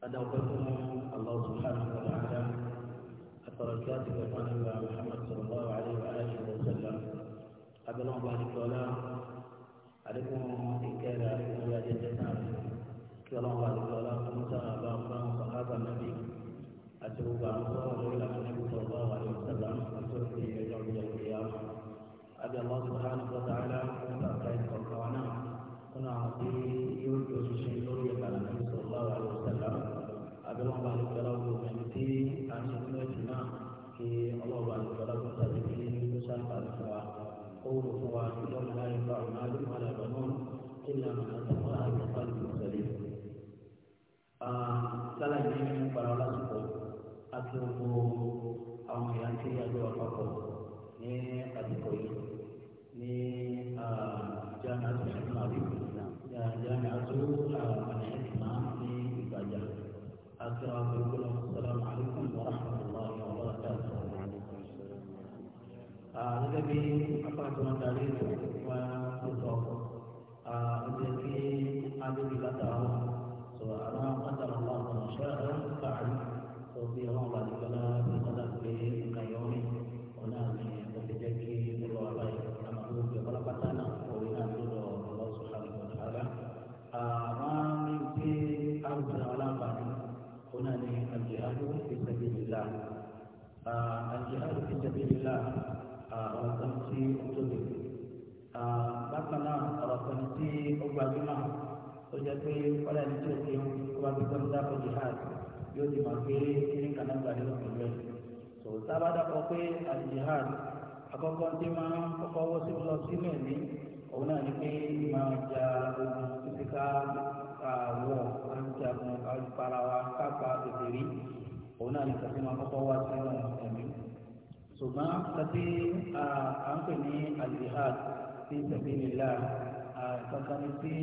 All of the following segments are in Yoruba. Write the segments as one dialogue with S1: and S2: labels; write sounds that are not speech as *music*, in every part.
S1: أدعوكم الله سبحانه وتعالى
S2: أتركات وفانا محمد صلى الله عليه وآله وسلم
S1: أبنا بارك ولا عليكم إكالا عليكم يا جدتنا الله بارك ولا خمسة أبا صحابة النبي أتوب
S2: عن صلى النبي صلى الله عليه وسلم أتوب في يوم القيامة
S1: أبي الله سبحانه وتعالى أن تركات وفانا كنا عظيم
S2: gbogbo
S1: bákan náà ọ̀rọ̀ kan tí ó gbajúmọ̀ tó jẹ́ pé kọ́lá ẹni tí ó fi ń kó bá gbígbọ́ nígbà tó jihad yóò ti mọ̀ pé kíní kaná gbà nínú pẹ̀lú ẹ̀. tó sábà dàpọ̀ pé àti jihad àkọ́kọ́ tí máa ń kọ́kọ́ wọ́ sí lọ sínú ẹ̀mí òun náà ni pé máa ja ogun títí ká àwọ̀ àǹjagun àparawa kápá tètè rí òun náà ni kàtí máa kọ́kọ́ wá sínú ẹ̀mí. ṣùgbọ́n kàtí à ń pè ní àjihad fi sabilillah kankan tí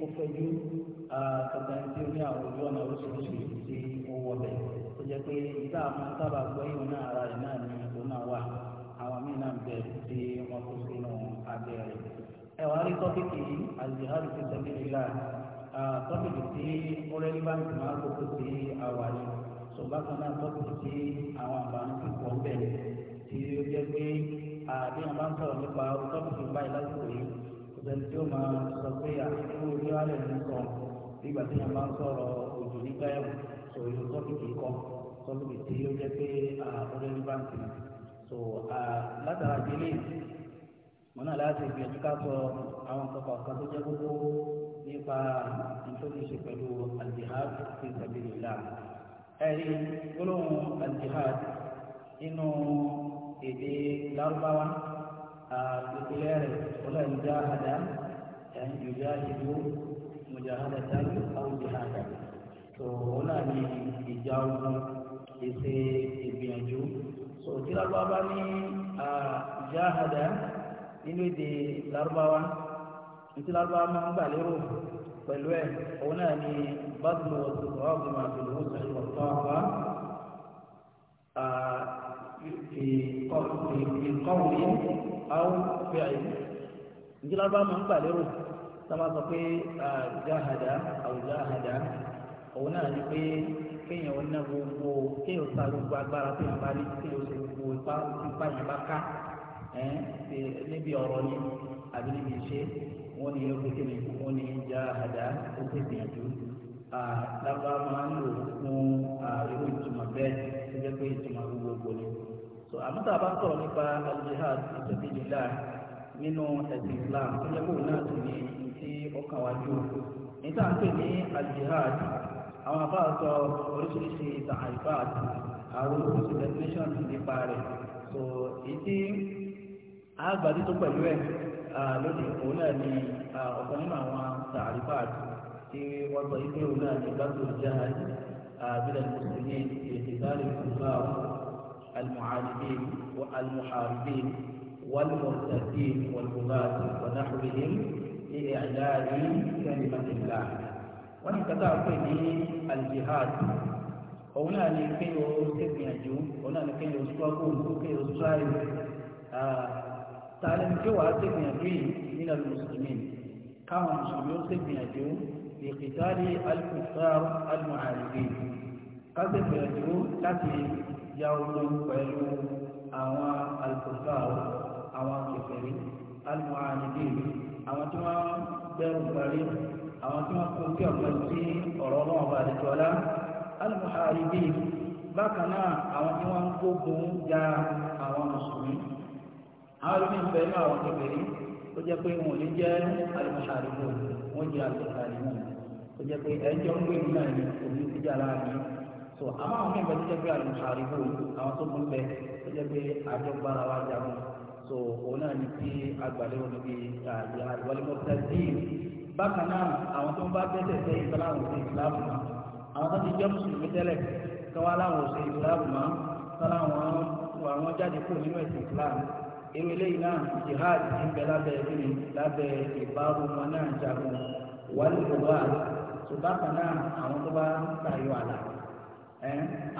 S1: ó fẹjú kankan tí ó ní àwọn ojú ọ̀nà oríṣiríṣi tí ó wọlé tó jẹ́ pé ìta àwọn sábà gbọ́ yìí náà ara rẹ̀ náà ni òun náà wà àwọn míì náà bẹ̀ tí wọ́n kó sínú abẹ́ rẹ̀. ẹ wàá rí tọ́pìkì al-jihad fi sabilillah tọ́pìkì tí mọ́lẹ́lí bá máa gbogbo sí àwa ṣùgbọ́n kan náà tọ́pìkì tí àwọn àbáńkì pọ̀ bẹ̀ tí ó jẹ́ pé àbí wọn bá ń sọ̀rọ̀ nípa tọ́pìkì báyìí lásìkò yìí ìbẹ̀rù tí ó máa sọ pé àfikún orí alẹ́ ń sọ nígbà tí wọn bá ń sọ̀rọ̀ òjò nígbà ẹ̀wọ̀n sọ ìlú tọ́pìkì kọ tọ́pìkì tí ó jẹ́ pé àkọ́lẹ́ ní báńkì so látara délé mọ́nà láti gbìyànjú ká sọ àwọn kọ̀ọ̀kan kan tó jẹ́ gbogbo nípa ìtòkìṣe pẹ̀lú al-jihad fi sabilillah ẹ̀rí gbólóhùn al-jihad inú èdè lárúbáwá ìpínlẹ̀ rẹ̀ ọlọ́ ìjáhàdá ẹ̀yìn ìjáhìdó mùjáhàdá tàbí àwọn ìjáhàdá tó wọn náà ní ìjà ogun ìṣe ìgbìyànjú tó tí lárúbáwá ní ìjáhàdá nínú èdè lárúbáwá tí lárúbáwá máa ń gbà lérò pẹ̀lú ẹ̀ òun náà ní bàtùmọ̀ ọ̀sùn ọ̀gbìn àti ìlú ìṣẹ̀lẹ̀ ọ̀tọ̀ àwọn. في قول أو فعل نجي الأربعة من قالوا sábà sọ pé àjáhàdá àwùjáhàdá òun náà ni pé kéèyàn wọn náà gbogbo kéèyàn sa gbogbo agbára tó yàn bá ní kéèyàn ṣe gbogbo ipá ipá yàn bá ká níbi ọ̀rọ̀ ni àbí níbi iṣẹ́ wọn ni ó kékeré ní wọn ni jáhàdá ó pè gbìyànjú lábá máa ń lò fún irú ìtumọ̀ bẹ́ẹ̀ tó jẹ́ pé ìtumọ̀ gbogbogbò ni so àmọ́tà bá sọ̀rọ̀ nípa al-jihad sabilillah nínú ẹ̀sìn islam tó yẹ kóun náà sì ní ti ọkàn wájú níta ń pè ní al-jihad àwọn afáà sọ oríṣiríṣi ta'arifat àwọn oríṣiríṣi definition nípa rẹ̀ so ìdí àgbàdì tó pẹ̀lú ẹ̀ lónìí òun náà ni ọ̀kan nínú àwọn ta'arifat tí wọ́n sọ ìpín òun náà ni gbàgbọ́ jihad àbílẹ̀ mùsùlùmí ètò ìdálẹ̀ ìfúnfà المعادين والمحاربين والمرتدين والبغاة ونحوهم لإعلان كلمة الله ونكتا في الجهاد هنا نكيو سيدنا جو هنا نكيو سواكون نكيو سائل آه، تعلم جوا سيدنا جو من المسلمين كما نسميو سيدنا جو لقتال الكفار المعارضين قد سيدنا جو ya ogun pẹ̀lú àwọn alkùnfàà àwọn kẹfẹ̀rí alùmọ̀ánìdì àwọn tí wọ́n bẹ̀rù parí àwọn tí wọ́n kún kí ọ̀gbọ́n sí ọ̀rọ̀ ọlọ́run bá àdìjọ́ ọlá alùmọ̀ánìdì bákan náà àwọn tí wọ́n ń gbógun ja àwọn mùsùlùmí àwọn ìlú ìfẹ́ ní àwọn kẹfẹ̀rí ó jẹ́ pé wọn ò ní jẹ́ alùmọ̀ánìdì wọn jẹ́ alùmọ̀ánìdì ó jẹ́ pé ẹjọ́ ń gbé so àmọ́ àwọn mẹ́rin tó jẹ́ pé àlùfáàrígbò àwọn tó mú bẹ tó jẹ́ pé àjọgbára wa jagun so òun náà ní kí agbàlérò níbi àjẹwálébọ́tà díì bákan náà àwọn tó ń bá tẹ́tẹ̀ tẹ́ ìsìláàmù sí ìsìláàmù mọ́ àwọn tó ti jẹ́ mùsùlùmí tẹ́lẹ̀ káwá láwọn ò sí ìsìláàmù mọ́ sọ́lá àwọn jáde kúrò nínú ẹ̀sìn ìsìláàmù irú eléyìí náà jihad ń bẹ lábẹ́ ìbíni lábẹ́ ìbáru wọn náà jagun wàlúùbọ̀ bá ṣùgbọ́n bákan náà àwọn tó bá ń tayọ àlàyé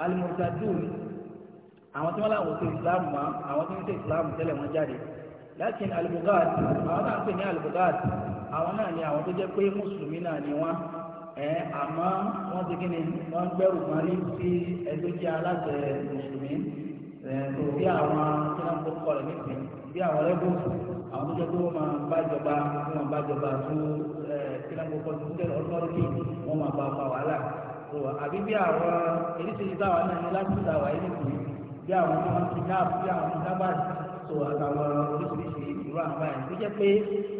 S1: alimọ̀tàdùn àwọn tí wọ́n láwọn ṣe islam mọ́ àwọn tí wọ́n ṣe islam tẹ́lẹ̀ wọ́n jáde lakin albugat àwọn náà ń pè ní albugat àwọn náà ni àwọn tó jẹ́ pé mùsùlùmí náà ni wọ́n ẹ àmọ́ wọ́n ti kí ni wọ́n gbẹ́rù mọ́lí sí ẹgbẹ́ jẹ́ aláṣẹ mùsùlùmí ẹ tó bí àwọn tí wọ́n kó kọ́ rẹ̀ bí àwọn ẹgbẹ́ àwọn tó jẹ́ pé wọ́n máa bá ìjọba wọ́n máa bá ìjọba tó ẹ tí wọ́n kó kọ́ tó tẹ̀lé ọlọ́rọ̀ kí wọ́n máa bá wàhálà so àbí bí àwọn eléṣèlú táwa náà ní láti ìdáwà yìí nìkú bí àwọn tó ń kidnap bí àwọn tó ń dábàdì so àtàwọn oríṣiríṣi ìrú àǹfà yìí tó jẹ́ pé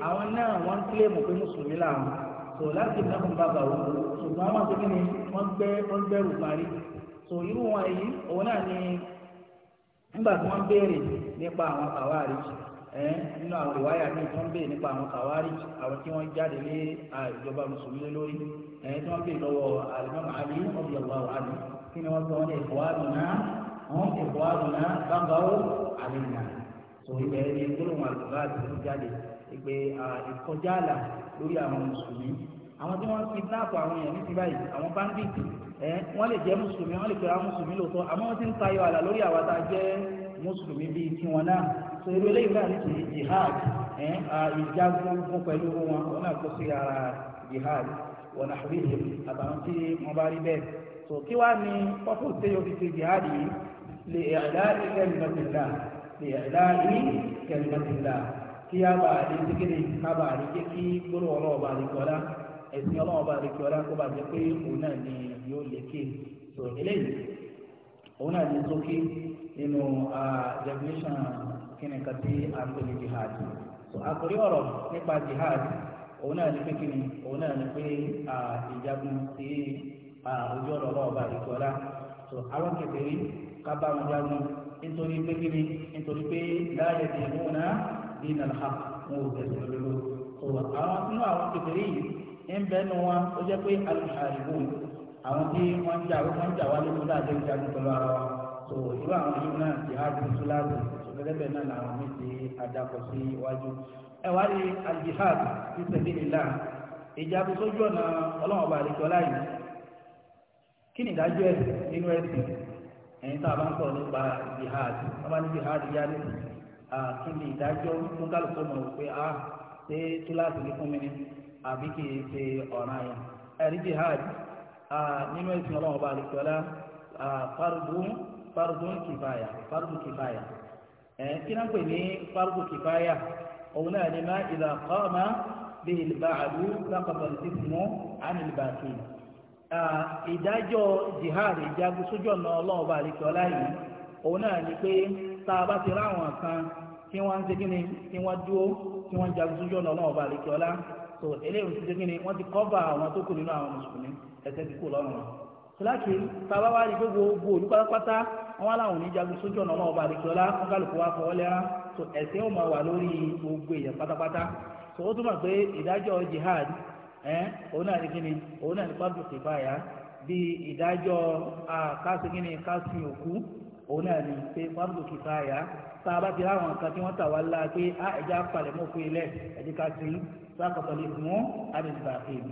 S1: àwọn náà wọ́n ń kílèmù pé mùsùlùmí làwọn so láti ìdáhùn bàbà wọn ṣùgbọ́n wọ́n ti kíni wọ́n gbẹ́ wọ́n gbẹ́rù parí so irú wọn yìí òun náà ni nígbà tí wọ́n béèrè nípa àwọn àwárí nínú àwọn ìwáyà míì tó ń bè nípa àwọn kàwárì àwọn tí wọ́n jáde lé ìjọba mùsùlùmí lórí tí wọ́n bè lọ́wọ́ alimami ali radiyallahu anhu kí ni wọ́n sọ wọn ẹ̀kọ́ àdùnà wọn ẹ̀kọ́ àdùnà bàbáwò àlejò tó ibẹ̀ ni gbólóhùn àlùbá àti tó jáde ìpè ìkọjá àlà lórí àwọn mùsùlùmí àwọn tí wọ́n ti dáàbò àwọn èèyàn ní ti báyìí àwọn bandit ẹ wọ́n lè jẹ́ mùsùlùmí wọ́n lè pèrè àwọn mùsùlùmí lóòótọ́ àmọ́ wọ́n ti ń tayọ àlà lórí àwa tá a jẹ́ mùsùlùmí bíi tiwọn náà so irú eléyìí náà ní ti jihad ìjagun fún pẹ̀lú wọn wọn náà kó sí ara jihad wọn náà rí ìlú àtàwọn tí wọn bá rí bẹ́ẹ̀ so kí wàá ní pọ́pù tí yóò fi ṣe jihad yìí lè ẹ̀dá ìkẹlìmọ̀tìlá lè ẹ̀dá ìkẹlìmọ̀tìlá kí a bá rí síkìrì ká bá rí kí kí gbóló ọlọ́ọ̀bá rí kọ́lá ẹ̀sìn ọlọ́ọ̀bá rí kọ́lá kó bá jẹ́ pé òun náà ni yóò lékè so eléyìí òun náà ní sókè nínú definition kí ni nǹkan tí a jihad so àkórí ọ̀rọ̀ nípa jihad òun náà ní pé kí ni òun náà ní pé ìjagun sí ojú ọ̀rọ̀ ọlọ́ọ̀bà ìgbọ́lá so àwọn kékeré ká bá wọn jagun nítorí pé kí ni nítorí pé láàyè ti mú náà ní nàlá wọn ò tẹ̀sí lólo so àwọn sínú àwọn kékeré yìí ń bẹ́ nu wọn ó jẹ́ pé alùpàdébò àwọn tí wọ́n ń jà wọ́n ń jà wá lóko láti ń jagun pẹ̀lú ara wọn so irú àwọn yìí náà jihad ní sùláàbù gẹ́gẹ́ bẹ́ẹ̀ náà làwọn mi ti adakọ̀ sí iwájú ẹ̀wá ni al-jihad fi sabilillah ìjagun sójú ọ̀nà ọlọ́wọ́n bá àdéjọ láyé kí ni ìdájọ́ ẹ̀ nínú ẹ̀sìn ẹ̀yin tá a bá ń sọ̀rọ̀ nípa jihad wọ́n bá ní jihad yá ní kí ni ìdájọ́ fún kálukú mọ̀ wípé a ṣe kíláàsì ní fún mi ni àbí kì í ṣe ọ̀ràn yẹn ẹ̀rí jihad nínú ẹ̀sìn ọlọ́wọ́n bá àdéjọ lá fardun fardun fardun kìfàyà Eh, kí náà pè ní fardu kìfáyà òun náà ni má ìlà kọ́ọ̀mà bí ìlbà àdú lápapọ̀ ti mú àmì ìlbà kì í. ìdájọ́ jihad ìjagun sójú ọ̀nà ọlọ́ọ̀bà àríkọ́lá yìí òun náà ni pé tá a bá ti ráwọn kan tí wọ́n ń ṣe kí ni tí wọ́n dúró tí wọ́n jagun sójú ọ̀nà ọlọ́ọ̀bà àríkọ́lá so eléyìí ti ṣe kí ni wọ́n ti kọ́ba àwọn tó kù nínú àwọn mùsùlùmí ẹ̀sẹ̀ ti kù lọ́rùn wọn aláwọn oníjagun sójú ọ̀nà ọlọ́wọ́ bá àdìsọ́lá wọn kálukú wa fọwọ́ lẹ́rán tó ẹ̀sẹ̀ ó máa wà lórí gbogbo èèyàn pátápátá tó ó túmọ̀ pé ìdájọ́ jihad ẹ̀ òun náà ní kíni òun náà ní pàtó kìfáyà bí ìdájọ́ kásì kíni kásì òkú òun náà ní pé pàtó kìfáyà tá a bá ti ráwọn nǹkan tí wọ́n tà wá lá pé á ẹja palẹ̀ mọ́ fún ilẹ̀ ẹ̀jẹ̀ ká sí sákòtò lè mú àdìsíbà èmi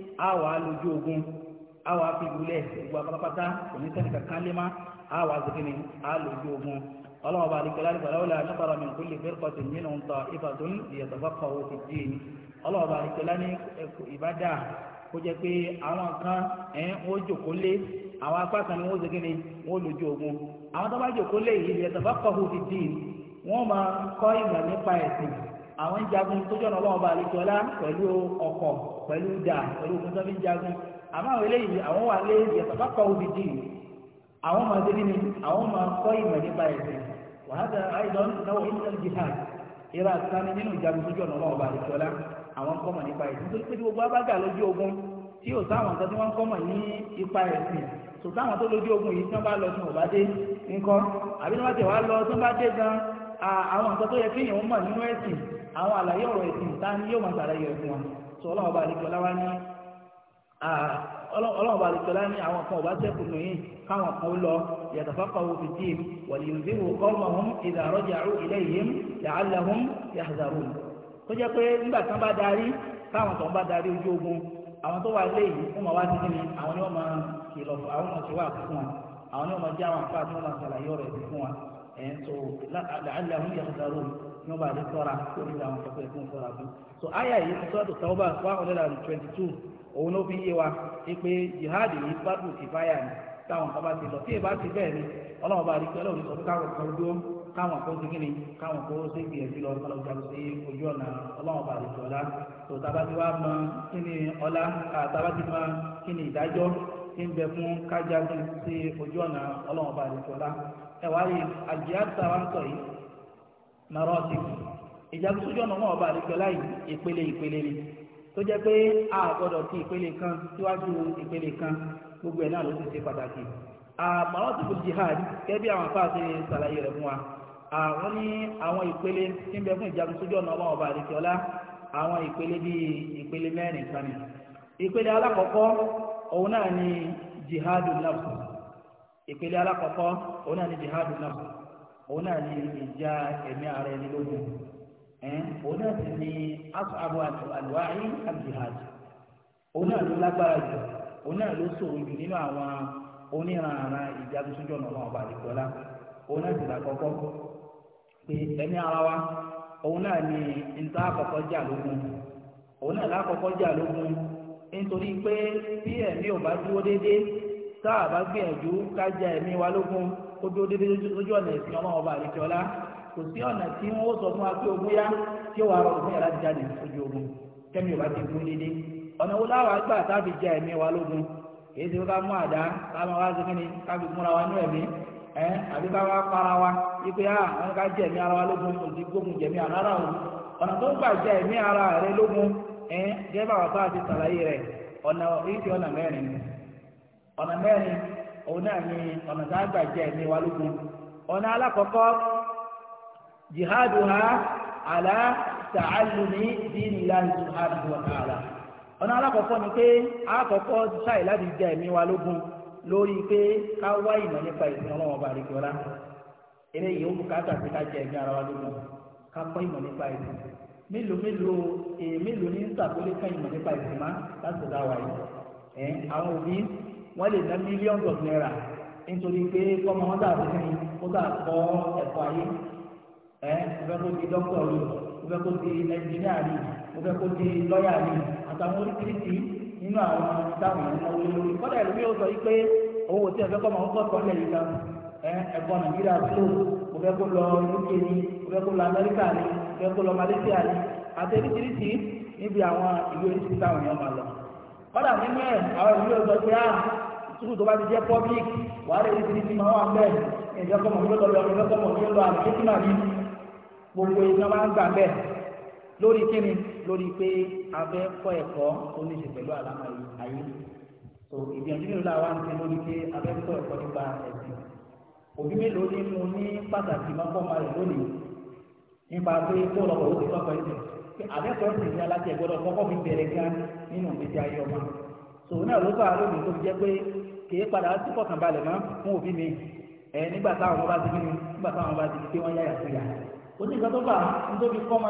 S1: á wà á lójú ogun á wà á fi wulẹ̀ gbogbo apapata òní sẹ́ni kankan lé má á wà á zikini á lójú ogun ọlọ́wọ́ bá alikẹ́lá alikẹ́lá wọlé aṣọ́kọ̀rọ̀ mi kò lè fẹ́ kọ́tù nínú ntọ́ ìfàdún ìyẹ̀tọ̀fọ́kọ̀ wò fi dì í ọlọ́wọ́ bá alikẹ́lá ní ìbádà kó jẹ́ pé àwọn kan ẹ̀ wọ́n jòkó lé àwọn apá kan ní wọ́n zikini wọ́n lójú ogun àwọn tó bá jòkó lé ìyẹ̀tọ̀fọ́kọ̀ wò fi pẹ̀lú ìdá pẹ̀lú ogun tó fi ń jagun àmọ́ àwọn eléyìí àwọn wà lé ìyẹn bàbá kọ́ òbí dì í àwọn máa débi ni àwọn máa kọ́ ìmọ̀ nípa ẹ̀sìn wàhálà àìdán náwó ìṣẹ̀lẹ̀ jihad ìra sani nínú ìjagun sójú ọ̀nà ọba àdìsọ́lá àwọn kọ́mọ̀ nípa ẹ̀sìn tó pé gbogbo abága lójú ogun tí yóò sáwọn nǹkan tí wọ́n kọ́mọ̀ ní ipa ẹ̀sìn tó sáwọn tó lójú ogun yìí tí wọ́n bá lọ sí ọba dé ńkọ́ àbí tí wọ́n ti wá lọ tí wọ́n bá dé gan àwọn nǹkan tó yẹ kéèyàn mọ̀ nínú ẹ̀sìn àwọn àlàyé ọ̀rọ̀ ẹ̀sìn ta ni yóò máa ṣàlàyé ẹ̀sìn wọn sọ ọlọ́wọ́ bá àlejò láwa ní ọlọ́wọ́ bá àlejò láwa ní àwọn kan ò bá sẹ́kù nù yín káwọn kan lọ yatafaqahu fi ddin wa liyunziru qawmahum idha raja'u ilayhim la'allahum yahdharun tó jẹ́ pé nígbà tán bá darí káwọn tó ń bá darí ojú ogun àwọn tó wà lé yìí fún màwá dídí àwọn ni wọ́n máa kìlọ̀ àwọn ọmọ tí wà fún wa àwọn ni wọ́n máa jẹ́ àwọn afáàtì wọ́n bá lè sọ́ra tó nílò àwọn ọ̀pọ̀ ẹ̀kún sọ́ra fún. so àyà yìí ti sọ́dọ̀ tọ́ba one hundred and twenty two òun ló jihad yìí ni táwọn kan bá ti lọ tí ti bẹ́ẹ̀ ni ọlọ́run bá rí pé ọlọ́run sọ pé káwọn kan dúró káwọn kan ti kíni káwọn kan ó lọ ọlọ́run ojú ọ̀nà ọlọ́run bá rí tó tábà narọ́ọ̀tì ìjàgùsójú ọ̀nà ọba àdìgbẹ́lá ìpele ìpele ni tó jẹ́ a gbọ́dọ̀ ti ìpele kan síwájú ìpele kan gbogbo ẹ̀ náà ló ti ṣe jihad kẹ́bí àwọn afáàṣe ṣàlàyé rẹ̀ fún wa àwọn ní àwọn ìpele tí ń bẹ ọba ọba àdìgbẹ́lá àwọn ìpele bíi ìpele mẹ́rin kan ni ìpele alákọ̀ọ́kọ́ òun náà ni jihadun nafs ìpele alákọ̀ọ́kọ́ òun náà ni òun náà ní ìjà ẹ̀mí ara ẹni lógun òun náà sì ní asabu aluwari abdulhaj òun náà ló lágbára jù òun náà ló ṣòro jù nínú àwọn oníranran ìjà tuntun ọ̀nà ọba àdìgbọ́lá òun náà sì là pé ara wa òun náà ní níta àkọ́kọ́ jà òun náà lákọ́kọ́ jà lógun nítorí pé bí ẹ̀mí ò bá dúró déédéé tá a bá gbìyànjú ká wa kó dúró ọ̀nà ìsìn ọba àríkẹ́ọ́lá kò sí ọ̀nà tí wọ́n sọ fún wa ogun yá tí ó wà rọrùn fún yàrá jáde ogun kẹ́mi ti gún ọ̀nà wa lógun èyí ti ká mú àdá ká wá sí fi múra wa ní ẹ̀mí ẹ àbí para wa ipe a ah, wọn ká jẹ ẹ̀mí ara wa lógun òsì gbógun jẹ̀mí ara òun ọ̀nà tó ń gbà jẹ ẹ̀mí ara rẹ lógun ẹ òun náà ni ọ̀nà tá a gbà jẹ́ ẹ̀mí wa lógun ọ̀nà alákọ̀ọ́kọ́ jihadu ha àlá ta'allumi dinillahi ọ̀nà alákọ̀ọ́kọ́ ni pé àkọ́kọ́ ṣáì láti jẹ́ ẹ̀mí wa lógun lórí pé ká wá ìmọ̀ nípa ìsìn ọlọ́wọ́ bá rí kíọ́lá eléyìí ó bùkátà sí ká ẹ̀mí ara wa lógun ká kọ́ ìmọ̀ nípa wọ́n lè ná millions of naira nítorí pé kọ́mọ wọn dàbí ní kó dà kọ́ ẹ̀kọ́ ayé ẹ mo fẹ́ kó di dókítà rí mo fẹ́ kó di ẹnjìníà rí mo fẹ́ kó di lọ́ọ̀yà rí àtàwọn oríṣiríṣi nínú àwọn táwọn èèyàn náwó lórí kọ́dà ìlú yóò sọ wípé owó tí ẹ̀fẹ́ kọ́mọ wọn kọ́ sọ́ọ́lẹ̀ yìí kan ẹ̀kọ́ nàìjíríà tó mo fẹ́ kó lọ UK ni mo fẹ́ kó lọ Amẹ́ríkà ni mo fẹ́ kó lọ Malaysia ni àti oríṣiríṣi níbi àwọn ìlú oríṣiríṣi táwọn èèyàn máa lọ kọ́dà nínú ẹ̀ àwọn ìlú ọ̀sọ̀ pé á ah, sùkúù tó bá ti jẹ́ public wàhálà èyí ti ní ti máa wà bẹ́ẹ̀ ìjọkọ̀mọ̀ ní lọ́lọ́ ìjọkọ̀mọ̀ ní lọ́ àdìsẹ́kìmà ní gbogbo ìjọ máa ń gbà bẹ́ẹ̀ lórí kíni lórí pé abẹ́ kọ́ ẹ̀kọ́ tó ní ṣe pẹ̀lú àlámà ayé tó ìgbìyànjú nínú làwa ń ṣe lórí pé abẹ́ kọ́ ẹ̀kọ́ nípa ẹ̀sìn òbí mélòó ní mo ní pàtàkì máa rẹ̀ lónìí nípa pé kó lọ́kọ̀ọ́ àbẹ́kọ̀ọ́ sì ní aláṣẹ ìgbọ́dọ̀ kọ́kọ́ fi bẹ̀rẹ̀ gan nínú ìgbésí ayé ọmọ tòun náà ló fà á lónìí tó fi jẹ́ pé kìí padà sí mọ́ fún òbí mi nígbà táwọn ọmọ bá ti bínú nígbà táwọn ọmọ bá ti di pé wọ́n ọmọ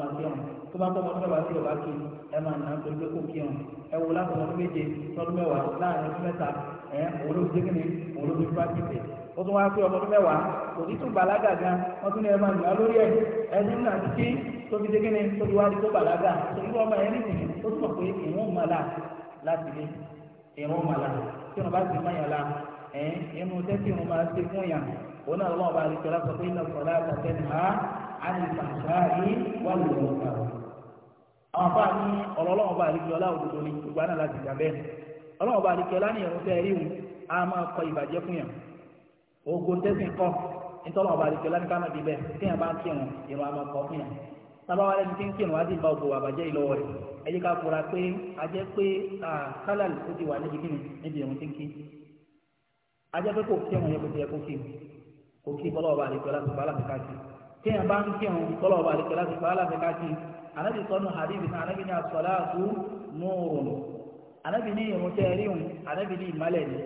S1: láti ọmọ tí láti tó bá tọ́mọ tó bá tí o bá kí ẹ máa nà nítorí pé kò kí hàn ẹ wò láti ọdún méje tọdún mẹ́wàá láàrin ọdún mẹ́ta ẹ òun ló fi kíni òun ló fi pàtìkì ó tún wáá pé ọmọ ọdún mẹ́wàá kò ní tún bàlágà gan wọ́n tún ní ẹ máa nà lórí ẹ ẹni nà títí tó fi kíni tó fi wáá di tó bàlágà torí wọ́n máa ẹni nìyí ó sọ pé ìwọ̀n mọ̀lá láti lé ìwọ̀n mọ̀lá tí wọ́n bá ti mọ̀ yàn la ẹ̀ inú tẹ́tí wọn máa ti fún yàn òun náà lọ́wọ́ bá a tọ́lá sọ pé iná sọ̀rọ̀ nìyà á lè fàṣà yìí wà lóyún ọ̀gá. àwọn afáà ní ọlọlọ ọlọ́wọ́n bá àríkí ọlá òdodo ni gbogbo àná láti gbà bẹ́ẹ̀ ọlọ́wọ́n bá àríkí ọlá ní ìrún tẹ́ rí wọn a máa kọ ìbàjẹ́ fún yàn ogun kọ́ nítorí a máa fún yàn ń kírun ògbò àbàjẹ́ ìlọ́wọ́ rẹ̀ ẹ ká fura pé pé ti wà níbi kí anabi sọnù hadithi náà anabi ní asọ́láàtú nùrùn anabi ní irun tẹ́ rí òun anabi ní ìmálẹ̀ ni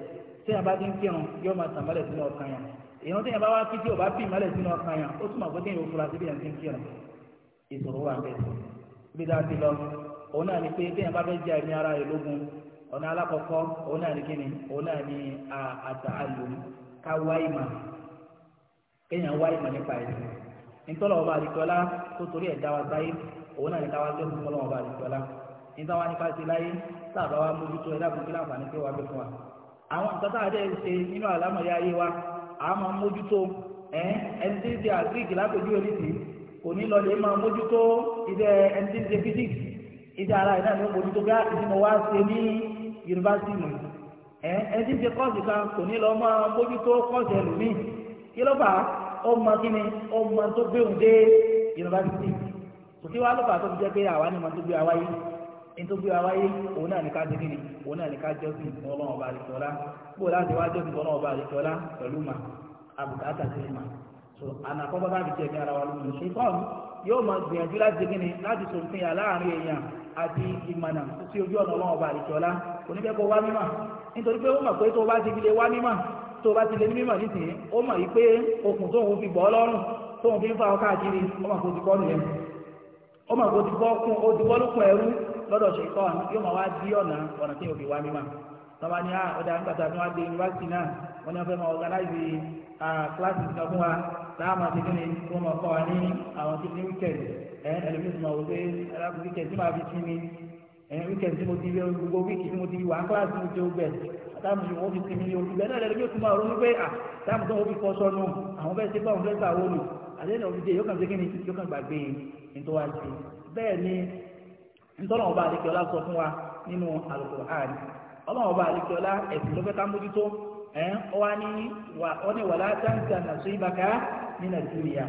S1: tí a bá ti ń kírun yóò máa tàn málẹ̀ sínú ọkàn yẹn irun tí a bá wá kí tí o bá bí ìmálẹ̀ sínú ọkàn yẹn ó túmọ̀ pé kí n fura síbi yẹn ti ń kírun ìṣòro wà bẹ́ẹ̀ bí dáa ti lọ òun náà ni pé bí yẹn bá fẹ́ jẹ́ ẹ̀mí ara rẹ̀ lógun ọ̀nà alákọ̀ọ́kọ́ òun náà ni kíni òun náà ni àtàlùm ká wá ìmọ̀ kéèyàn wá ìmọ̀ nípa ẹ̀sìn nítorí ọba àdìgbọ́lá tó torí ẹ̀ dá wa sáyé òun náà ní káwá tó fún ọlọ́wọ́n bá àti ìjọba níta wá nípa ti láyé sábà wá mójútó ẹ̀dá fún kí láǹfààní pé wàá bẹ fún wa. àwọn nǹkan tá a dẹ́ ṣe nínú àlámọ̀yá ayé wa a máa mójútó ẹni tí ń ṣe àgíríkì lápèjú oníṣì kò ní lọlé máa mójútó ìdẹ ẹni tí ń ṣe físíkì ìdẹ ara ìdá ni ó mójútó bí àti mo wá ṣe ní yunifásitì mi ẹni tí ń ṣe kọ́ọ̀sì kan kò ní lọ máa mójútó kọ́ọ̀sì ẹlòmíì kí ló fà á ó mọ kí ni ó tó gbé òun dé yunifásitì kò sí wàá lọ́pàá tó fi jẹ́ pé àwa ni wọ́n tó gbé àwa yìí ní tó gbé àwa yìí òun náà ní ká ṣe kíni òun náà ní ká jọ́sìn fún ọlọ́run ọba àdìsọ́lá kó láti wá jọ́sìn fún ọlọ́run ọba àdìsọ́lá pẹ̀lú mà àbùkátà sí mà so ànàkọ́ bá bá fi jẹ̀bi ara wa lónìí ṣe fọ́ọ̀n yóò máa gbìyànjú láti ṣe kíni láti sòfin yà láàrin èèyàn àti ìmọ̀nà sí ojú ọ̀nà ọlọ́run ọba àdìsọ́lá oníkẹ́kọ̀ọ́ wá mímọ̀ nítorí pé ó mọ̀ pé tó bá bá ti fa ọkọ̀ àjírí ó mọ̀ ó mọ̀ kó ti bọ́ kún ó ti bọ́ lókun ẹrú lọ́dọ̀ ṣe kọ́ yóò máa wá dí ọ̀nà ọ̀nà tí òbí wa mímọ̀ tọ́ba ní à ah, ọ̀dà nígbàtà tí wọ́n á dé yunifásitì náà wọ́n ní wọ́n fẹ́ máa ọ̀gánáìzì kíláàsì kan fún wa láàmú àti kíni tí wọ́n máa kọ́ wa ní àwọn tí ní wíkẹ̀dì ẹ̀ ẹlòmíì tí mo wò pé ẹlẹ́kùn wíkẹ̀dì tí màá fi sinmi ẹ̀ wíkẹ̀dì tí mo ti rí gbogbo wíkì tí mo ti rí wà kíláàsì mo ti gbẹ̀ táàmù yìí wọ́n fi sinmi ní olùgbẹ́ náà lẹ́nu yóò tún máa ronú pé à ah, táàmù tó wọ́n fi kọ́ sọ́nù àwọn fẹ́ẹ́ ṣe báwọn fẹ́ẹ́ gbà wọ́n lù àlẹ́ náà fi dé yóò kàn ṣe kíni yóò kàn gbàgbé yìí nítorí wá sí bẹ́ẹ̀ ni nítorí ọba àdékẹ́ọ́lá sọ fún wa nínú al ọlọ́run ọba àdékẹ́ọ́lá ẹ̀sìn ló fẹ́ ká mójútó ẹ̀ ọ wá ní wàlá táǹtì ànàṣọ ìbàkà ní nàìjíríà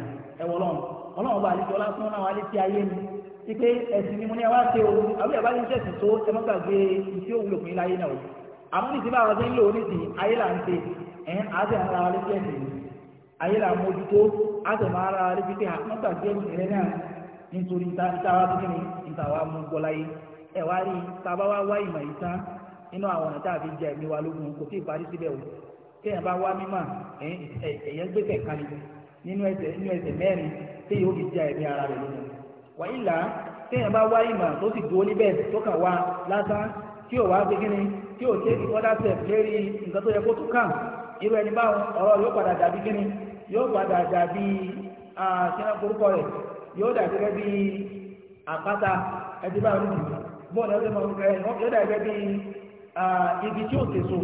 S1: ọlọ́run ọlọ́run ọba àdékẹ́ọ́lá fún náà wálé tí ayé mi ti pé ẹ̀sìn ni mo ní ẹ wá ṣe o àbí sẹ̀sìn tó ẹ ìṣe òwúlò fún iláyé náà o àmọ́ nítorí táwa tó kíni ìtàwá mú gbọ́láyé ẹ̀ wá rí tábà wá wá ìmọ̀ yìí tán nínú àwọn ọ̀nà tá a fi jẹ ẹ̀mí wa lógun kò tí ì parí síbẹ̀ o téèyàn bá wá mímọ̀ ẹ̀yẹ́ gbé kẹ̀kẹ́ ni nínú ẹsẹ̀ mẹ́rin téèyàn ó fi jẹ ẹ̀mí ara rẹ̀ lógun wàyí là téèyàn bá wá ìmọ̀ tó sì dúró níbẹ̀ tó kà wá lásán tí ò wá gbé kíni tí ò tẹ́ ìfọ́dá tẹ̀ lérí nǹkan tó yẹ kó tún kàn irú ẹni báwọn ọ̀rọ̀ yóò padà dàbí kíni yóò padà dàbí ah, yóò dà gẹ́gẹ́ bí àpáta ẹtí bá rú bọ́ọ̀lù ẹgbẹ́ máa ń kẹ́ yóò dà gẹ́gẹ́ bí igi tí ò tèso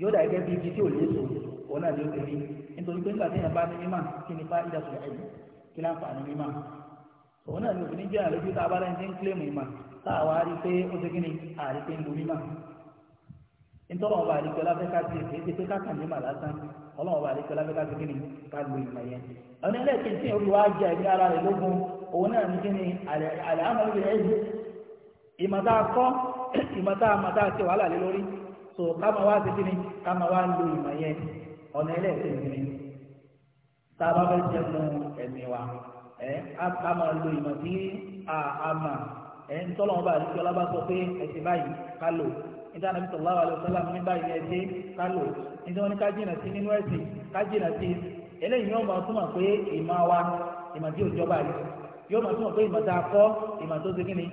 S1: yóò dà gẹ́gẹ́ bí igi tí ò léso òun náà ló ń tẹ̀lé nítorí pé nígbà tí èèyàn bá ní mímà kí ni bá ìdásọ̀ ẹ̀yìn kí láǹfààní mímà òun náà ló fi ní jẹ́ àlejò tá a bá rẹ̀ ń tí ń kílèmù ìmà tá a wá rí pé ó ti kí ni àrí pé ń lo mímà ntọ́lọ́ ọba àdìgbò lábẹ́ ká ti èké ti pé káka ní màlá tán ọlọ́wọ́ ọba àdìgbò lábẹ́ ká ti kíni ká lu ìmọ̀ yẹn. ọ̀nà ẹlẹ́ẹ̀kejì tí olùwà jẹ́ ẹ̀mí ara rẹ̀ lógún òun náà ní kíni àlẹ́ àmọ́lẹ́bí rẹ̀ ẹ̀yẹ ìmọ̀tá kọ́ ìmọ̀tá àmọ̀tá ti wàhálà lé lórí tó káma wá ti kíni káma wá lu ìmọ̀ yẹn ọ̀nà ẹlẹ́ẹ̀kejì tá a bá fẹ́ jẹun ẹ̀mí wa ẹ̀ á káma níta nàbí sallallahu alaihi wasallam ní báyìí ẹ ṣe ká lò níta wọn ní ká jìnà sí nínú ẹ̀sìn ká jìnà sí eléyìí yóò máa túmọ̀ pé ìmọ̀ wa ìmọ̀ tí òjọba yìí yóò máa túmọ̀ pé ìmọ̀ tá a kọ́ ìmọ̀ tó ṣe kíni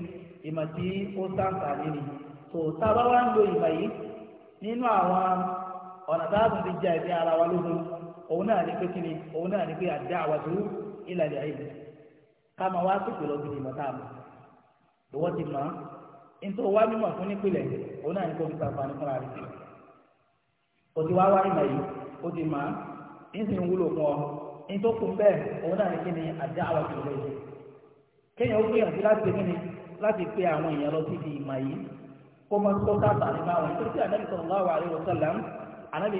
S1: ìmọ̀ tí ó sàǹfààní ni tó tá wá ń lo ìmọ̀ yìí nínú àwọn ọ̀nà tá a tún ti jẹ ẹ̀mí ara wa lógun òun náà ní pé kíni òun náà ní pé ad-da'watu ila al ká máa wá sí ìmọ̀ nítorí wá mímọ̀ fún nípìnlẹ̀ òun náà ní kó fi sàǹfààní fúnra rẹ̀ kò ti wá wá ìmọ̀ yìí ó ti mọ̀ ní sì ń wúlò fún ọ nítorí kò bẹ́ẹ̀ òun náà ní kí ni àdá àwọn ìṣòro yìí kéèyàn ó gbìyànjú láti kí ni láti pe àwọn èèyàn lọ síbi ìmọ̀ yìí kó mọ kó sábà nípa àwọn ìṣòro tí ànábì sallallahu alaihi wasallam ànábì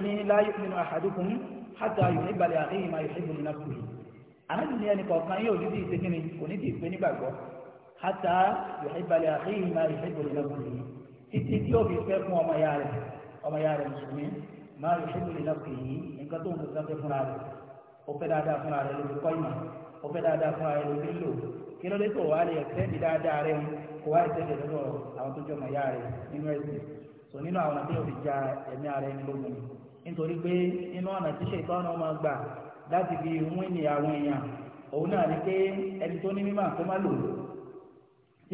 S1: ànábì ní ẹnì kọ̀ọ̀kan yóò hátà yòóhìbàlẹ̀ àkéyìn máa yòóhìbàlẹ̀ lọ́kùnrin títí tí ó fi fẹ́ fún ọmọ ya rẹ̀ ọmọ ya rẹ̀ mùsùlùmí máa yòóhìbàlẹ̀ lọ́kùnrin nǹkan tó ń kó sáfẹ́ fúnra rẹ̀ ó fẹ́ dáadáa fúnra rẹ̀ lórí kọ́ìmà ó fẹ́ dáadáa fúnra rẹ̀ lórí lò kí ló dé tó wà á lè ẹ̀kẹ́ndì dáadáa rẹ̀ kó wá ẹ̀kẹ́ndì lọ́dọ̀ àwọn tó jẹ́ ọmọ ya rẹ̀ nínú ẹ̀sìn tò nínú àwọn àti òfin ja ẹ̀mí ara ẹni lógun nítorí pé inú ọ̀nà tí ṣètọ́nù máa gbà láti fi wíìnì àwọn èèyàn òun náà ni pé ẹni tó ní mímọ̀ kó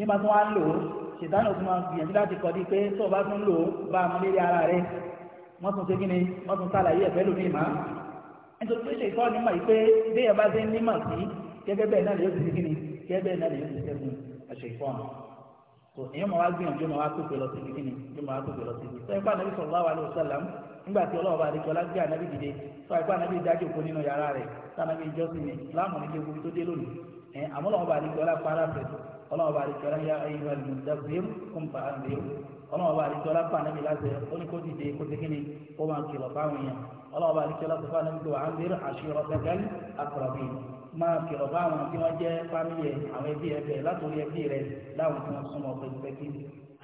S1: nígbà tó wá ń lò ó ṣètàn òfin máa gbìyànjú láti kọ́ di pé tó o bá tún lò ó bá a mọ lérí ara rẹ wọ́n tún ṣe ni, wọ́n tún sàlàyé ẹ̀fẹ́ lómi ìmá nítorí pé ṣètò nímọ̀ yìí pé béèyàn bá ṣe ń nímọ̀ sí gẹ́gẹ́ bẹ́ẹ̀ náà lè yóò ti ṣe kíni gẹ́gẹ́ bẹ́ẹ̀ náà lè yóò ti ṣẹ́gun ẹ̀ṣẹ̀ ìfọ́n tó èyàn máa wá gbìyànjú máa wá pèpè lọ síbi kíni yóò máa wá pèpè lọ síbi sọ ipá nàbí sallallahu alaihi wasallam nígbà tí ọlọ́wọ́ bá rí kọ́lá gbé ànábì dìde sọ ipá nàbí dájú òkú nínú yàrá rẹ̀ sànàbí ìjọsìn ní láàmú ní kéwu tó dé lónìí ẹ̀ àmọ́ bá rí kọ́lá para pẹ̀lú ọlọ́wọ́ bá àdìsọ́lá yá ayélujára al-muddaththir qum fa'anzir ọlọ́wọ́ bá àdìsọ́lá fún anábì láti ó ní kó dìde kó ti kíni kó máa kìlọ̀ fáwọn èèyàn ọlọ́wọ́ bá àdìsọ́lá fún anábì tó anzir ashiratakal aqrabin máa kìlọ̀ fáwọn tí wọ́n jẹ́ fámìlì ẹ̀ àwọn ẹbí ẹ bẹ̀ látòrí ẹbí rẹ láwọn tí wọ́n súnmọ́ pẹ́kipẹ́kí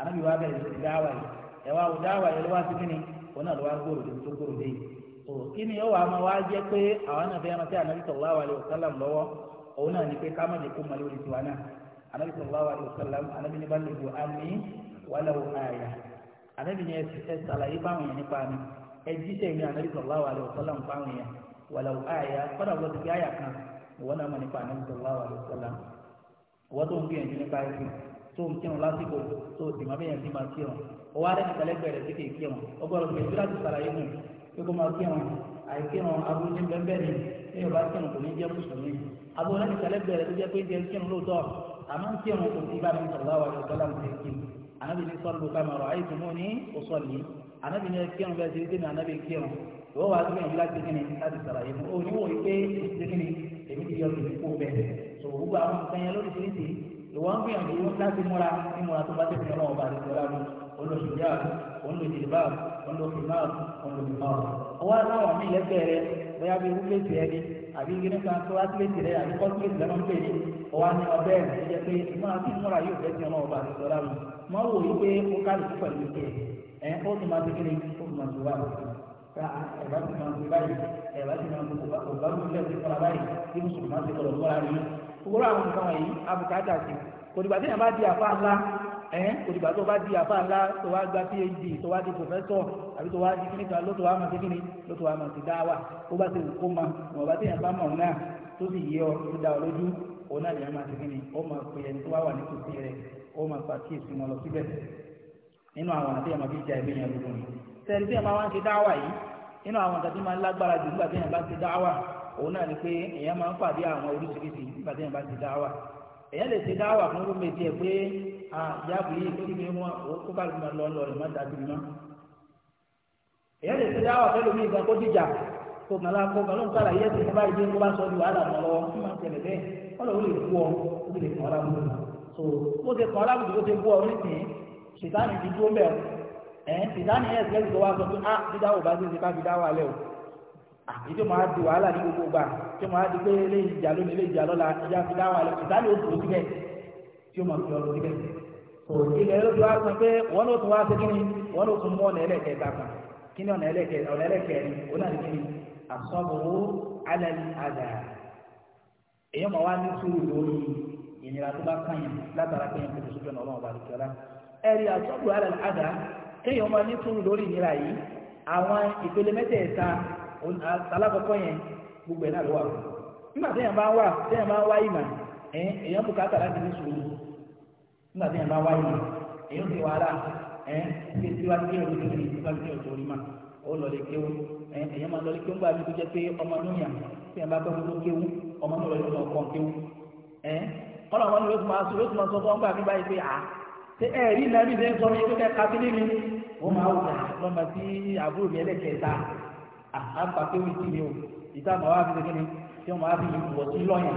S1: anábì wa bẹ̀rẹ̀ sí dáwà yìí ẹ̀wá ò dáwà yìí ló wá sí kíni òun náà ló wá gbòòrò débi tó gbòòrò dé yìí so kíni ó wàá máa wá jẹ́ pé àwọn náà fẹ́ràn sí anábì sallallahu alaihi wasallam lọ́wọ́ anabi sallallahu alayhi wa sallam anabi ní bá lè bu ami wàlẹ̀ wò àyà anabi ní ẹ sàlàyé báwọn yẹn nípa mi ẹ jíṣẹ́ mi anabi sallallahu alayhi wa sallam báwọn yẹn wàlẹ̀ wò àyà kọ́dà wọ́n ti fi àyà kan wọ́n náà mọ̀ nípa anabi sallallahu alayhi wa sallam wọ́n tó ń gbìyànjú nípa ẹ̀sìn tó ń kírun lásìkò tó ti máa bẹ̀yẹn ti máa kírun ó wá rẹ́ni kẹlẹ́gbẹ̀ẹ́ rẹ̀ kékeré kírun ó gbọ́dọ̀ gbìyànjú láti sàlàyé mu pé kó máa kírun àìkírun aburú ní bẹ́ẹ̀ bẹ́ẹ̀ ni ní yorùbá kírun kò ní jẹ́ mùsùlùmí aburú rẹ́ni kẹlẹ́gbẹ̀ẹ́ rẹ̀ tó jẹ́ pé ń jẹ́ kírun lóòótọ́ àmọ́ kí ẹ̀wọ̀n kò sí bá mi sọ̀rọ̀ àwọn ọ̀rọ̀ sọ́lá mi kí anabi ní sọ́lù kámẹ́rọ̀ ayé tó mú ní òsọ̀lì anabi ní kírun bẹ́ẹ̀ ti dín ní anabi kírun ìwọ wàá tún yàn láti kíni láti sàlàyé fún òun níwò pé ti kíni èmi ti yọ kìí kó bẹ́ẹ̀ so gbogbo àwọn nǹkan yẹn lóríṣiríṣi ìwọ ń gbìyànjú láti múra ní múra tó bá tẹ̀ fún ọlọ́wọ́ bá ti sọ̀rọ̀ àwọn olùsùnjáàbù olùjìlbáàbù olùfìmáàbù olùfìmáàbù ọwọ́ àtàwọn bóyá bí rúbílẹ̀tì rẹ ni àbí gíní kan tó átílẹ̀tì rẹ àbí kọ́tílẹ̀tì rẹ máa ń pè ní ọwá ní ọbẹ̀ rẹ jẹ́ pé máa ti múra yóò fẹ́ ti ọmọ ọba àti sọ́lá mi máa wò yí pé ó ká lùkú pẹ̀lú ìṣe ẹ̀ ó tún máa ti kí ni ó tún máa ti wá ẹ̀bá ti máa ti báyìí ẹ̀bá ti máa ti ọ̀bá mi lẹ́ẹ̀tì fúnra báyìí bí mùsùlùmí máa ti kọ̀ọ̀ ẹ̀ òdìgbà tó bá di àfa ńlá tó wá gba phd tó wá di professor àbí tó wá di kíníkà ló tó wá máa ti kíni ló tó wá máa ti dá wà ó bá ti wù kó ma wọn bá téèyàn bá mọ̀ ọ́n náà tó sì yé ọ tó dá ọ lójú òun náà lèèyàn máa ti kíni ó máa pè ẹni tó wá wà ní tòsí rẹ ó máa pa kí èsì wọn lọ síbẹ̀ nínú àwọn àti ẹ̀ma bíi ja ẹgbẹ́ yẹn lóko ni sẹ́ni tí ẹ̀ma wá ń ṣe dáwà yìí nínú àwọn àti máa lágbára jù nígbà tí ẹ̀yàn bá ti dáwà òun náà ni pé ẹ̀yàn máa ń pàdé àwọn oríṣiríṣi nígbà tí ẹ̀yàn bá ti dáwà ẹ̀yàn lè ṣe dáwà fún rúmẹ̀tì ẹ̀ pé à ah, ìyáàbò yìí tó kíni wọn ò kó ká lóun lọ lọ rẹ má dàbí mọ́. èyí lè ṣe dáwọ́ fẹ́ lómi ìgbà kó dìjà kó màlá kó màlá ń sára yẹ́sì kó bá yẹ kó bá sọ ju wàhálà mọ́ lọ́wọ́ fún máa tẹ̀lé bẹ́ẹ̀ ọ̀lọ́ ó lè kú ọ ó lè kàn ọ́lá mọ́ so ó ti kàn ọ́lá mọ́ tó ti kú ọ nísìnyí ṣètánì ti dúró mẹ́ ẹ̀ ṣètánì yẹ́ ìṣẹ́lẹ̀ tó wá sọ pé ah dídáwò bá ṣe ṣe ká fi dáwọ́ alẹ́ o ìjọ ah, máa di wàhálà ní gbogbo gbà tí ó máa di pé eléyìí ìjà lónìí eléyìí ìjà lọ́la ìjà fi dáwà lọ ìdálẹ́ òkú síbẹ̀ tí ó máa fi ọ̀rọ̀ síbẹ̀. ilẹ̀ ló ti wá sọ pé wọ́n ló tún wá sí kíni wọ́n ló tún mú ọ̀nà ẹlẹ́kẹ̀ẹ́ta kan kíni ọ̀nà ẹlẹ́kẹ̀ẹ́ ọ̀nà ẹlẹ́kẹ̀ẹ́rin òun náà kíni àsọ̀bùrú alẹ́ àdà èèyàn máa wá ní sùúrù lórí ìnira tó bá látara pé yẹn kò sójú ọ̀nà ọlọ́run ọba kéèyàn máa ní gbogbo ẹ̀ náà ló wà nígbà tí yẹn bá wáyé èyí ó ti wàhálà ẹ ṣe síwájú kí òun lórí síwájú kí òun lórí mà ó lọlé kéwú ẹ èyàn máa lọlé kéwú gbà mí tó jẹ pé ọmọ lóyàn tí yẹn bá pẹ́ fún kéwú ọmọ náà lọlé lọ kàn kéwú ẹ kọ́nà wọn ni yóò tún máa sọ yóò tún máa sọ fún ọgbà mi báyìí pé à ṣé ẹ rí iná mi lẹ́yìn sọmi pé ká sí ní mi ó máa wù lọ́mọ sí àbúrò mi ẹlẹ́kẹ̀ẹ́ta àpàkéwì tì mí o ìta màá wá fi ṣe kí ni tí wọ́n máa fi wọ̀ sí lọ́yìn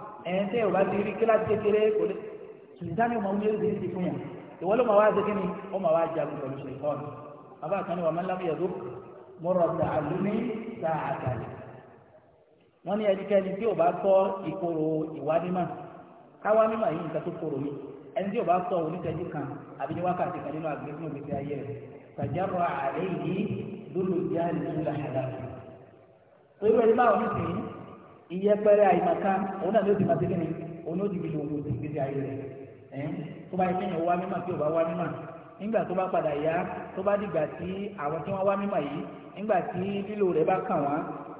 S1: ẹ̀yìn tẹ́ ò bá ti rí kíláàsì kékeré kò lè sùdánì ọmọ omi oríṣiríṣi ti fún yàn ìwọ ló máa wá ṣe kíni ó máa wá jagun pẹ̀lú ṣèkọ́n bàbá kan ní wàmí lámì yàtọ̀ mọ̀rọ̀ dàlú ní sàákàlẹ̀ wọ́n ní ẹnikẹ́ni tí ò bá tọ́ ìkorò ìwádìímà káwá mímọ̀ yìí nǹkan tó korò yìí ẹni tí ò bá tọ́ oníṣẹ́jú kan àbí ní wákàtí kan nínú àgbẹ̀fún òkèèrè ìyẹpẹrẹ àyìnbáká òun náà ló ti máa ti òun ló ti fi lòun òun ti fi ayé rẹ ẹ tó bá yẹ kí wá mímọ̀ tí ò bá wá mímọ̀ nígbà tó bá padà yá tó bá dìgbà tí àwọn tí wá yìí nígbà tí lílo bá kàn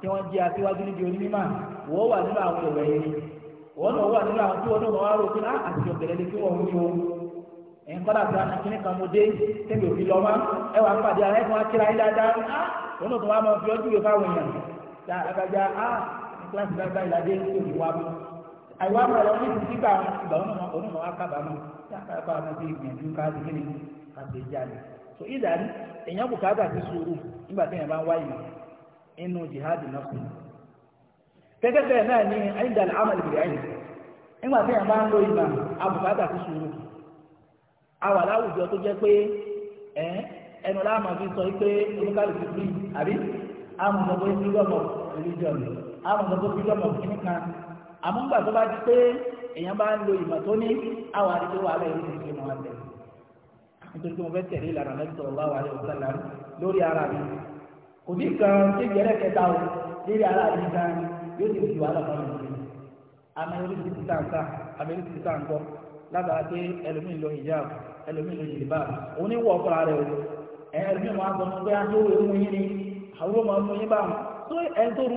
S1: tí aṣíwájú níbi wọ́n wà nínú àwọn wọ́n wà nínú àwọn tí a kíláàsì bá báyìí ládé ní òní wá mú àìwá mú ọ̀rọ̀ ní ìsìn sígbà ìgbà onímọ̀ onímọ̀ akábàámọ̀ tí akábà máa ti gbìyànjú káàdì kí ni káàdì so ìdàrí èèyàn bùkátà ti sùúrù nígbà tí èèyàn bá ń wá ìmọ̀ inú jihad nafsi gẹ́gẹ́ bẹ́ẹ̀ náà ni bìrì ayé nígbà tí èèyàn bá ń lo sùúrù àwà láwùjọ tó jẹ́ pé ẹnu láàmú sọ àbí àmọ̀ àwọn ọ̀dọ́ tó fi lọ́mọ òfin kan àmọ́ nígbà tó bá di pé èèyàn bá ń lo ìmọ̀ tó ní àwọn àdìgbò wà lẹ́yìn ní ìṣe mọ́ àtẹ nítorí pé mo fẹ́ tẹ̀lé ìlànà lẹ́yìn tó wà wàlẹ́ òṣèlú lórí ara mi kò ní kan tí ìyẹn rẹ̀ kẹta o lórí ara mi gan yóò ti fi wàhálà kan lòdì àmọ́ orí ti ti tàǹkà àmọ́ orí ti ti tàǹkọ́ lábàá pé ẹlòmíì lo hijab ẹlòmíì lo jìlìbà oníwọ̀ fúnra rẹ̀ o ẹlòmíì máa ń sọ fún pé àti owó ìmú yín ni àwọn ọmọ ọmọ yín bá wọn tó ẹni tó rú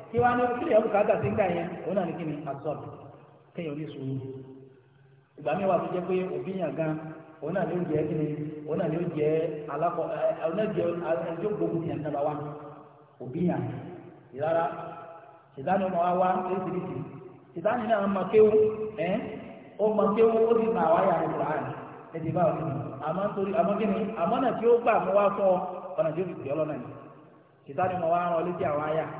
S1: kí wàá ní kí lè ọ̀rùn káàtà sí nga yẹn òun náà ní kí ni àtọ́lù kéèyàn ní sùúrù ìgbà mi wà tó jẹ́ pé òbí yàn gan òun náà ní ó jẹ́ kí ni òun náà ní ó jẹ́ alákọ̀ ọ náà jẹ́ ẹjọ́ gbogbo yàn nàbà wa òbí yàn ìlara ìdáni ọmọ wa wá lẹ́sìrìsì ìdáni náà ma kéwú ẹ́ ó ma ó ti bà wá yà ní kùrán ẹ̀dì bá òkè àmọ́ torí àmọ́ kí ni àmọ́ náà tí ó gbà mọ́ wá fọ́ ọ̀nà ọ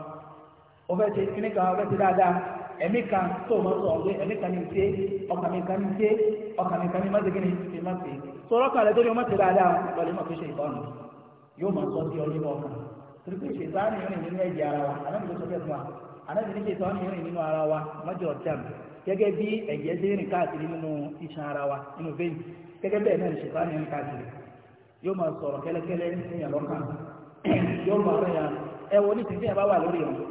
S1: ó fẹ́ ṣe kíní kan ó fẹ́ ṣe dáadáa ẹ̀mí kan tó o mọ̀ sọ ọ̀gbẹ́ ẹ̀mí kan ní ń ṣe ọkàn mi kan ní ń ṣe ọkàn mi kan ní mọ́tò kíní ti má ṣe sọ̀rọ̀ kan rẹ̀ tó ní o má ṣe dáadáa lọ́lẹ́ mọ̀ tó ṣe ìtọ́nù yóò mọ̀ sọ sí ọdún ọkàn torí pé ṣètánì rìn nínú ẹ̀jẹ̀ ara wa anábì ló sọ fẹ́ fún wa anábì ní ṣètánì rìn nínú ara wa mọ́jọ ọ̀tẹ̀ mi gẹ́gẹ́ bí ẹ̀jẹ̀ ṣe rìn káàkiri nínú iṣan ara wa nínú vein gẹ́gẹ́ bẹ́ẹ̀ náà ṣètánì rìn káàkiri yóò máa sọ̀rọ̀ kẹ́lẹ́kẹ́lẹ́ ní ìyàlọ́kàn yóò máa rẹ̀ yàn ẹ̀wọ̀n ní tìǹtì yẹn bá wà lórí ọ̀hún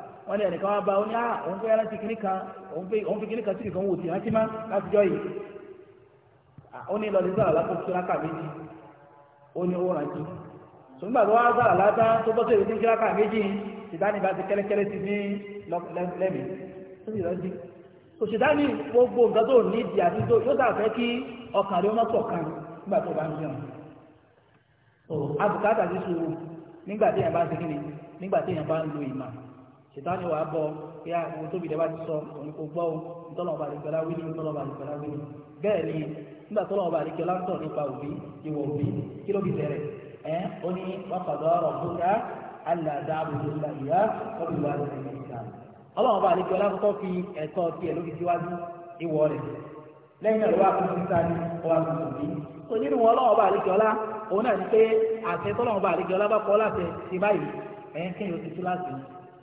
S1: wọ́n ní ẹnìkan wá bá ó ní à ah, òun fẹ́ rántí kìíní òun fi kìíní sí nìkan wò A rántí má láti jọ yìí ó ní meji onye látó kíláka méjì ó ní ó rántí sùgbà tó wá sàrà látá tó bọ́ méjì ti kẹ́lẹ́kẹ́lẹ́ ti ní lẹ́mìí tó sì rántí gbogbo nǹkan tó ní ìdí àti tó yóò dàfẹ́ kí ọkàn ọmọ pọ̀ kan nígbà tó bá ń jẹun àbùkátà ti sùúrù ṣètánì wàá bọ pé àwọn ah, tóbi dẹ́ bá ti sọ òun kò gbọ́ ohun tọ́lọ́ọ̀bà àdìgbọ́lá wíní tọ́lọ́ọ̀bà àdìgbọ́lá wíní bẹ́ẹ̀ ni nígbà tọ́lọ́ọ̀bà àdìgbọ́lá ń tọ̀ nípa òbí ìwọ̀ òbí kí ló fi bẹ̀rẹ̀ ẹ́ ó ní wàfàdọ́ ọ̀rọ̀ bóyá alàdá àbùdó ńlá ìyá ọ̀bí wa ló fi ìgbà ọlọ́ọ̀bà àdìgbọ́lá kọ́ fi ẹ̀tọ́ tiẹ̀ ló fi síwájú ìwọ̀ rẹ̀ lẹ́yìn náà ló wá fún sísá ní ọwọ́ àbùdó òbí tó nínú wọn ọlọ́ọ̀bà àdìgbọ́lá òun ní pé àtẹ tọ́lọ́ọ̀bà àdìgbọ́lá bá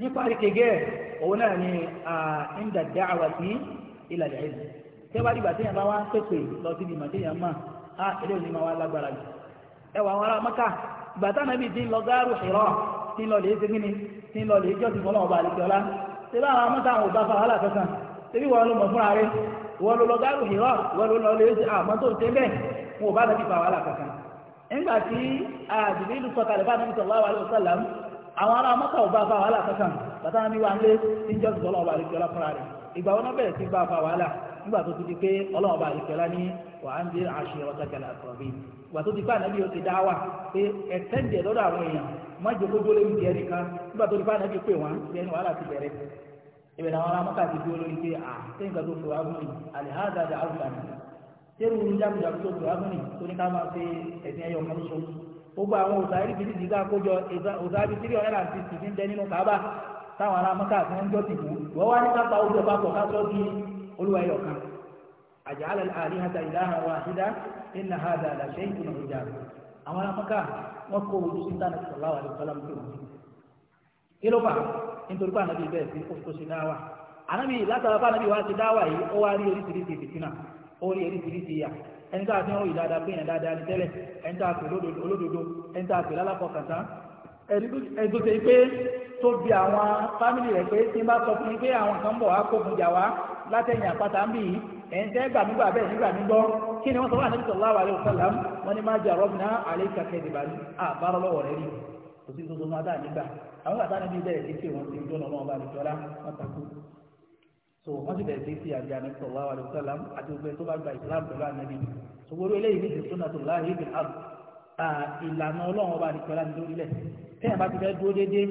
S1: níparí kege òun náà ni inda da'wati ila al-ilm tẹ́wá dìgbà téèyàn bá wá ń pèpè lọ síbi ìmọ̀ téèyàn mọ̀ á eré òní máa wá lágbára jù ẹwà àwọn ará mọ́kà ìgbà táwọn ibi ti ń lọ gáàrú Hira ti ń lọ lèé segin ni ti ń lọ lèé jọ́sìn fọlọ́ ọba àlejò ọlá tẹ́lá àwọn amọ́ta àwọn òbá fa wàhálà kankan wọn ló mọ̀ fúnra rẹ̀ wọn ló lọ gáàrú Hira wọn ló lọ lèé àmọ́ tó ń àwọn ará mọ́kà ò bá fa wàhálà kankan bàtà ní wa nílé tí ń jọ́ sí ọlọ́ọ̀bà àlekẹ́lá fúnra rẹ̀ ìgbà wọn bẹ̀rẹ̀ sí bá fa wàhálà nígbà tó ti di pé ọlọ́ọ̀bà àlekẹ́lá ní wà á ń dé àṣẹ ọ̀tàkẹ́lá àtọ̀bí ìgbà tó ti pé ànábì ó ti dá wà pé ẹ̀tẹ́ ń jẹ lọ́dọ̀ àwọn èèyàn má jẹ́ kójú lórí ti ẹnì kan nígbà tó ti pé ànábì pé wọ́n ti ẹni wàhálà ti bẹ̀rẹ̀ ìbẹ̀rẹ̀ àwọn ará mọ́kà ti dúró lórí pé à sẹ́yìn kan tó fi wá gùn ní àlèhàdà àwùjọ àná sẹ́yìn kan tó fi wá gùn ní tó ní ká fi ẹ̀sìn ẹyọ kan lóṣooṣù gbogbo àwọn òsàárì bìrì jìdá àkójọ òsàárì three hundred and sixty ní bẹ nínú kábà táwọn ará mọ́tà àti wọn jọ́ tìbú wọ́n wá ní kápá ojú papọ̀ kásọ́ bí olúwa ẹ̀yọ̀ kan àjàlá àríhàtà ìdáhà wa àṣídá ìnà ha dàda ṣe ń kùnà ìjà àwọn ará mọ́tà wọn kó ojú sí tánà sallallahu alaihi wasallam tó wù. kí nítorí pé ànábì bẹ́ẹ̀ sí kó orí eréṣiríṣi ìyà ẹni tá a fi ń ròyìn dáadáa pé èèyàn dáadáa ní tẹ́lẹ̀ ẹni tá a pè olódodo ẹni tá a pè lálàkọ̀kàtà ẹni tó ṣe pé tó bi àwọn fámìlì pé tí n bá sọ fún yín pé àwọn kan bọ̀ wá kókun jà wá látẹ̀yìn àpáta ń bì yìí ẹ̀yin tẹ́ gbọ́ kí wọ́n sọ wà níbi wọ́n ní má jà rọ́bìnà àlẹ́ àbárọ̀ lọ́wọ́ rẹ̀ rí kò sí tuntun nígbà àwọn so wọ́n sì bẹ̀rẹ̀ sí sí àbí àná sallallahu alaihi wasallam àti gbogbo tó bá gba ìsìlámù pẹ̀lú ànábì sòwòrò eléyìí nìyí sunnatullahi bil ard ìlànà ọlọ́run ọba àdìkọ́lá ní lórílẹ̀ tẹ́yìn bá ti fẹ́ dúró déédéé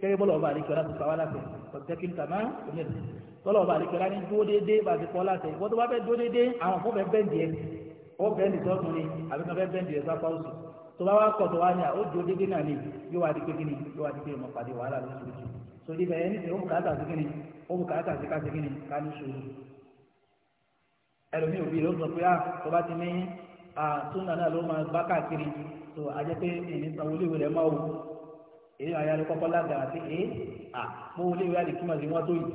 S1: kẹ́kẹ́ bọ́lọ̀ ọba àdìkọ́lá ti pa láti ọ̀tẹ́ kí n kà máa ń yẹn bọ́lọ̀ ọba àdìkọ́lá ní dúró déédéé bá ti kọ́ láti ìwọ́n tó bá fẹ́ dúró déédéé àwọn fún bẹ́ẹ̀ bẹ́ẹ̀ díẹ̀ ó bẹ́ẹ̀ ní ni àbí kan fẹ́ bẹ́ẹ̀ díẹ̀ sápá òsì tó bá wá kọ̀ tó wá ní à ó dúró déédéé náà ni yóò wá di kí ni yóò wá di pé pàdé wàhálà lóṣooṣù sòrí bẹ́ẹ̀ ní ìṣòro bùkátà sí kínní ó bùkátà sí ká sí kínní ká ní ṣòro ẹlòmíì òbí ló sọ pé à ah, tó bá ti ní àtúndà náà ló máa bá káàkiri tó ajẹ́ pé èyí sanwó léwu rẹ̀ máa wò èyí àyà ló kọ́kọ́ lágbára sí èé à gbówó léwu àdìkú màá sí wọ́n tó yìí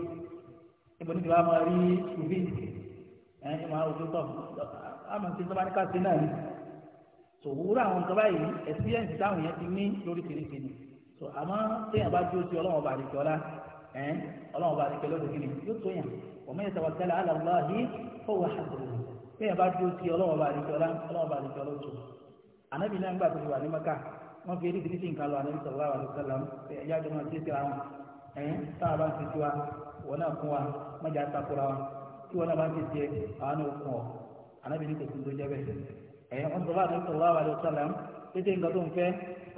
S1: níbo ní ti wá máa rí ṣùbí ẹ̀ ẹ̀ máa wò tó tọ̀ àmọ̀ sí sọ́mání ká sí náà ni tòwúrọ̀ àwọn nǹkan báyìí ẹ̀síyẹ̀nsì táwọn yẹn ti ní lórí kìrìkìrì so àmọ́ téèyàn bá dúró sí ọlọ́wọ́n bá àdìkẹ́ ọlá ẹ̀ ọlọ́wọ́n bá àdìkẹ́ lọ́dún kìíní yóò tó yàn ọmọ yẹn sábà tẹ́lẹ̀ alàlá yìí fọwọ́ àdìkẹ́ téèyàn bá dúró sí ọlọ́wọ́n bá àdìkẹ́ ọlá ọlọ́wọ́n bá àdìkẹ́ ọlá tó ànábì náà gbà tó wà ní maka wọ́n fi eré ìdílé nǹkan lọ ànábì sọ̀rọ̀ àwọn àlùsọ̀làm ẹ̀yà jọ máa tẹ́tẹ́ ra wọn ẹ̀ táwa bá ń ti tiwa wọn náà kún wa mọ́jà takura wa tí wọn náà bá ń ti tiẹ̀ àwọn náà kún ọ ànábì ní kò tún tó jẹ́ bẹ́ẹ̀ ẹ̀ wọ́n sọ̀rọ̀ ànábì sọ̀rọ̀ àwọn àlùsọ̀làm tẹ́tẹ́ nǹkan tó ń fẹ́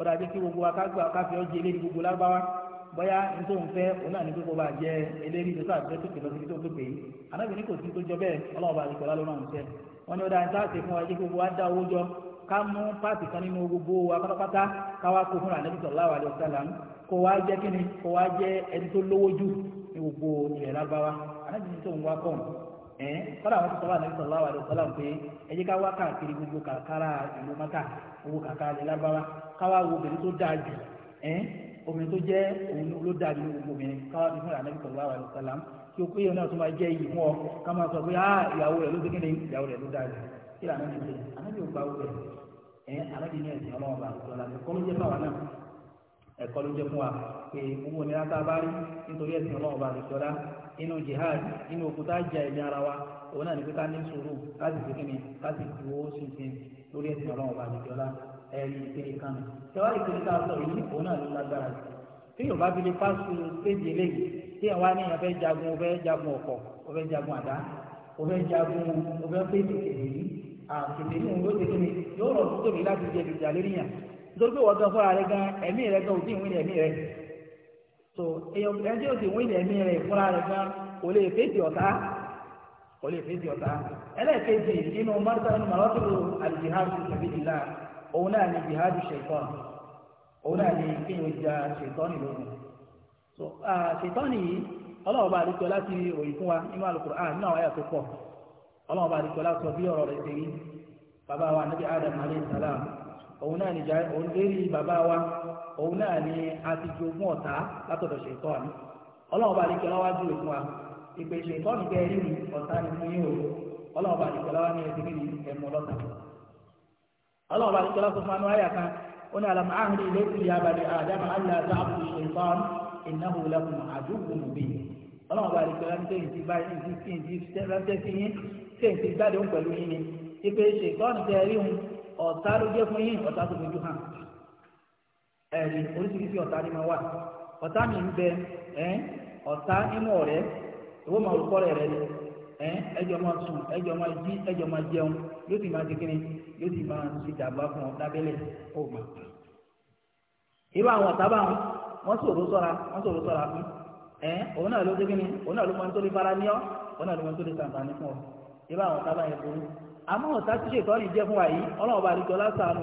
S1: ó dàbí kí gbogbo akágbà káfí ọjẹ eléyìí gbogbo lágbáwá bóyá nítorí òun fẹ́ òun náà ní pé kó bá jẹ eléyìí tó sáà fẹ́ tó kìlọ̀ síbi tó tó pè é anábì ní kò sí tó jọ bẹ́ẹ̀ ọlọ́run bá nìkọ́lá ló ràn sẹ́ wọ́n ní ó dáa táàsì fún wa jẹ́ gbogbo wa dá owó jọ ká mú páàtì kan nínú gbogbo wa pátápátá ká wá kó fún anábì sallallahu ẹ̀ kọ́lá àwọn sọ̀rọ̀ àti sọ̀rọ̀ àwọn àdókòlá pé ẹ jẹ́ ká wá káàkiri gbogbo kàkàrà ìlú mọ́tà owó kàkàrà ilẹ̀ lábáwá káwá wo obìnrin tó dáa jù ẹ̀ obìnrin tó jẹ́ òun ló dáa jù gbogbo obìnrin káwá fi fún ànábì sọ̀rọ̀ àwọn àdókòlá kí o péye náà tó máa jẹ́ iyì fún ọ ká máa sọ pé ah ìyàwó rẹ̀ ló dé kíni ìyàwó rẹ̀ ló dáa jù kí làwọn ti ẹ̀kọ́ ló jẹ́ fún wa pé gbogbo ní ata bá rí nítorí ẹ̀sìn ọlọ́run ọba àdìsọ́lá inú jihad inú òkúta jẹ ẹ̀mí ara wa òun náà ní pé ká ní sùúrù láti fi kíni láti fi owó ṣinṣin lórí ẹ̀sìn ọlọ́run ọba àdìsọ́lá ẹ̀rí ìpele kan tẹ́wáyé ìpele tá a sọ yìí òun náà ló lágbára jù tí yorùbá fi lè fásitì péjì eléyìí tí àwa ní ìyàn fẹ́ jagun ó jagun ọ̀kọ̀ ó jagun àdá ó jagun ó péjì kèdè yìí òun yóò ṣe kíni yóò rọ̀ nítorí pé wọ́n a rẹ̀ gan ẹ̀mí rẹ̀ gan òbí ìwé ẹ̀mí so èèyàn ẹni tí ó ti wí ẹ̀mí rẹ̀ fúnra rẹ̀ gan kò lè fèsì ọ̀tá kò lè fèsì ọ̀tá ẹlẹ́ẹ̀kejì nínú mọ́tò nínú mọ́tò àlìjìhádù sabilillah òun náà ni òun náà so yìí láti fún wa nínú Al-Qur'an àwọn àyà òun náà ni òun lérí bàbá wa òun náà ni a ti jogún ọ̀tá látọ̀dọ̀ ṣètọ́ àná ọlọ́run bá nìkẹ́ lọ́wọ́ dúró fún wa ìpè ṣètọ́ nìkẹ́ rí mi ọ̀tá ni fún yín o ọlọ́run bá nìkẹ́ lọ́wọ́ ní ẹ̀sìn mi ẹ̀mú ọlọ́ta ọlọ́run bá nìkẹ́ lọ́wọ́ fún manú àyà kan ó ní alam ahdi ilaykum ya bani adama alla ta'budu shaytan innahu lakum aduwwun mubin ọlọ́run bá nìkẹ́ ọ̀tá ló jẹ́ fún yín ọ̀tá tó fojú hàn ẹ̀rí oríṣiríṣi ọ̀tá ni máa wà ọ̀tá mi ń bẹ ẹ́ ọ̀tá nínú ọ̀rẹ́ máa rúkọ rẹ̀ rẹ̀ ẹjọ́ máa sùn ẹjọ́ máa jí ẹjọ́ máa jẹun yóò sì máa dikini yóò sì máa ṣe dàgbà fún ọ lábẹ́lẹ̀ ó mà. irú àwọn ọ̀tá wọ́n sọ́ra wọ́n sọ́ra fún àmọ́ ọ̀tá tí ṣètò ọ̀nì jẹ́ fún wa yìí ọlọ́run bá àlejò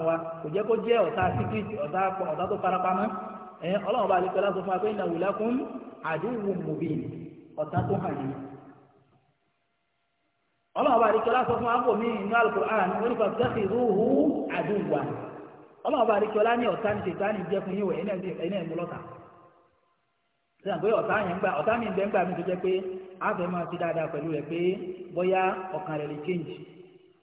S1: wa kò jẹ́ kó jẹ́ ọ̀tá síkírìtì ọ̀tá ọ̀tá tó farapamọ́ ẹ̀ ọlọ́run bá àlejò lásán fún wa pé ìnáwó lẹ́kún àdéhùn mòbìlì ọ̀tá tó hàn yìí. ọlọ́run bá lásán fún wa ń mí inú rúhu ọlọ́run bá lá a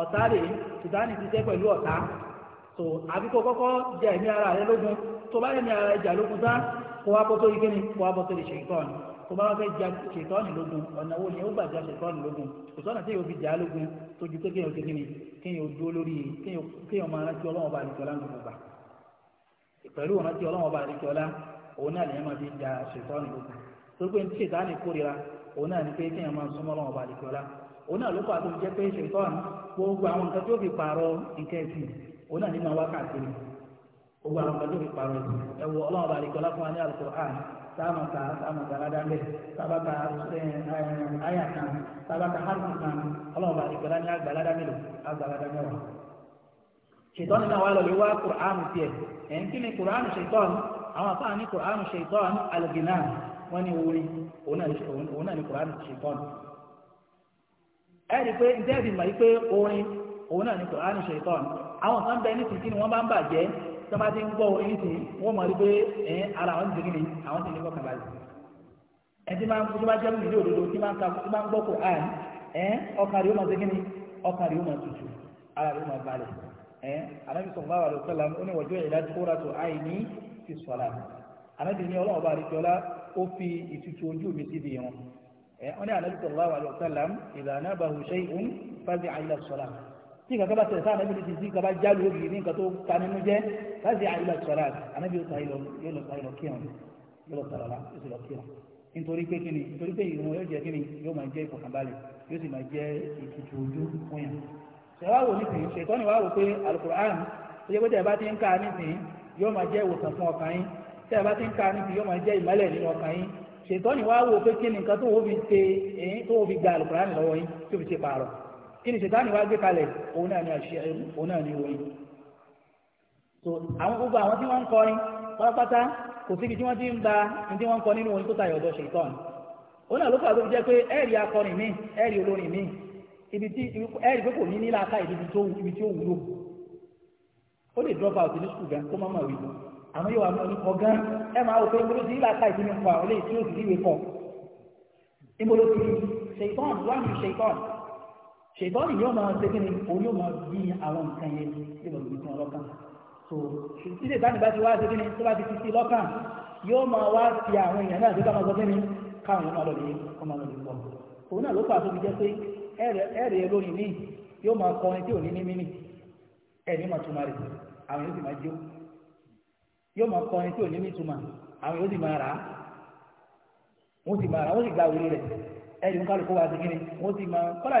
S1: ọ̀tá rèé sùdánì ti jẹ́ pẹ̀lú ọ̀tá tó àbí kó kọ́kọ́ jẹ ẹ̀mí ara rẹ lógun tó bá ẹ̀mí ara ìjà lógun tán kó wá bọ́ sórí kíni kó wá bọ́ sórí ṣèkọ́ọ̀nì tó bá wá fẹ́ ja ṣètọ́ọ̀nì lógun ọ̀nà wo ni ó gbà ja ṣètọ́ọ̀nì lógun kò sọ́nà tí yóò fi jà á lógun tó ju pé kéèyàn ṣe kíni kéèyàn dúró lórí kéèyàn máa rántí ọlọ́wọ́n bá àdìsí ọlá lógun gbà pẹ̀lú rántí ọlọ́wọ́n bá àdìsí ọlá òun náà lèyàn máa fi ja ṣètọ́ọ̀nì lógun torí pé ní kórira òun náà ni pé kéèyàn máa súnmọ́ ọlọ́wọ́n bá àdìsí òun náà ló kọ́ àtúntò jẹ́ pé ṣèǹtọ́n gbogbo àwọn nǹkan tó fi pààrọ̀ nǹkan ẹ̀sìn òun náà nínú wákàtí gbogbo àwọn nǹkan tó fi pààrọ̀ ẹ̀sìn ẹ̀wọ̀ ọlọ́run bá àlejò ọlá fún wa ní Al-Qur'an sáàmù ká sáàmù ká ládàbẹ̀ sábàkà àyà kan sábàkà hàrùkù kan ọlọ́run bá àlejò ọlá ní àgbà ládàmẹ́lò àgbà ládàmẹ́wà ṣètọ́ni náà wà lọ́lẹ́ wá kùránù tiẹ̀ ẹ̀yìn ni kùránù ṣètọ́ni àwọn afáà ní kùránù ṣètọ́ni alìgínà wọ́n ní orin òun náà ní kùránù ṣètọ́ni ẹ̀rí pé ntẹ́ẹ̀sì mọ̀ yí pé orin òun náà ní kòránì ṣètọ́n àwọn kan bẹ nísìnyí ni wọ́n bá ń bàjẹ́ tí wọ́n bá ti ń gbọ́ orin nísìnyí wọ́n mọ̀ rí pé ẹ̀ẹ́n ara àwọn ti gbìn àwọn ti ní kọ́ kàbàlì ẹtí máa ń tó bá jẹ́ nílé òdodo tí máa ń ka tí máa ń gbọ́ kòránì ẹ̀ẹ́n ọkàn rèé ó máa ti gbìn ọkàn rèé ó máa tutù ara rèé ó máa balẹ̀ ẹ̀ẹ́n anábì sọ̀rọ̀ àwọn àlùkọ́lá ó ní wọ́jọ́ ìlà kóra tó àì ní fi anábì ní ọlọ́run bá rí Eh, wọ́n ní ànábì sallallahu alaihi wasallam idha nabahu shay'un fazi'a ila salat tí nǹkan bá tẹ̀sán ànábì ti sí kaba jálù obì ní nǹkan tó ta nínú jẹ́ fazi'a ila salat ànábì yóò sáré lọ kíọ̀n yóò lọ sàrọ̀lá yóò sì lọ kíọ̀n nítorí pé kíni nítorí pé ìrùn yóò jẹ́ kíni yóò máa jẹ́ ìfọ̀kànbalẹ̀ yóò sì máa jẹ́ ìtutù ojú fún yàn ṣèwáwò nísìnyí ṣètọ́ni wàá rò pé alukur'an tó ṣètọ́ni wá wo pé kí ni nǹkan tó wọ́n fi ṣe èyí tó wọ́n fi gba àlùkùránì lọ́wọ́ yín tó fi ṣe pààrọ̀ kí ni ṣètọ́ni wá gbé kalẹ̀ òun náà ni àṣẹ ẹrú òun náà ni orin so àwọn gbogbo àwọn tí wọ́n ń kọrin pátápátá kò síbi tí wọ́n ti ń gba ní tí wọ́n ń kọ nínú orin tó tayọ̀ ọ̀dọ̀ ṣètọ́ni òun náà ló fà tó fi jẹ́ pé ẹ̀rí akọrin mi ẹ̀rí olórin mi ibi tí pé kò ní nílá àmọ́ yóò wà mọ́ orúkọ gan ẹ máa wò pé ibo ló ti ilà káì sí ní nǹkan àwọn eléyìí tí ó sì ríwe kọ ibo ló ti ṣètọ́n wà ní ṣètọ́n ṣètọ́n yóò máa ṣẹ́kẹ́ ni òun yóò máa bí àwọn nǹkan yẹn yóò máa bí nǹkan so títí ìdáni bá ti wá ṣe kíni tó bá ti fi sí lọ́kàn yóò máa wá ti àwọn èèyàn náà tó bá máa sọ kíni káwọn èèyàn máa lọ lè kọ́ máa lọ lè pọ̀ òun náà ló fà tó fi jẹ́ pé ẹ̀rẹ̀ lórí mi yóò máa kọrin tí ò ní ní mímì ẹ̀ ní màtúmá àwọn yóò sì máa jó yóò máa kọ ẹni tí ò ní mí túmọ̀ àwọn yóò sì máa rà á wọ́n sì máa rà wọ́n sì gba òwe rẹ̀ ẹ̀rì ń kálukú wa sí kí ni wọ́n sì máa kọ́lá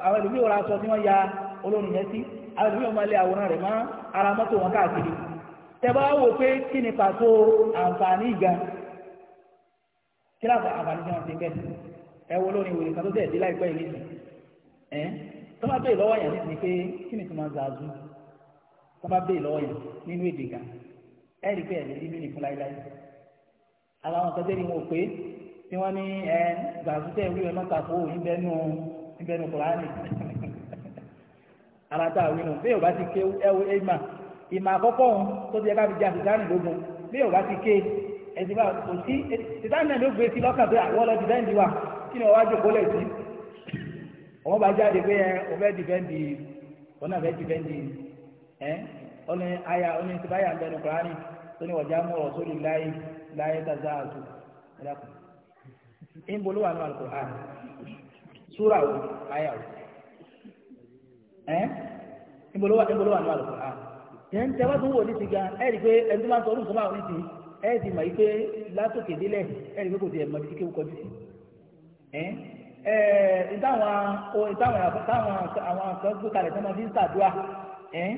S1: àwọn ẹlòmíì wọ́n ra aṣọ tí wọ́n ya olórin yẹn sí àwọn ẹlòmíì wọ́n máa lé àwòrán rẹ̀ mọ́ ara mọ́tò wọn káàkiri tẹ́bá wò pé kí ni pàtó àǹfààní ìgbà kí láti àǹfààní tí wọ́n ti bẹ̀ ẹ wo olórin wòye kan tó tẹ̀ dé láìpẹ́ yìí nìyí ẹ tó bá lọ́wọ́ yẹn nítorí pé kí ni tó máa zàzú tó bá lọ́wọ́ yẹn nínú èdè kan ẹ rí pé ẹ̀ lè rí mílì fún láíláí àwọn àwọn akẹ́kẹ́ ni wọn ò pé tí wọ́n ní ẹ gbàgbọ́sẹ̀ wíwẹ̀ mọ́ta fún òun bẹ́nu bẹ́nu kùránì ara tá a wínú bí yorùbá ti ké ẹwọ ẹ̀ma ìmọ̀ àkọ́kọ́ òun tó ti ẹ̀ka fi jẹ́ àtìsáàrì lógun bí yorùbá ti ké ẹ̀sìn bá kò sí tìtáàrì náà ló gbé sí lọ́kàn pé àwọn ọlọ́ dìbẹ́ǹdì wà kí ni wọ́n wá jòkó lẹ̀ sí bá jáde pé ẹ òun fẹ́ dìbẹ́ǹdì òun náà fẹ́ dìbẹ́ǹdì ẹ́ ọ̀nà àyà ọ̀nà ìtìbá yà ń bẹnu kùránì tó ní ọ̀já mú ọ̀rọ̀ sórí láyé láyé tàzá àtù ẹ̀dàkù ìbò ló wà ní Al-Qur'an súra wo àyà wo ẹ̀ ìbò ló wà ní Al-Qur'an yẹn ń tẹ́wọ́ tó ń wò ní ti ga ẹ̀ rí i pé ẹni tó máa ń sọ ọdún sọ́mà ní ti ẹ̀ ti mọ̀ yí pé látòkè délẹ̀ ẹ̀ rí i pé kò tiẹ̀ ẹ̀ ẹ̀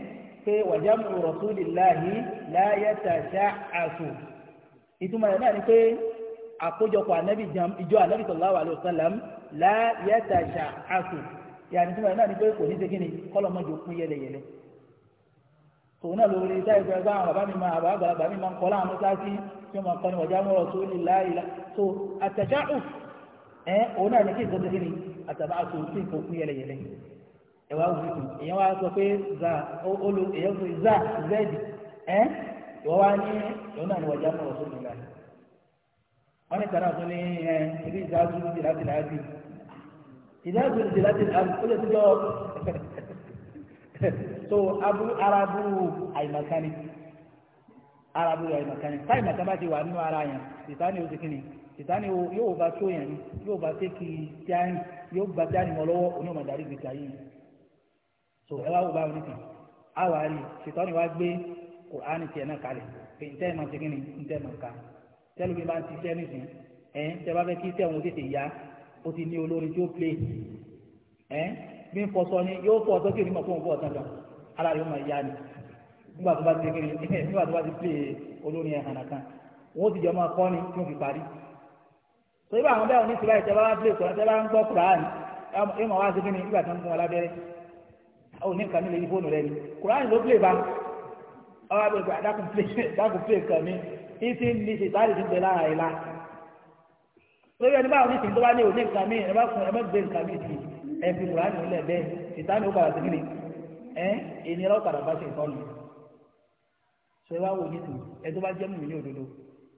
S1: pé wàjámù rasulillahi láyàtàṣà àṣù ìtumọ̀ ẹ̀ náà ni pé àkójọpọ̀ anabi jam ìjọ anabi sallallahu alayhi wa sallam láyàtàṣà àṣù yàrá ìtumọ̀ ẹ̀ náà ni pé kò ní ṣe kíni kọ́lọ́mọdé òkun yẹlẹyẹlẹ tòun náà lórí táyì fẹ́ bá àwọn bàbá mi máa bàbá àgbàlagbà mi máa ń kọ́ láàánú sáàsì tí wọ́n máa kọ́ ni wajamu rasulillahi láìla ẹ wá wù ú èèyàn sọ pé za olu èèyàn fi za zẹ́ẹ̀dì ẹ́ ìwọ wá ní ìwọ náà ní wọ́n já mọ́ ọ̀ṣun nígbà wọ́n ní tànà tó ní ẹ ibi ìdájú ti láti láàbì ìdájú ti láti láàbì ó lè ti jọ *laughs* so aburú arabu àyìnbákanì arabu àyìnbákanì táyìnbákan bá ti wà nínú ara yẹn ìtàn ni ó ti kí ni sitani yóò ba tó yẹn ni yóò ba tẹ́kì tíáyìn yóò ba tíáyìn mọ́ lọ́wọ́ oní ọmọ darí ayé yìí so ẹ wá wò báwo ní ti a wà á rí ṣètò ni wàá gbé kùránì tiẹ̀ náà kalẹ̀ pé ntẹ́ ẹ̀ máa ṣe kíni ntẹ́ ẹ̀ máa ka tẹ́lu mi bá ń ṣiṣẹ́ nísìn ẹ̀ tẹ́ bá fẹ́ kí tẹ́ òun tètè ya ó ti ní olórin tí ó play ẹ̀ bí n fọṣọ ni yóò fọ ọ̀tọ̀ kí ni mo fọ òun fọ ọ̀tọ̀ náà ara rẹ̀ ó máa ya ni nígbà tó bá ti kíni *laughs* nígbà tó bá ti play olórin ẹ̀ hànà kan wọ́n ti jọ máa kọ́ ni tí wọ́n fi parí torí bá àwọn bẹ́ẹ̀ òní ti ó ní nǹkan mi lórí fóònù rẹ ni kùránì ló plé ba ọwọ́ abẹ́rẹ́ pé ah, dákun plé *laughs* dákun plé nǹkan mi títí ní ṣètàlì ti bẹ̀ lára ẹ̀ la lórí ẹni báwo ní ìsìn tó bá ní òní nǹkan mi ẹ bá fún ẹ bá gbé nǹkan mi sí ẹ fi kùránì nílẹ̀ bẹ́ẹ̀ ṣètàlì ó padà sí nílẹ̀ ẹ ènìyàn ó padà bá ṣe ìtọ́nù ṣe wá wò nítorí ẹ tó bá jẹ́ mùmí ní òdodo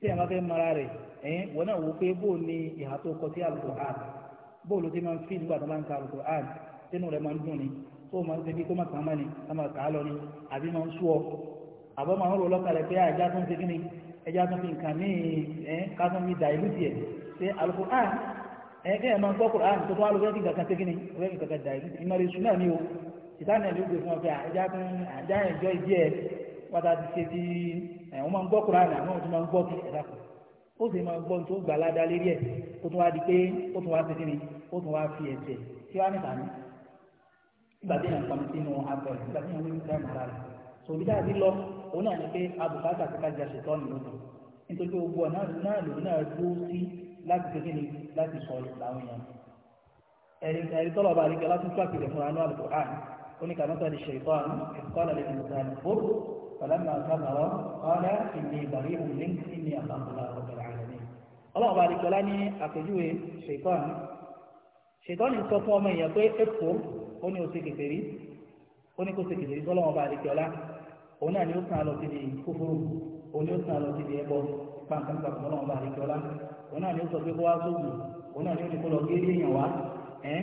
S1: tí ẹ bá fẹ́ mara rẹ̀ ẹ wọ́n náà wò pé bóò ni ìhà tó kọ sí àlùkò àn bóò ló ti máa ń fi nígbà tó máa ń ka àlùkò àn sínú rẹ̀ máa ń dùn ni tó o máa ń ṣe bí máa kàn án mọ́ni ká máa kà á lọ ni àbí máa ń sú ọ àbọ̀ máa ń rò lọ́kàlẹ̀ pé ẹja tó ń ṣe kíni ẹja tó fi nǹkan míì ẹ̀ ká tó ń fi dà ìlú tiẹ̀ ṣe àlùkò á ẹ̀ kẹ́ ẹ̀ máa ń gbọ́ kúrò á tó tó alùpùpù ẹ̀kí kankan ṣe kíni ọ̀rẹ́ kankan dà ìlú tiẹ̀ ìmọ̀rẹ́ sùn ni o ìtàn ẹ̀ ló gbé fún ọ pé ẹja tó ń ajá ẹ̀jọ́ ìdí ẹ̀ wọ́n ta ti ṣe ti ẹ̀ wọ́n máa ń gbọ́ kúrò á ó sì máa gbọ́ tó gbà ládàá lérí ẹ̀ ó tún wá di pé ó tún wá ṣe kíni ó tún wá fi ẹ̀sẹ̀ tí wàá nìkan ní nígbà tí yàn pàmì sínú abẹ nígbà tí yàn wí nígbà màrà rẹ sòbí dáadé lọ òun náà ní pé abùkátà ti ká jà ṣètọ́ nìlú nítorí gbogbo ọ̀nà náà lòun náà dúró sí láti ṣe kíni láti sọ ìlàwọn èèyàn ẹ̀rí ẹ̀rí tọ́lọ̀ bá rí kẹ́lá tún tún àpèjẹ fún anú ọlọ́run bá rí kẹ́lá ní àpèjúwe ṣètọ́ ṣètọ́ ní sọ fún ọmọ èèyàn pé èkó ó ní ose kèfèrí ó ní kó se kèfèrí tọ́lọ́ wọn bá àdìkẹ́ ọ̀la òun náà ni ó sàn lọ síbi kófóró òun ni ó sàn lọ síbi ẹbọ pàǹpàǹpà tọ́lọ́ wọn bá àdìkẹ́ ọ̀la òun náà ni ó sọ pé kó wá sóògùn òun náà ni ó ní kó lọ gé léèyàn wá ẹ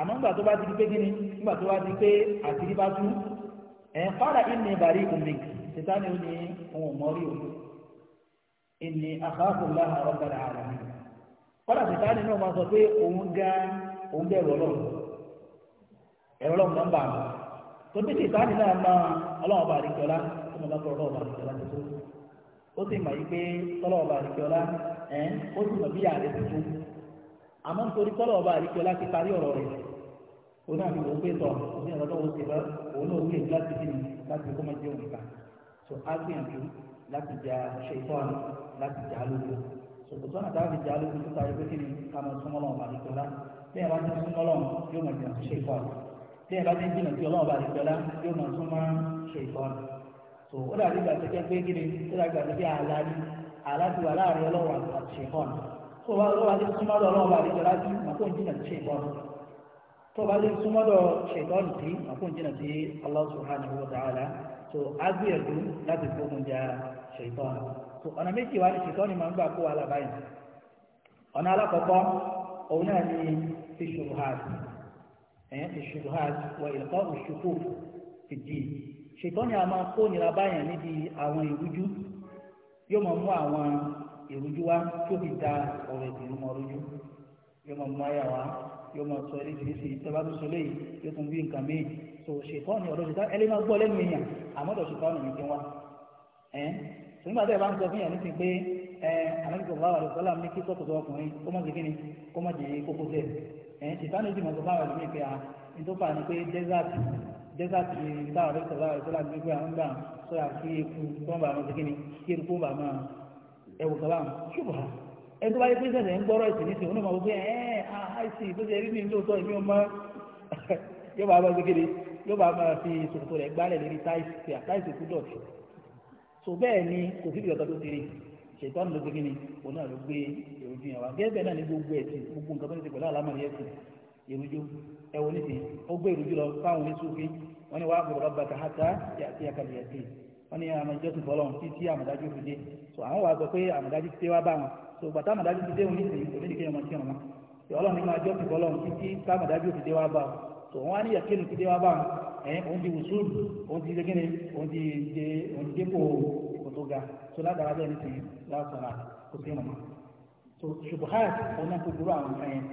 S1: àmọ́ ńgbà tó bá ti di pé kíni ńgbà tó bá ti pé àtìrí bá tú ẹ fara ìní ìbàrí ìkùnmí sitani ó ní òun mọ́rí òun ìní àkàkùn láhàrọ̀ ẹ̀rọ ọlọ́run máa ń bà á tó bí ti sáà nínú àmà ọlọ́run ọba àdìgbọ́lá tó máa bá tọ́ ọlọ́run ọba àdìgbọ́lá tó tó ó sì mọ̀ yí pé tọ́lọ́run ọba àdìgbọ́lá ẹ̀ ó sì mọ̀ bí ààrẹ tuntun àmọ́ nítorí tọ́lọ́run ọba àdìgbọ́lá ti parí ọ̀rọ̀ rẹ̀ ó náà fi pé tọ̀ òní ọ̀rọ̀ tó ti bá òun náà wúlò láti fi láti so á gbìyànjú láti jà ṣe ìfọ́ àná láti so kò sọ́nà táwọn fi jà lóko tó ta ẹgbẹ́ kí ni ká máa súnmọ́ lọ́wọ́ máa jà ṣe tí ẹ bá ti ń jìnnà sí ọlọ́run bá ti jọlá yóò máa tún máa ṣe ìtọ́nù tó ó dàbí ìgbà tó jẹ́ pé kí ni ó dàbí ìgbà tó jẹ́ àlá ni àlá ti wà láàrin ọlọ́run àti ṣe ìtọ́nù tó bá tó bá ti súnmọ́dọ̀ ọlọ́run bá ti jọlá sí màkó ń jìnnà ṣe ìtọ́nù tó bá ti súnmọ́dọ̀ ṣe ìtọ́nù sí màkó ń jìnnà sí Allah subhanahu wa ta'ala tó á gbìyànjú láti gbógun ja ṣe ìtọ́nù tó ọ̀nà méjì wá ní ṣe ìtọ́nù máa ń gbà kó wa lábáyìí ọ̀nà alákọ̀ọ́kọ́ في الشبهات وإلقاء الشكوك في الدين ṣètọ́ ni a máa kó nira báyàn níbi àwọn ìrújú yóò máa mú àwọn ìrújú wá tó fi da ọ̀rọ̀ ìdùnnú mọ́ rújú yóò máa mú àyà wá yóò máa sọ eléyìírísì tẹ́lá tó sọ léyìí yóò tún bí nǹkan míì tó ṣètọ́ ni ọ̀dọ̀ ṣètọ́ ẹlẹ́ni máa gbọ́ lẹ́nu èèyàn àmọ́ ọ̀dọ̀ ṣètọ́ ni ìdí wa ẹ̀ nígbà tẹ́ ẹ bá ń sọ fún yàn ní ti pé ẹ alẹ́kùnrin báwa lọ́sọ́ làm ní kí sọ́kòtò ọkùnrin kó má ṣe kíni kó má jẹ́ kókó tẹ̀ ẹ ṣètàn ojú mọ̀tò báwa lè pè á nítòfà ni pé desert desert ni táwọn alẹ́kùnrin báwa lọ́sọ́ làm ní pé àwọn gbà sọ yà kí eku kó bá máa ṣe kíni kí eku kó bá máa ẹwù kaba ṣùgbọ́n ẹ tó bá yẹ pé sẹ̀sẹ̀ ń gbọ́rọ̀ ìsìn nísìn onímọ̀ wípé ẹ àìsí bó ṣe rí mi lóòótọ́ èmi ò mọ *laughs* so bẹ́ẹ̀ ni kò sí ìgbà tó ṣètọ́nù ló ti kí ni òun náà ló gbé èròjú yẹn wá gẹ́gẹ́ bẹ́ẹ̀ náà ní gbogbo ẹ̀sìn gbogbo nǹkan tó ní ti pẹ̀lú àlámọ̀rí ẹ̀sìn èròjú ẹ wo nísìn ó gbé èròjú lọ fáwọn oníṣòfin wọn ni wàá gbọdọ̀ bàtà hàtà àti àkàlẹ̀ ẹ̀sìn wọn ni àmọ̀jọ́ ti bọ́ lọ́hùn títí àmọ̀dájú fi dé so àwọn wàá gbọ́ pé àmọ̀dájú ti wá bá wọn so gbàtà àmọ̀dájú ti dé òun nísìn òun ní kéèyàn máa kírun wọn tí ọlọ́run nínú àjọ so wọn á ní yàkínú ti dé wá bá wọn ẹ̀ òun ti tó ga tó ládàá bẹ́ẹ̀ ní ti lásàrà kò sí ìrànmọ́ tó ṣubuhat òun náà kò gbúrò àwọn nǹkan yẹn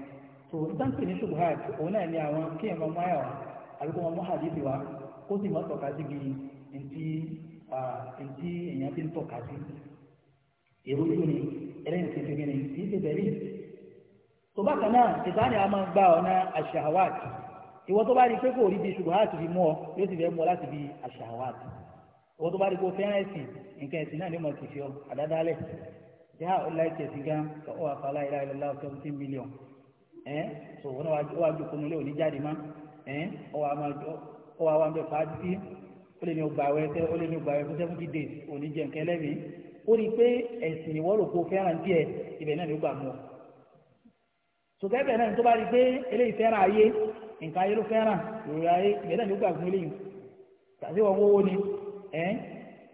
S1: tó ìtànkì ní ṣubuhat òun náà ní àwọn kéèyàn máa mú àyà wa àbí kó máa mú hadithi wa kó sì máa tọ̀ka síbi ntí ntí èèyàn ti ń tọ̀ka sí èrò yìí ni ẹlẹ́yìn ti fi gbìn kì í ṣe bẹ̀rí tó bá kan náà ìtàn yà máa gba ọ̀nà àṣàwàt ìwọ tó bá rí pé kò rí bí ṣubuhat fi mú ọ yóò sì fẹ́ mú ọ láti bí àṣàwàt owó tó bá rí kó fẹ́ràn ẹ̀sìn nǹkan ẹ̀sìn náà ni mo ti fi ọ àdádálẹ̀ yá ó láìkì ẹ̀sìn gan ó wà fàlà ìlà ìlà ìlà seventeen million ẹ̀ so wọn wá wá jókòó nílé òní jáde má ẹ̀ ó wà máa ó wà wá ń bẹ pàtí ó lè ní ọgbà wẹ ó lè ní ọgbà wẹ fún seventy days òní jẹ nǹkan ẹlẹ́mìí ó rí i pé ẹ̀sìn ìwọ́ ló kó fẹ́ràn díẹ̀ ibẹ̀ náà ló gbà mú ọ sùgbẹ́bẹ̀ náà tó bá rí i pé eléyìí fẹ́ràn ayé nǹkan ayé ló fẹ́ràn ìrora ayé ibẹ̀ náà ẹ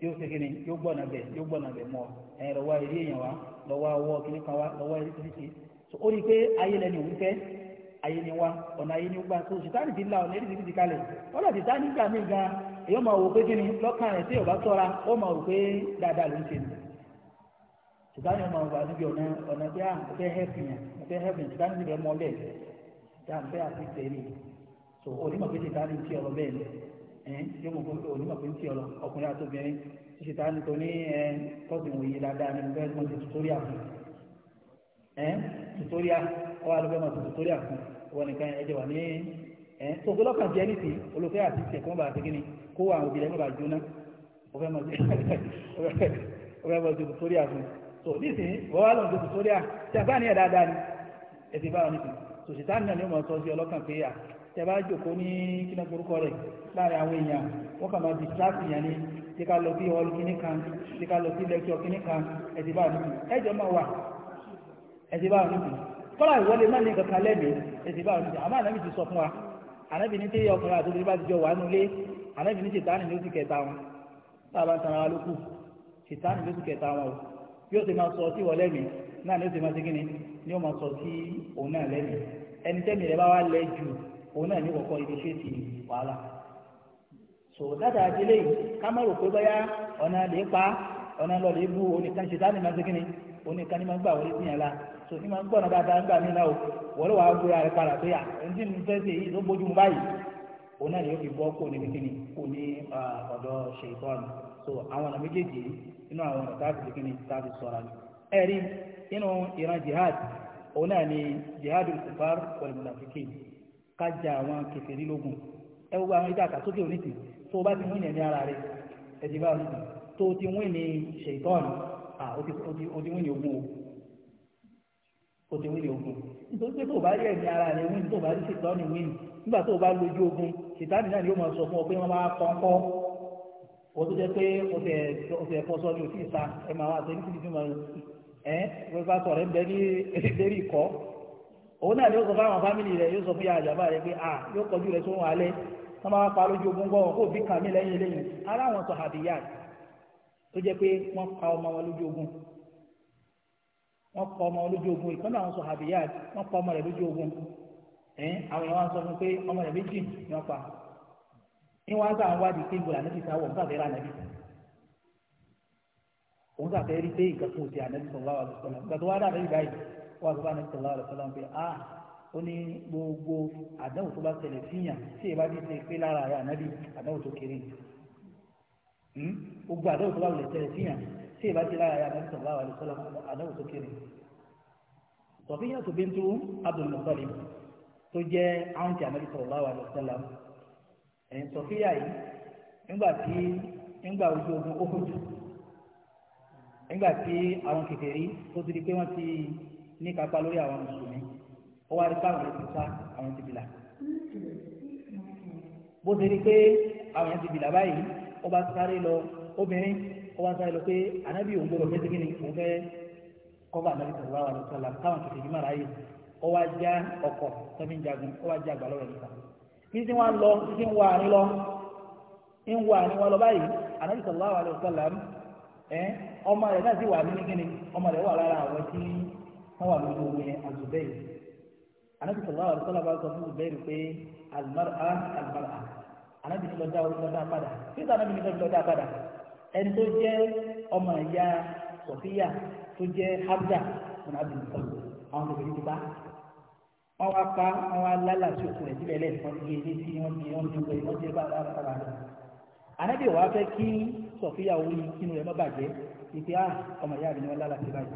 S1: yóò ṣe kí ni yóò gbọ́nà bẹ̀ yóò gbọ́nà bẹ̀ mọ́ ẹ lọ́wọ́ eré èèyàn wa lọ́wọ́ awọ kìnnì kan wa lọ́wọ́ eré k'i so o rí i pé ayé ayé ni wa ọ̀nà ayé ni gba so sitani ti la ọ̀nà kalẹ̀ ọ̀nà gbà mí gan èyí ó máa wò pé kí ni lọ́kàn rẹ̀ tí yóò bá tọ́ra ó máa wò pé dáadáa ló ń ṣe nìyẹn sùgbọ́n máa wà níbi ọ̀nà ọ̀nà yóò mọ̀ fún onímọ̀ pé ń tí ọ lọ ọkùnrin àti obìnrin ṣíṣe tá a ní toní ẹ kọ́sì wòye dáadáa ní bẹ́ẹ̀ mọ̀ sí tutorial fún ẹ tutorial ọ wà lọ́bẹ̀ mọ̀ sí tutorial fún wọn nìkan ẹ jẹ́ wà ní ẹ tó gbọ́dọ̀ kàn jẹ́ ní ti olùfẹ́ àti ìṣẹ̀ kó bàa segin ni kó àwọn òbí lẹ́nu bàa jóná ọfẹ́ mọ̀ sí *laughs* ọfẹ́ mọ̀ sí tutorial fún so nísìnyí wọ́n wà lọ́n sí tutorial ṣe àbáníyà dáadáa ni ẹ ti bá wọn nísìnyí so ṣètàn ni ó tẹ̀bá jòkó ní kí náà forúkọ rẹ̀ láàrin àwọn èèyàn wọ́n kà máa distract èèyàn ni tí ká lọ sí hall kìíní kan tí ká lọ sí lecture kìíní kan ẹ̀sìn bá nìkú ẹjọ́ máa wà ẹ̀sìn bá nìkú kọ́lá ìwọlé má ní kankan lẹ́mìí ẹ̀sìn bá nìkú àmọ́ ànábì ti sọ fún wa ànábì ní tẹ́yẹ ọkùnrin àti obìnrin bá ti jọ wà nulé ànábì ní ṣètánì ló ti wa ló ti kẹta wọn òun náà ní kọ̀kọ́ ibi ṣé ti wàhálà so dáadáa délé yìí ká má rò pé bóyá ọ̀nà lè pa ọ̀nà lọ lè bu onìkan ṣe dání máa ń segin ni onìkan ni máa ń gbà wọlé sí yàn la so ní máa ń gbọ́nà dáadáa ń mí náà o wọ́n lọ́wọ́ agbóra rẹ̀ padà pé à ẹni tí mo fẹ́ ṣe èyí ló bójú mu báyìí òun náà yóò fi bọ́ kó ní kíkíni kó ní ọ̀dọ̀ ṣe ìtọ́ni so àwọn ọ̀nà méjèèjì inú àwọn ọ̀nà tá a fi kíkíni tá a fi sọ̀rọ̀ ni. ẹ̀rí inú ìran jihad òun náà ni jihadul kufar wal ká ja àwọn kẹfẹ́rí lógun ẹ wo àwọn ìjà àkàsókè oríṣi tó o bá ti mú ìyẹn ní ara rẹ ẹ ti bá oríṣi tó o ti wín ní ṣètọ́ọ̀nù à o ti wín ní ogun o o ti wín ní ogun nítorí pé tó o bá rí ẹ̀mí ara rẹ wín tó o bá rí ṣètọ́ọ̀nù wín nígbà tó o bá lójú ogun ṣètọ́ọ̀nù náà ni yóò máa sọ fún ọ pé wọ́n máa kọ́ńkọ́ o tó jẹ́ pé o fẹ́ o fẹ́ fọ́sọ́ ní òtí ìta ẹ máa wá *laughs* òun náà ni ó sọ fáwọn fámìlì rẹ̀ yóò sọ fún yàrá bàbá rẹ̀ pé à yóò kọjú rẹ̀ sóhun alẹ́ wọ́n máa pa lójú ogun gbọ́ wọn kó bí kàmí lẹ́yìn lẹ́yìn ara wọn sọ àbíyá tó jẹ́ pé wọ́n pa ọmọ wọn lójú ogun wọ́n pa ọmọ wọn lójú ogun ìkànnì àwọn sọ àbíyá wọ́n pa ọmọ rẹ̀ lójú ogun ẹ̀ẹ́n àwọn èèyàn wọn sọ fún pé ọmọ rẹ̀ méjì ni wọ́n pa ní wọ́n sàn wá di pé ìgbòlá níbi sáwọ̀ nígbà fẹ́ rà nàbì òun sàfẹ́ rí pé ìkàkùn òsì ànàbì sọ̀rọ̀ wà wọ́n àgbà ní sọ̀rọ̀ àlọ́ sọ́lá pé a ah, ó ní gbogbo àdánwò tó bá tẹ̀lé fìyàn tí èyí bá ti ṣe pé lára rẹ̀ ànábì àdánwò tó kéré hmm? gbogbo àdánwò tó bá wọlé tẹ̀lé fìyàn tí èyí bá ti lára rẹ̀ ànábì sọ̀rọ̀ àlọ́ sọ́lá àdánwò tó kéré sọ̀fíyàn tó bíntu Abdul Muttalib tó jẹ́ àwọn tí ànábì sọ̀rọ̀ àlọ́ sọ́lá ẹ̀yìn sọ̀fíyà yìí nígbà tí nígbà ojú ogun ó nígbà tí àwọn kékeré tó ti di pé wọ́n ti ní kápá lórí àwọn mùsùlùmí ó wá rí báwọn ti sá àwọn ti bìlà bó ṣe rí pé àwọn ti bìlà báyìí ó bá sáré lọ obìnrin ó bá sáré lọ pé ànábì òun gbọdọ̀ fẹ́ sígi ni òun fẹ́ kọ́ba ànábì sọ̀rọ̀ àwọn àlùsọ̀là táwọn kìkì yìí mara yìí ó wá já ọkọ̀ tẹ́fí ń jagun ó wá já àgbà lọ́rọ̀ nípa títí wọn lọ títí ń wà ní lọ ń wà ní wọn lọ báyìí ànábì sọ̀rọ̀ àwọn àlùsọ̀là ọmọ rẹ̀ náà sì wà ní kíni ọmọ rẹ̀ wà lára àwọn tí ń wọ́n wà lójú omi azubẹ́yì anabi sallallahu alaihi wasallam bá sọ fún zubẹ́yì pé almar'a almar'a anabi ní lọ́dá orí lọ́dá padà títí anabi ní lọ́dá padà ẹni tó jẹ́ ọmọ ìyá sọfíà tó jẹ́ habda ọ̀nà àbí nìkan àwọn obìnrin ti bá wọn wá pa wọn wá lálà sí òkú rẹ̀ sílẹ̀ lẹ́yìn wọn gé létí wọn di wọn di wọn wọn bá bá bá rẹ anabi wàá fẹ́ kí sọfíà orí kínú rẹ̀ má bàjẹ́ ìpè ah, ọmọ ìyá mi ni wọn lálà sí báyìí.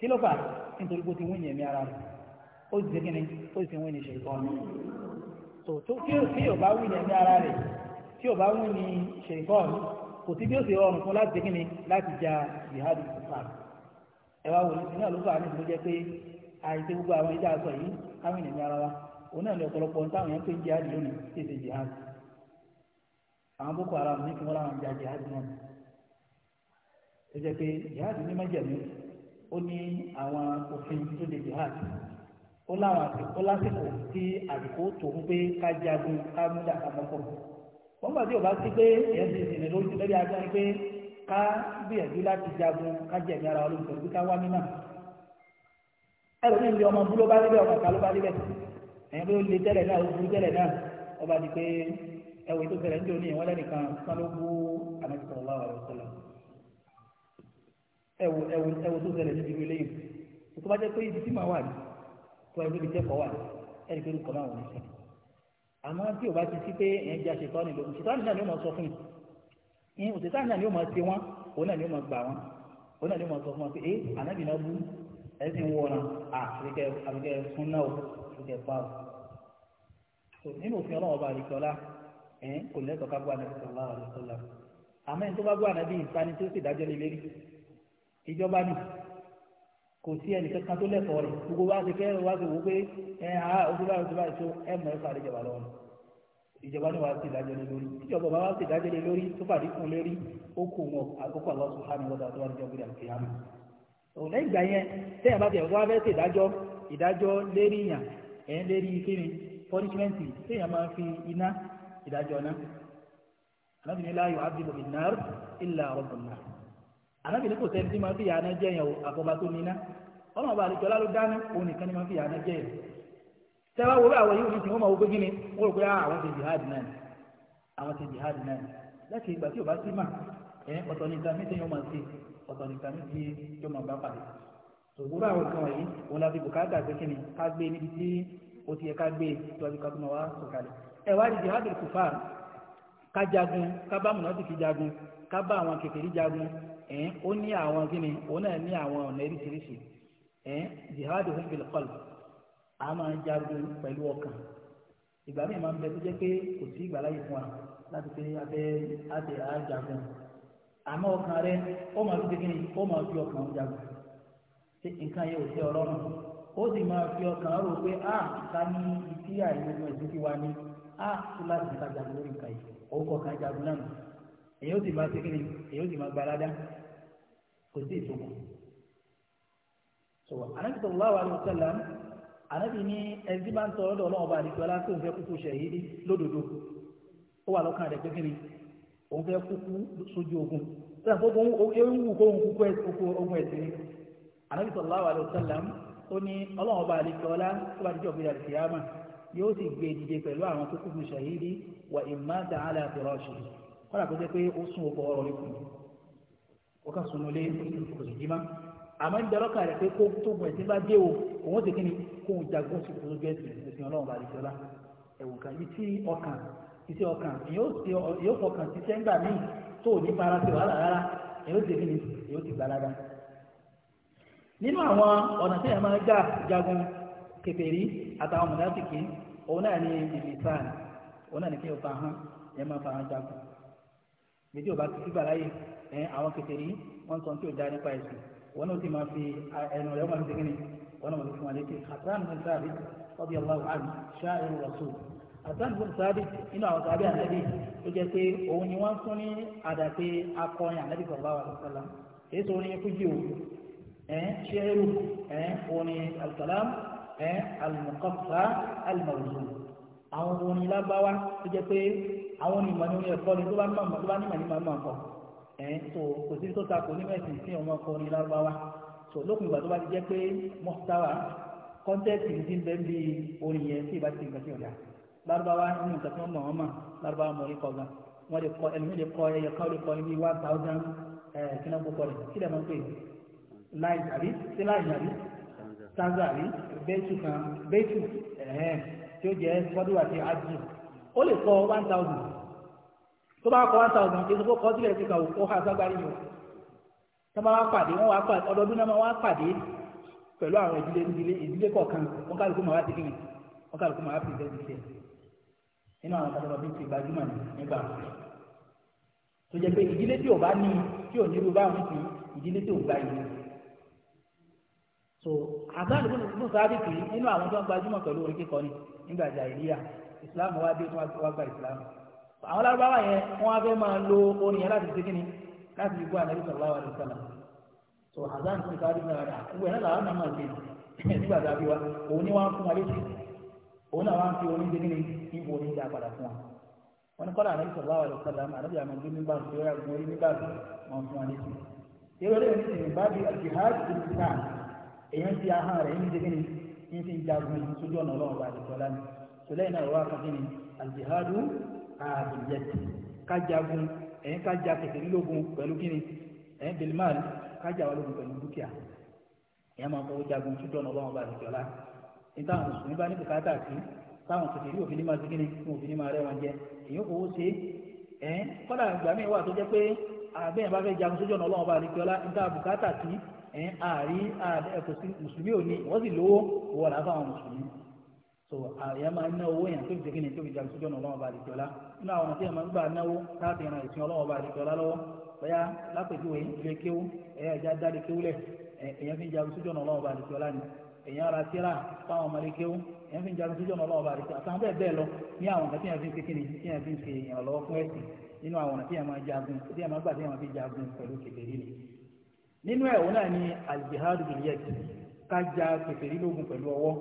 S1: kí ló fà nítorí pé ó ti wí ní ẹ̀mí ara rẹ̀ ó ti ṣe kíni ó ti wí ní ṣe ìtọ́ni tó tó kí yóò bá wí ní ẹ̀mí ara rẹ̀ tí yóò bá wí ní ṣe ìtọ́ni kò sí bí ó ṣe rọrùn fún láti ṣe kíni láti ja jihadi islam ẹ wá wò ní náà ló fà ní ìlú jẹ pé àìsí gbogbo àwọn ìdá àṣọ yìí káwọn ènìyàn ara wa òun náà ní ọ̀pọ̀lọpọ̀ táwọn yẹn pé jihadi lónìí ti ṣe jihadi àwọn boko haram ní kí wọ́n ó jẹ pé jihadi ní ó ní àwọn òfin tó de jihad ó láwọn àsìkò lásìkò tí àsìkò tó ń pé ká jagun ká múdà ká mọ́kọ́ wọ́n gbà tí ò bá sí pé èyí ti sìn lórí lórí ajá ni pé ká gbìyànjú láti jagun ká jẹ̀mí ara olóhùn pẹ̀lú ká wá mímà ẹlòmíì ń lé ọmọ bú ló bá débẹ̀ ọmọ ká bá débẹ̀ ẹ̀yin pé ó le tẹ́lẹ̀ náà ó burú tẹ́lẹ̀ náà ọba di pé ẹ̀wọ̀ ètò ìfẹ̀lẹ̀ ń dòní ìwọ́n lẹ́nìkan sanu bú àmì sọ̀rọ̀ ẹwù ẹwù ẹwù tó ṣẹlẹ̀ sí ibi eléyìí tó bá jẹ́ pé ibi tí màá wà ní tó ẹni ibi jẹ́ kọ́ wà ní ẹni pé orúkọ náà wọ̀ ní sẹ́ àmọ́ tí o bá ti sí pé ẹ̀ ń ja ṣètọ́ni lóhùn ṣètọ́ni náà ni ó máa sọ fún mi ìhun ṣètọ́ni náà ni ó máa ṣe wọ́n òun náà ni ó máa gbà wọ́n òun náà ni ó máa sọ fún wọn pé ẹ ànábì náà bú ẹ sì ń wọra àfikẹ́ àfikẹ́ fún náà o àfikẹ́ pa o nínú òfin ọlọ́wọ́ bá àdìkẹ́ ọlá ẹ̀ kò lẹ́tọ̀ọ́ ká gbọ́ ànábì sọ̀rọ̀ àdìkẹ́ ọlá àmọ́ ẹni tó bá gbọ́ ànábì ìsáni tó sì dájọ́ lé lérí ìjọba ni kò sí ẹnìkan kan tó lẹ́kọ̀ọ́ rẹ̀ gbogbo wa ti kẹ́rù wá sí wò pé ẹ ha òṣùbà òṣùbà ìṣó ẹ mọ̀ ẹ́ fàdé ìjọba lọ́wọ́ ìjọba ni wàá sì dájọ́ lé lórí ìjọba bá wàá sì dájọ́ lé lórí tó fàdé fún lórí ó kù wọn àkókò àwọn sùhánù wọn tó wà níjọ́ gbé àti àmì. òun lẹ́yìn ìgbà yẹn sẹ́yìn bá tiẹ̀ wá fẹ́ ìdájọ́ lérí yàn ẹ̀ ń lérí kíni pọ́nísímẹ́ǹtì sẹ́yìn máa fi iná ìdájọ́ náà ànábì ní kò sẹ́ni tí máa ń fìyà náà jẹ́yàn o àfọ̀bá tó níná ọlọ́run ọba àlejò ọlọ́run dáná òun nìkan ni máa ń fìyà náà jẹ́yàn tẹ́wá wo bí àwọn yìí oníṣẹ́ wọn máa wo pé gíní wọ́n rò pé ah, àwọn ti jihad náà ni àwọn ti jihad náà ni láti ìgbà tí ò bá sí mà ẹ ọ̀tọ̀ nìkan mi ti yọ máa ṣe ọ̀tọ̀ nìkan mi ti yọ máa bá pàdé òwúrọ̀ àwọn nǹkan wọ̀nyí òun la fi bùkátà pé kíni ká gbé níbi tí ó ti yẹ ká gbé tọ́jú ká tún wá sọ̀kalẹ̀ ẹ wá di jihad kùfà ká jagun ká bá mùnà ẹ̀ẹ́n ó ní àwọn gíní òun náà ní àwọn ọ̀nà eríṣiríṣi ẹ̀ẹ́n jihadu bil qalb a máa jagun pẹ̀lú ọkàn ìgbà míì máa ń bẹ tó jẹ́ pé kò sí ìgbàláyè fún wa láti pé abẹ́ àti àjagun àmọ́ ọkàn rẹ ó máa fi gíní ó máa fi ọkàn jagun ṣé nǹkan yẹn ò sí ọlọ́run ó sì máa fi ọkàn rò pé a ká ní ìdí àìlógún ẹ̀sìn tí wa ní a tún láti ká jagun lórí nǹkan yìí òun kọ̀ọ̀kan jagun náà èyí ó sì máa ṣe kí èyí ó sì máa gbalada kò sí ìtumọ̀ so anabi sallallahu alayhi wa sallam anabi ní ẹbí bá ń tọrọ dọ̀ ọlọ́wọ́ bá a nìkan láti òun fẹ́ kúkú ṣẹ̀yìn lódodo ó wà lọ́kàn rẹ̀ pé kí ni òun fẹ́ kúkú sójú ogun sọ́dà gbogbo ewu wù kó òun kúkú ogun ẹ̀sìn ni anabi sallallahu alayhi wa sallam ó ní ọlọ́wọ́ bá a nìkan lá tó bá dijọ́ gbéra kìyàmà yóò sì gbé dìde pẹ̀lú àwọn tó kúkú ṣẹ̀yìn wa ìmáta alá firashi kọ́lá kó jẹ́ pé ó sún ọkọ̀ ọ̀rọ̀ ikùn woke kàn sunu lé kò sì jí àmọ́ ń darọ́ pé kó tó bá dé o ti kó jagun sí kó tó gbé ẹ̀sìn ẹ̀sìn ọlọ́run bá dìjọ́ la ẹ̀wù kan ọkàn ọkàn yóò fọkàn sí míì tó ní fara sí ti yóò ti gbalaga. nínú àwọn ọ̀nà tí gbà jagun àtàwọn òun náà ni ìlísàn òun náà ni kí o gbèdé ọba tuntun gbà láyè ẹ àwọn kẹtẹrí wọn sọ tí o da nípa ẹsùn wọn náà ti máa fi ẹnu rẹ wọn máa fi dégínì wọn náà wọn fi fún wa létí hasan bin sabit ọbí allahu anhu ṣááìrù rasul hasan bin sabit inú àwọn sábẹ ànábì ó jẹ pé òun ni wọn fún ní àdàpé akọrin ànábì sallallahu alaihi wasallam èyí tó fújì o ẹ ṣẹ́ẹ́rù ẹ òun ni alkalam ẹ alimọ̀kọ́fà alimọ̀lùsùn àwọn orin lábáwá tó jẹ́ pé àwọn onímọ̀ ní orin ẹ̀kọ́ ni tó bá ní màmá tó bá ní màmá máa kọ ẹ̀ tó kò sí tó takò ní mẹ́sìn sí ọmọ ọkọ orin lábáwá tó lókun ìgbà tó bá ti jẹ́ pé mọ́tàwá kọ́ńtẹ́ẹ̀tì ti ń bẹ́ẹ̀ bí orin yẹn tí ìbá ti gbà sí ọ̀dà lárúbáwá nínú nǹkan tí wọ́n mọ̀ wọ́n mọ̀ lárúbáwá mọ̀ orin kọ wọ́n lè kọ ẹlòmíì lè kọ ẹyẹ kan lè kọ ní bí one thousand kíná gbogbo rẹ̀ kílẹ̀ máa ń pè láì àbí sí láì àbí sanza àbí bẹ́ẹ̀tù kan bẹ́ẹ̀tù ẹ̀hẹ́n tí ó jẹ́ sọ́dún àti ájú ó lè kọ one thousand tó bá kọ one thousand kí ló kọ́ sílẹ̀ sí kàwé kó ha ságbárí yìí tó bá wá pàdé wọn wá pàdé ọdọọdún náà wá pàdé pẹ̀lú àwọn ìdílé ìdílé ìdílé kọ̀ọ̀kan wọn kálukú máa wá ti kíni wọn kálukú máa wá fi ìdẹ́sí sí ẹ nínú àwọn kàtàkùn bíi ti gbajúmọ̀ nígbà tó jẹ́ pé ìdílé tí ò bá ní tí ò ní irú báwọn ti ìdílé tí ò gbá yìí so abdul bin musaabit yìí nínú àwọn tó ń gbajúmọ̀ pẹ̀lú orin kíkọ ni nígbà jàìlíyà islam wá dé wá gba islam àwọn lárúbáwá yẹn wọn á fẹ́ máa lo orin yẹn láti ṣe kíni láti fi gbọ́ ànábì sallallahu alaihi wasallam so abdul bin musaabit náà rà wúwẹ̀ náà làwọn náà máa ṣe *laughs* nígbà tá a fi wá òun ni wọn fún wa létí òun náà wọn fi orin ṣe kíni ibo orin dá padà fún wa wọn ni kọ́lá ànábì sallallahu alaihi wasallam ànábì àmọ́ gbé nígbà èyàn ti ahọ́n rẹ̀ ní dẹ́gbẹ́ fi jagun sójú ọ̀nà ọlọ́run bá àdìgbò lánàá sọlẹ́yìn náà wá kàdé ni aljihadu àbíyẹtì ká ẹ̀yìn ká ja kẹsẹ̀ nílógún pẹ̀lú kíni ẹ̀yìn bilmal ká wà lógun pẹ̀lú dúkìá máa jagun sójú ọ̀nà ọlọ́run bá àdìgbò lá ní táwọn mùsùlùmí bá ní bùkátà sí táwọn yóò fi ní máa digi ni fún òfin ní máa rẹ́ wọn ẹ̀yìn ààrí ẹ̀kọ́ sí mùsùlùmí ò ní wọ́n sì lówó wọ́n wà lábàá àwọn mùsùlùmí so àyà máa ń ná owó yẹn tó fi jẹ́kí ni tó fi jagun sójú ọ̀nà ọlọ́wọ́ bá a lè jọlá nínú àwọn tí a máa ń gbà náwó láti ran ìsìn ọlọ́wọ́ bá a lè jọlá lọ́wọ́ bóyá lápèjúwe ilé kéwú ẹ̀yà ìjà dáre kéwúlẹ̀ èèyàn fi jagun sójú ọ̀nà ọlọ́wọ́ bá a lè jọlá ni èèyàn ra tíra fáwọn ọmọlé kéwú èèyàn fi jagun sójú ọ̀nà ọlọ́wọ́ bá a lè jọlá àtàwọn bẹ́ẹ̀ bẹ́ẹ̀ lọ ní àwọn nǹkan tí a fi ń kékeré tí a fi ń ṣe ìrànlọ́wọ́ fún ẹ̀sìn nínú àwọn tí a máa jagun tí a máa gbà tí a máa fi jagun pẹ̀lú kékeré ni nínú ẹ̀ òun náà ni aljihadu bil yad kájà pèsèrè lógun pẹ̀lú ọwọ́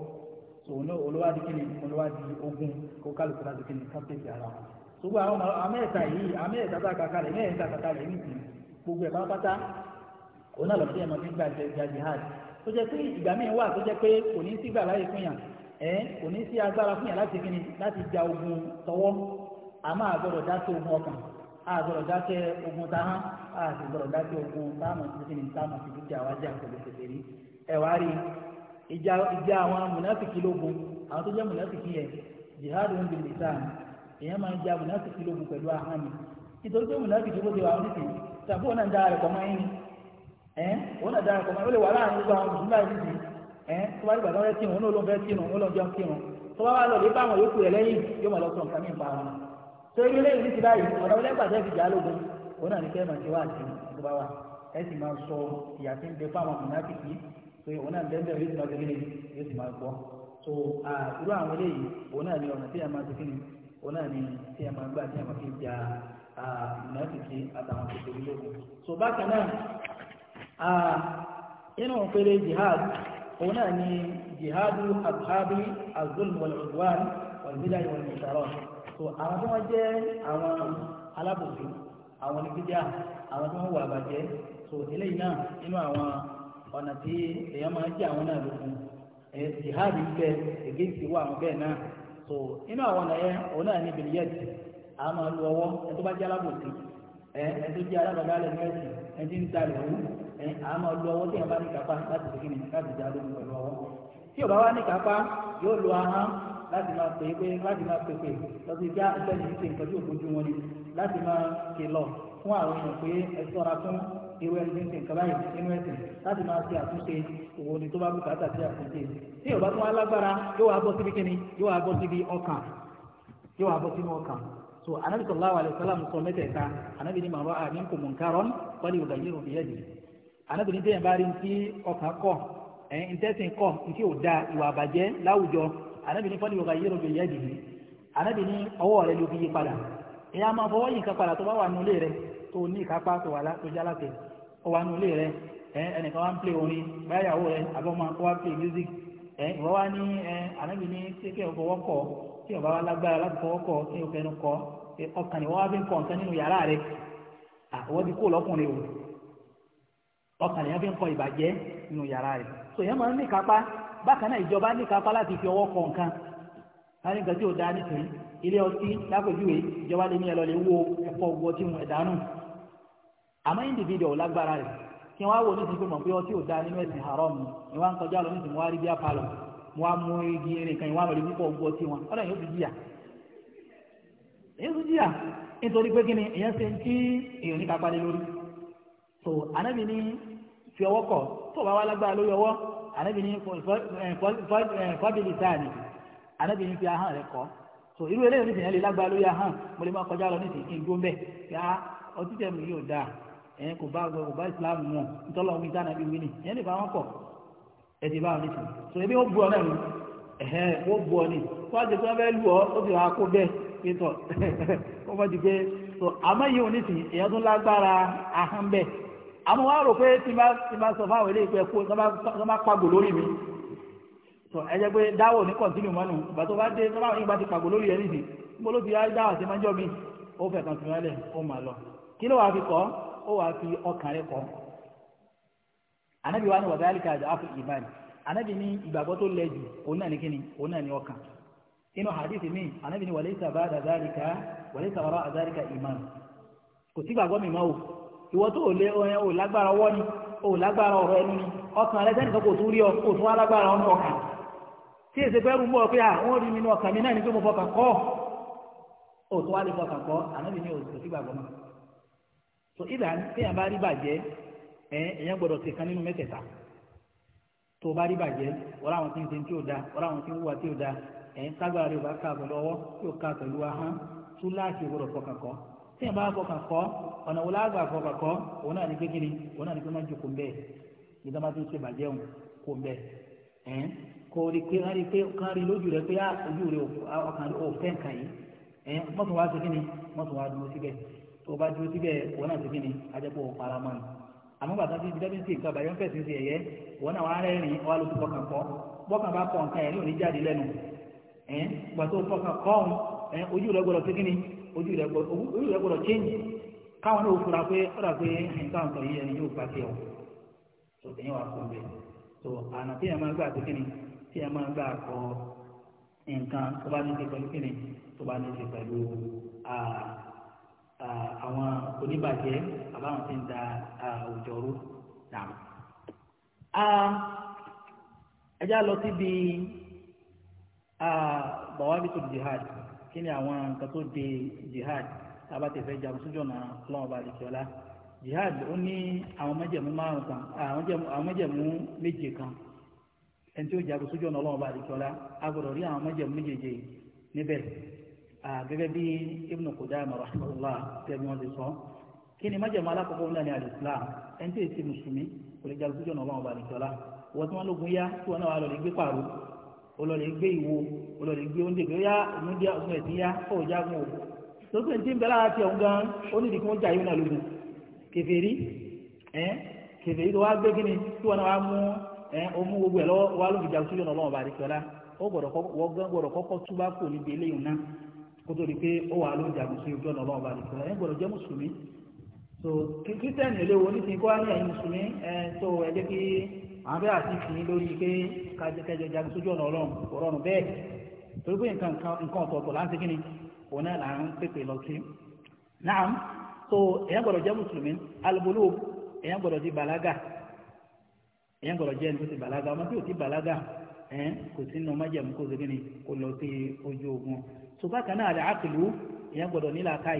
S1: òun olówádìí kìíní olówádìí ogun kó kálukú láti kìíní kápẹ́tì ara wọn. ṣùgbọ́n àwọn amẹ́ẹ̀ta yìí amẹ́ẹ̀ta tá a kà kalẹ̀ mẹ́ẹ̀ẹ́ta kà kalẹ̀ nìkan gbogbo ẹ̀ pátápátá òun náà lọ́sí ẹ̀ máa fi gbà jẹ jihad tó jẹ́ pé ìgbà míì wà tó jẹ́ pé kò ní sígbà láyé fún yàn ẹ̀ kò ní àgbọ̀rọ̀ dákẹ́ ogun táwọn àti gbọ̀rọ̀ dákẹ́ ogun táwọn ti fi ní táwọn ti fi ti àwa jà pẹ̀lú pẹ̀lú rí ẹ̀wá rí ìjà ìjà àwọn mùnáfìkì lógun àwọn tó jẹ́ mùnáfìkì yẹn jihad ń bìrì sáà èèyàn máa ń ja mùnáfìkì lógun pẹ̀lú ahọ́n mi nítorí pé mùnáfìkì bó ti wà ní tìǹ tàbí òun náà ń dára rẹ̀ kọ́ máa ń yin ẹ̀ òun náà dára rẹ̀ kọ́ máa ń wọlé wà láàrin gbogbo àwọn mùsùlùmí láì tìǹ ẹ̀ tó bá dìgbà tó fẹ́ kírun òun náà ló ń fẹ́ kírun òun ló ń jọ kírun tó bá wà lọ lé bá torí eléyìí ní ti báyìí ọ̀nà ọlẹ́gbàdẹ́ fi jà lógun òun náà ní kẹ́ ẹ̀ máa ṣe wá àti tó bá wà ẹ̀ sì máa sọ ìyá tí ń bẹ fáwọn mùnátìkì pé òun náà bẹ́ẹ̀ bẹ́ẹ̀ yóò ti máa gbọ́ so irú àwọn eléyìí òun náà ní ọ̀nà tí ẹ̀ máa ti kíni òun náà ní tí ẹ̀ máa gbà tí ẹ̀ máa fi jà mùnátìkì àtàwọn kòtòrí lógun so bákan náà inú òpèrè jihad òun náà ní jihadu ashabi azulm wal udwan wal bidai wal musharat so àwọn je wọ́n jẹ́ àwọn alábòsí àwọn onígbèjà àwọn so eléyìí náà nínú àwọn ọ̀nà tí èèyàn máa ń jẹ́ àwọn náà lókun ẹ̀ jihad ń bẹ ti wà so nínú àwọn ọ̀nà yẹn òun náà ní biliyẹ́t àwọn máa lu ọwọ́ ẹ tó bá jẹ́ alábòsí ẹ ẹ tó jẹ́ alábàdálẹ̀ mẹ́sì ẹ lu ọwọ́ tí yẹn bá ní kápá láti fi kí ni láti lu ahọ́n láti máa pè é pé láti máa pè pé lọ́sí já ìtẹ́ni ṣe nǹkan tí òkú ju wọn ni láti máa kìlọ̀ fún àwọn èèyàn pé ẹ sọ́ra fún irú ẹni tí ń ṣe nǹkan báyìí nínú ẹ̀sìn láti máa ṣe àtúnṣe òwò ni tó bá bùkátà sí àtúnṣe tí ò bá tún alágbára yóò wá bọ́ síbi kíni yóò wá bọ́ síbi ọkàn yóò wá bọ́ sínú ọkàn so anabi sallallahu alayhi wa sallam sọ mẹ́tẹ̀ẹ̀ta anabi ni màrọ́ àmì kò mùnkárọ́n wọ́n lè yọ̀dàyé rò bìyẹ́ yìí anabi ni déyàn bá rí ti ọkàn kọ ẹ̀ ń tẹ́sìn kọ ní anábì ní fọ́lì yóò yẹ́rọ bí yẹ́ dìbì anábì ní ọwọ́ rẹ̀ ló fi yí padà ìyá máa fọwọ́ yìí nǹkan padà tó bá wà nulẹ̀ rẹ̀ tó ní ìkápá tó wà tó já láti ọ wà nulẹ̀ rẹ̀ ẹnìkan wá ń play orin báyàwó rẹ̀ abọ́mọ wá play music ìwọ́ wá ní anábì ní kí ẹ fọwọ́ kọ kí ọba wa lágbára láti fọwọ́ kọ kí ẹ fẹnu kọ ọkàn ìwọ́ wá fi ń kọ nǹkan nínú yàrá rẹ̀ àwọn ti kó lọ́kùnrin o ọkàn ìyẹn fi ń kọ ìbàjẹ́ nínú yàrá rẹ̀ so ìyẹn máa ń ní ìkápá bákan náà ìjọba ní kápá láti fi ọwọ́ kọ nǹkan ká ní nǹkan tí ò dáa nítorí ilé ọtí lápèjúwe ìjọba lè ní ẹ lọlé wo ẹ̀kọ́ owó ọtí mu ẹ̀dánù àmọ́ individual lágbára rẹ̀ kí wọ́n á wò nítorí pé mọ̀ pé ọtí ò dáa nínú ẹ̀sìn haram ni wọ́n á ń kọjá lọ nítorí wọ́n á rí bí apalọ̀ wọ́n á mú igi erin kan ìwọ́n á lọlé púpọ̀ owó ọtí wọn ọ̀dọ̀ yóò fi jìyà èyí fi jìyà nítorí pé so ànábì ní fi ọwọ́ kọ̀ tó bá wá anabi ní fábìlì sáàni anabi ní fi ahọ́n rẹ kọ́ so irú eléyìí ní ìsìnyẹ́lẹ́ lágbára lórí ahọ́n mo lè máa kọjá lọ ní ìsìn gbó mbẹ́ yá ọtí tẹ̀ mí yóò dáa ẹ̀yìn kò bá kò bá ìsìlámù mọ̀ ntọ́lọ́ wí dáná bí wí ni ẹ̀yìn lè wọn kọ̀ ẹ̀ bá wọn ní so ebi ó bu ọ náà ni ẹ̀hẹ́ ó bu ọ ni wọ́n ti sọ́n fẹ́ẹ́ lù ọ ó ti wà á kó bẹ́ẹ̀ pé tọ̀ ó mọ̀ ju pé so àmọ́ yìí ò ní sìn èèyàn tún lágbára ahọ́n bẹ́ẹ̀ àmọ́ wọ́n rò pé tí bá sọ fáwọn ilé ìpẹ́ kó tó bá pàgò lórí mi tọ ẹ jẹ́ pé dáwọ̀ ní kọ̀ntínú mọ́nu ìgbà tó bá dé tó báwọn ìgbà ti pàgò lórí ẹ nìsí níbo ló ti yá dáwọ̀ sí máa ń jọ mi ó fẹ̀ kan fìwọ́n lẹ̀ ó máa lọ kí ló wàá fi kọ́ ó wàá fi ọkàn rẹ kọ́ ànábì wa ni wàdí àlìkà àjọ àfi ìbàdí ànábì ní ìgbàgbọ́ tó lẹ jù òun náà ní kíni òun náà ní ọkàn inú hadith mi ànábì ní wàlẹ́ ìsàbà àdàzárìkà wàlẹ́ ìsàbà àdàzárìkà ìmàn kò sí ìgbàgbọ́ mi máa wò ìwọ tó ò lé ọyàn ò lágbára ọwọ́ ni ò lágbára ọ̀rọ̀ ẹnu ni ọkàn rẹ sẹ́nìkan kò tún rí ọ kò tún wá lágbára ọmọ ọkàn tí èsì pẹ́ rúgbọ́ pé àwọn rí mi ní ọkàn mi náà ni pé mo fọkàn kọ́ ò tún wá lè fọkàn kọ́ ànábì ní òsì òsì gbàgbọ́ náà so ìlà téèyàn bá rí bàjẹ́ ẹ ẹ̀yàn gbọ́dọ̀ ṣe kan nínú mẹ́tẹ̀ẹ̀ta tó bá rí bàjẹ́ wọ́n láwọn tí ń ṣe tí ò da wọ́n láwọn tí ń wúwa tí ò da tí ẹ bá fọkàn kọ́ ọ̀nà wo lágbà fọkàn kọ́ òun náà ní pé kíni òun náà ní pé má jòkó ń bẹ́ẹ̀ ní dáná tó ń ṣe bàjẹ́ òun kó ń bẹ́ẹ̀ ẹ̀ kò rí pé kán rí pé kán rí lójú rẹ pé á ah, ojú rẹ ọkàn ò fẹ́ nǹkan yìí ẹ̀ mọ́tò wá sí kíni mọ́tò wá dúró síbẹ̀ tó bá dúró síbẹ̀ òun náà sí kíni ajẹ́pọ̀ para mọ́ ni àmọ́ bàtà ti di dábìsì nǹkan bàjẹ́ fẹ̀ sí ẹ̀yẹ òun náà wá rẹ́rìn wá lóṣù fọkàn kọ́ bọ́kàn bá kọ̀ nǹkan yẹn ní òní jáde lẹ́nu ẹ̀ gbàtó fọkàn kọ́ òun ẹ̀ ojú rẹ gbọ́dọ̀ sí kíni ojú rẹ̀ gbọ́dọ̀ change káwọn náà fura pé ọ̀dà pé nǹkan kan yìí ẹni yóò pàṣẹ ọ̀ tó tẹ̀yìn wá fún bẹ́ẹ̀ tó àná tí yẹn máa gbà pé kíni tí yẹn máa gbà kọ nǹkan tó bá ní ti pẹ̀lú kíni tó bá ní pẹ̀lú àwọn oníbàjẹ́ àbáwọn tí ń da rú lọ síbi bọ̀wá bí tó di hajj kí ni àwọn nǹkan tó de jihad tába ti fẹ́ jagun sójú ọ̀nà ọlọ́run ọba àdìsíọ́lá jihad ó ní àwọn májẹ̀mú márùn kan àwọn májẹ̀mú méje kan ẹni tí ó jagun sójú ọ̀nà ọlọ́run ọba àdìsíọ́lá a gbọ́dọ̀ rí àwọn májẹ̀mú méjèèjì níbẹ̀ gẹ́gẹ́ bí Ibn Qudama rahimahullah tẹ́bí wọn ti sọ kí ni májẹ̀mú alákọ̀ọ́kọ́ ńlá ní al-Islam ẹni tí èsì mùsùlùmí kò lè jagun sójú ọ̀nà ọlọ́run olórí gbé ìwo olórí gbé oúnjẹ gbé yá oúnjẹ ọsùn ẹ̀sìn yá ó jagun o sókè ní ti ń bẹ lára tiẹ̀ ń gan ó ní ìdí kí wọ́n jà yóò náà lógun kèfèrí ẹ kèfèrí tó wá gbé kí ni tí wọn wá mú ẹ ó mú gbogbo ẹ lọ́wọ́ wá lóbi jà sójú ọ̀nà ọlọ́wọ́n bá rí sọ́lá ó gbọ́dọ̀ kọ́kọ́ túbá kò níbi eléyìí ná kó tó di pé ó wà lóbi jà sójú ọ̀nà ọlọ́wọ́n bá ẹ gbọ́dọ̀ so kírísítẹ́nì eléwo àwọn bẹ́ẹ̀ àti fi lórí pé kájẹkẹjẹ jagun sójú ọ̀nà ọlọ́run kò rọrùn bẹ́ẹ̀ torí pé nǹkan nǹkan ọ̀tọ̀ọ̀tọ̀ láti kí ni òun náà là ń pèpè lọ sí. náà so èèyàn gbọ́dọ̀ jẹ́ mùsùlùmí alùpùpù èèyàn gbọ́dọ̀ ti bàlágà èèyàn gbọ́dọ̀ jẹ́ ẹni tó ti bàlágà ọmọ tí ò ti bàlágà kò sí nínú kó ni kó lọ sí ojú ogun so bákan náà àlẹ́ àkìlú èèyàn gbọ́dọ̀ nílà káì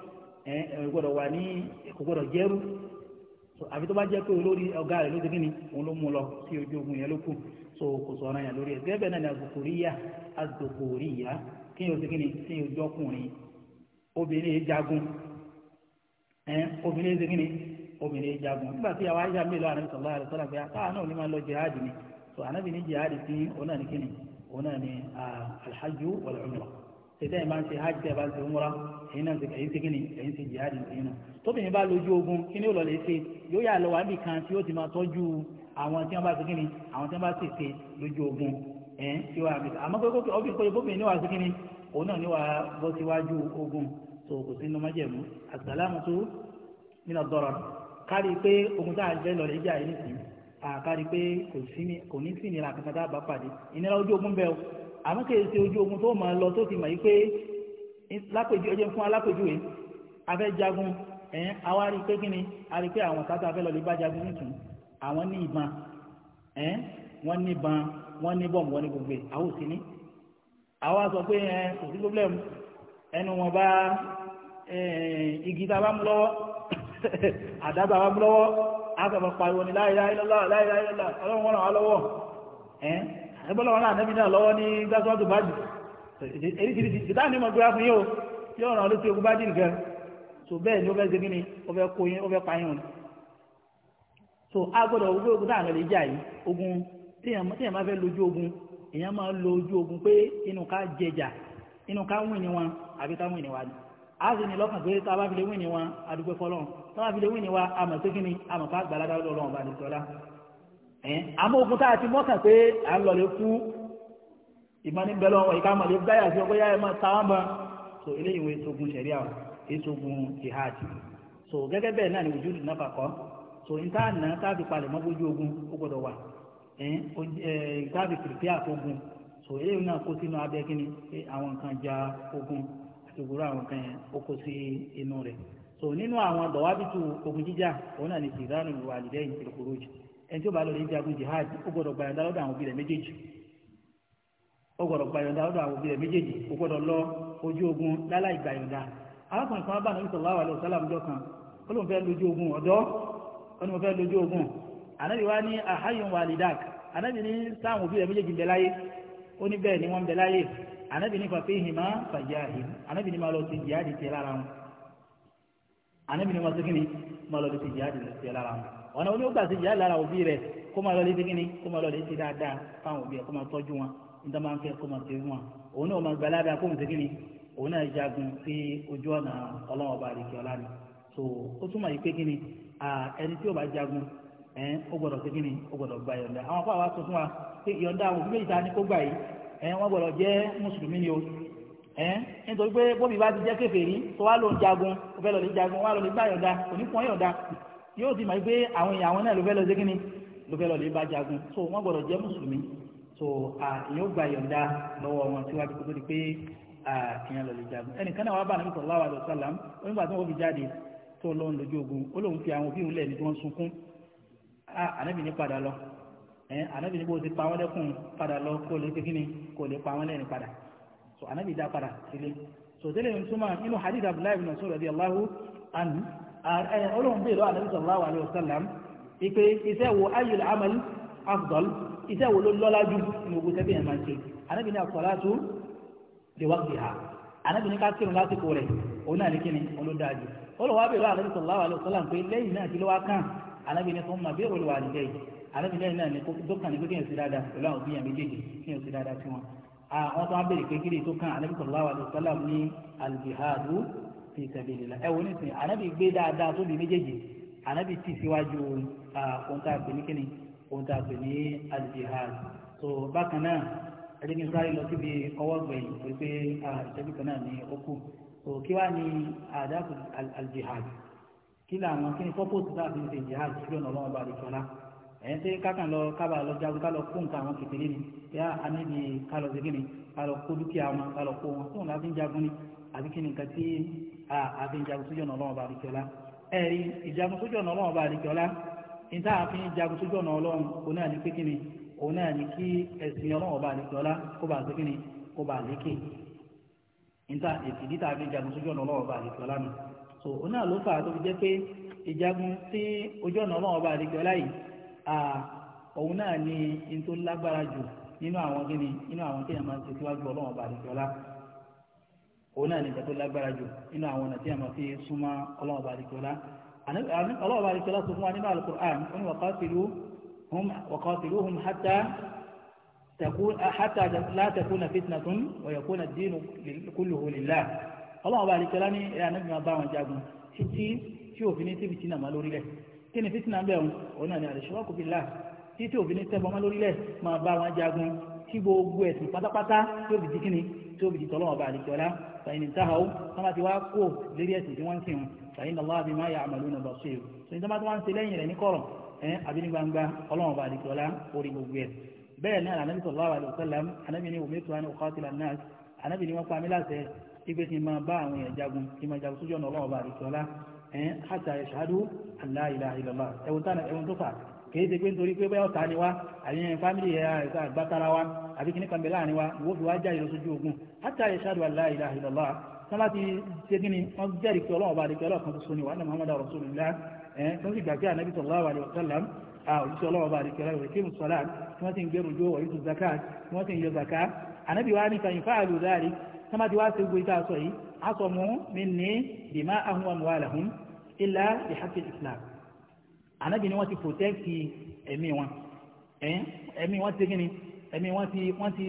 S1: ẹ ẹ gbọ́dọ̀ wà ní kò gbọ́dọ̀ jẹ́rú àfi tó bá jẹ́ pé olórí ọ̀gá rẹ̀ ló ti kíni òun ló mú lọ sí ojú ogun yẹn ló kù so kò sọ ọ̀ràn yẹn lórí ẹ̀ gẹ́gẹ́ bẹ́ẹ̀ náà ni àgbòkòríyà àgbòkòríyà kí yóò ti kíni kí yóò jọkùnrin obìnrin yẹn jagun ẹ obìnrin yẹn ti kíni obìnrin yẹn jagun nígbà tí àwọn aisha mélòó àná sọlá àrẹ sọlá pé káà náà ní máa lọ jihadi ni so ànábì ní jihadi sí òun náà ni kíni òun náà ni alhaju wal tètè yìí máa ń ṣe hajj ẹ̀ bá ń ṣe múra èyí náà èyí ṣe kíni èyí ṣe jihad èyí náà tóbìnrin bá lójú ogun kí ni ó lọ lè ṣe yóò yà lọ wà níbi kan tí ó ti máa tọ́jú àwọn tí wọ́n bá ṣe kíni àwọn tí wọ́n bá ṣe ṣe lójú ogun ẹ̀ tí wọ́n àmì àmọ́ pé ọbẹ̀ pé bóbìnrin ni wàá ṣe kíni òun náà ni wàá bọ́ síwájú ogun tó kò sínú májẹ̀mú àsàlámù tó nínú dọ́rọ̀ kárí pé ogun tá à ń jẹ́ lọ lè jà yìí nìsín àkárí pé kò ní sí ìnira kankan tá a bá pàdé ìnira ojú ogun bẹ́ẹ̀ àmọ́ kì í ṣe ojú ogun tó máa lọ tó ti mọ̀ yìí pé lápèjú ẹjẹ fún alápèjúwe afẹ́ jagun ẹ̀ẹ́n àwa rí i pé kíni a rí i pé àwọn sáta afẹ́ lọ́ọ́ lè bá jagun nìtún àwọn ní ìbọn ẹ̀ẹ́n wọ́n ní ìbọn wọ́n ní bọ́ọ̀mù wọ́n ní gbogbo àwọn ò sí àwa sọ pé ẹ kò sí problem ẹnu wọn bá igi tá a bá mú lọ́wọ́ àdá tá a bá mú lọ́wọ́ a sọ̀rọ̀ pariwo ni láyé láyé lọ́lá láyé láyé lọ́lá ọlọ́run wọn ràn wá lọ́wọ́ ẹ̀ẹ́n ẹgbọ́lọ́wọ́ náà nẹ́bí náà lọ́wọ́ ní gásọ́tù bájì eríṣiríṣi ìdá ní mọ̀gbéra fún yóò tí ó ràn lóṣù ogun bájì nìkan so bẹ́ẹ̀ ni ó fẹ́ ni ó fẹ́ kó yín so a gbọ́dọ̀ ogun ogun náà ogun téèyàn máa fẹ́ ogun èèyàn máa ogun pé inú ká jẹjà inú ká wìn ní wọn àbí ká wìn ní wa ni a sì ní lọ́kàn pé tá a bá fi lè wìn ni àmọ̀ àmọ́ ogun tá ti mọ́kàn pé à ń lọlé kú ìmọ̀ni bẹ́ẹ̀ lọ́wọ́ ìka mọ̀lẹ́ gbáyà sí ọgbẹ́yà ẹ̀ máa so eléyìí wo esogun sẹ̀ríà o esogun so gẹ́gẹ́ bẹ́ẹ̀ náà ni ojú so níta nà ká fi palẹ̀ mọ́ bójú ogun ó gbọ́dọ̀ wà so náà kó sínú abẹ́ kínní àwọn ja ogun àti òwúrọ̀ àwọn ó kó sí inú rẹ̀ so nínú àwọn dọ̀wábìtú ogun jíjà òun náà ni ẹni tí ó bá lọ lè jagun jihad ó gbọ́dọ̀ gba yọ̀ǹda lọ́dọ̀ àwọn òbí rẹ̀ méjèèjì ó gbọ́dọ̀ gba yọ̀ǹda lọ́dọ̀ àwọn òbí rẹ̀ méjèèjì ó gbọ́dọ̀ lọ ojú ogun láláì gba yọ̀ǹda arákùnrin kan bá nàbí sallallahu alaihi wasallam jọ kan ó lóun fẹ́ lójú ogun ọ̀dọ́ ó ní fẹ́ lójú ogun ànábì wá ní ahayun walidak ànábì ní sáwọn òbí rẹ̀ méjèèjì ń bẹ ni wọ́n ń bẹ láyé ànábì ní fàfihìmá fàjáhìm ànábì ní máa lọ sí jihad tiẹ̀ lára wọn ànábì ní wọn ọ̀nà onígbà sí ìyá lára òbí rẹ̀ kó máa lọ lé dígínní kó máa lọ lé ti dáadáa fáwọn òbí rẹ̀ kó máa tọ́jú wọn níta máa ń fẹ́ kó máa tẹ̀wé wọn òun náà máa gbalada kó ń dígínní òun náà jagun sí ojú ọ̀nà ọlọ́wọ́ bá rí kí ọlá ni so ó túmọ̀ yìí pé kíni ẹni tí ó bá jagun ẹ̀ ó gbọ́dọ̀ sí ó gbọ́dọ̀ gba yọ̀ǹda àwọn afọ àwọn sọ fún wa pé yọ̀ǹda àwọn òbí méjìlá ni kó gbà yìí ẹ̀ wọ́n gbọ́dọ̀ jẹ́ mùsùlùmí ni o ẹ̀ nítorí pé bóbi bá ti jẹ́ yóò ti mọ̀ pé àwọn èèyàn àwọn náà ló fẹ́ lọ sí kínní ló fẹ́ lọ lè bá jagun so wọ́n gbọ́dọ̀ jẹ́ mùsùlùmí so èèyàn gba yọ̀ǹda lọ́wọ́ wọn síwájú kó tó di pé èèyàn lọ lè jagun ẹnìkan náà wàá bá nàbí sallallahu alaihi wasallam onígbà tí wọ́n fi jáde tó lọ́n lójú ogun ó lóun fi àwọn òbí òun lẹ̀ ní tí wọ́n sunkún ànábì ní padà lọ ànábì ní bó ti pa wọ́n lẹ́kùn padà lọ kó lè ṣe kíni kó lè pa wọ́n lẹ́ni padà so ànábì dá padà sílé so tẹ́lẹ̀ ń túmọ̀ nínú hadith abdullahi bin Mas'ud radiyallahu anhu ọlọ́run bèèrè ànábì sallallahu alaihi wasallam ipe iṣẹ́ wo ayyul amal afdal iṣẹ́ wo ló lọ́lá jù ní ogun tẹ́bí ẹ̀ máa ṣe ànábì ní as-salatu li waqtiha ànábì ní ká kírun lásìkò rẹ̀ òun náà ní kíni olódàájú ọlọ́wà bèèrè ànábì sallallahu alaihi wasallam pé lẹ́yìn náà kí ló wá kàn ànábì ní thumma birrul walidayni ànábì lẹ́yìn náà ní dókàn ní pé kí n sì dáadáa pẹ̀lú àwọn òbí yẹn méjèèjì kí n sì fi sabilillah ẹ wò ní sìn ànábì gbé dáadáa tó di méjèèjì ànábì tì síwájú ohun tá a pè ní kíni ohun tá a pè ní al-jihad tó bákan náà ẹdínkì sáré lọ síbi ọwọ́ gbẹ̀yìn pé pé ìṣẹ́jú kan náà ní ó kù kí wá ní àdáàbò al-jihad kí làwọn kí ni pọ́pọ́sì tá a fi ń ṣe jihad sí ọ̀nà ọlọ́run bá dìkọ́lá ẹ̀yìn tí kákan lọ kábà lọ jagun ká lọ kó nǹkan àwọn kékeré ni yá aníbi ká lọ sí kíni ká lọ kó dúkìá wọn ká lọ kó wọn tóun láti ń jagun ni àbí kí ni nǹkan tí Ah, àfi ìjagun sójú ọ̀nà ọlọ́run ọba àdìkọ́lá ẹ̀rí ìjagun sójú ọ̀nà ọlọ́run ọba àdìkọ́lá níta àfi ìjagun sójú ọ̀nà ọlọ́run òun náà ní pé kíni òun náà ní kí ẹ̀sìn ọlọ́run ọba àdìkọ́lá kó bá àti kó bá àlékè níta ìdí tá àfi ìjagun sójú ọ̀nà ọlọ́run ọba àdìkọ́lá nù so òun náà ló fà á tó fi jẹ́ pé ìjagun sí ojú ọ̀nà ọlọ́run ọba àdìkọ́lá yìí òun náà ní n tó lágbára jù nínú àwọn òun náà nìkan tó lágbára jù nínú àwọn ọ̀nà tí a máa fi súnmọ́ ọlọ́ọ̀bà àdìkọ́lá ọlọ́ọ̀bà àdìkọ́lá sọ fún wa nínú alukur'an wọn wàkọ́sílú hum hátà hátà látàkùnà fitnatun wàyàkùnà dínú kulluhu lillah ọlọ́ọ̀bà àdìkọ́lá ní ẹ̀yà níbi máa bá wọn jagun títí tí òfin ní tíbi tínà máa lórílẹ̀ kí ni fitna bẹ́ẹ̀ òun náà ni àdìsọ́kù billah títí òfin ní tẹ́bọ̀ máa lórílẹ̀ máa bá wọn jagun tí gbogbo ẹ̀sìn pátápátá tó bìí kíni tó bìí tọ́lọ́wọ́ bá fàyìn ìtahàwó tó bá ti wá kó lérí ẹ̀sìn tí wọ́n ń sìn wọn fàyìn Allah bima ya'maluna basir tó ní tó bá tó wá ń ṣe lẹ́yìn rẹ̀ ní kọ̀rọ̀ ẹ̀ àbí ní gbangba ọlọ́run bá àdìgbò ọlá orí gbogbo ẹ̀ bẹ́ẹ̀ náà anabi sallallahu alayhi wa sallam anabi ni umirtu an uqatila an-nas anabi ni wọ́n pa mí láṣẹ igbe ti máa bá àwọn èèyàn jagun ti máa jagun sójú ọ̀nà ọlọ́run bá àdìgbò ọlá ẹ̀ hatta yashhadu an la ilaha ẹ̀wọ̀n tó fà kì ṣe pé nítorí pé bẹ́ẹ̀ ọ̀tá ni wá àyẹ̀yẹ̀ fámìlì ẹ̀ àgbátara wa àbí kìnnìkan bẹ láàrin wa wọ́n fi wá jáde lọ sójú ogun hatta yashadu an la ilaha illallah sábà ti ṣe kí ni wọ́n jẹ́rìí pé ọlọ́run ọba àdìkẹ́ ọlọ́run kan tuntun ni wàhálà muhammadu rasulillah ẹ̀ tó sì gbàgbé ànábì sallallahu alaihi wasallam òjíṣẹ́ ọlọ́wọ́ bá rí kẹrẹ ìrìkí mùsọ́lá tí wọ́n ti ń gbẹ̀rù jọ wọ̀nyí zaka tí wọ́n ti ń yọ zaka ànábì wa ní fàyín fáàlù dáàrí tí ti wá sí gbogbo ìtàsọ yìí aṣọ mú mi ní bìmá ahun wa muhala hun ilá ìhàkì islam ànábì ni wọ́n ti protect ẹ̀mí wọn ẹ̀mí wọn ti gíní ẹ̀mí wọn ti wọ́n ti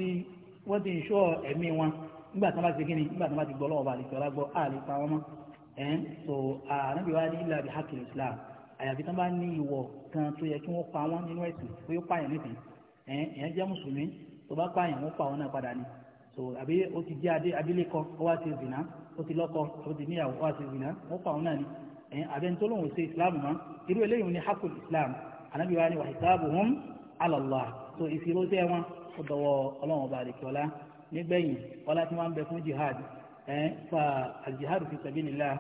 S1: wọ́n ti ṣọ́ ẹ̀mí wọn nígbà tí wọ́n bá ti kíni nígbà tí wọ́n bá ti gbọ́ lọ́wọ́ bá àlejò ọlágbọ́ àlè pa wọn mọ́ ẹ̀ẹ́n so ànábì wa ní ilà àbí hakil islam àyàfi tí wọ́n bá ní ìwọ̀ kan tó yẹ kí wọ́n pa wọn nínú ẹ̀sìn pé ó pààyàn níbi ẹ̀ẹ́n ìyẹn jẹ́ mùsùlùmí tó bá pààyàn wọ́n pa wọn náà padà ni so àbí ó ti jẹ́ abilékọ ó wá ti zìnà ó ti lọ́kọ ó ti níyàwó ó wá ti zìnà wọ́n pa wọn náà ni ẹ̀yìn islam mọ́ irú eléyìí ni hakul islam anábì wa Allah so ìfiróṣẹ́ wọn ó dọwọ ọlọ́run ọba àdìkọ́lá nígbẹ̀yìn ọlá tí wọ́n bẹ fún jihad ẹ̀ fa aljihad fi sabilillah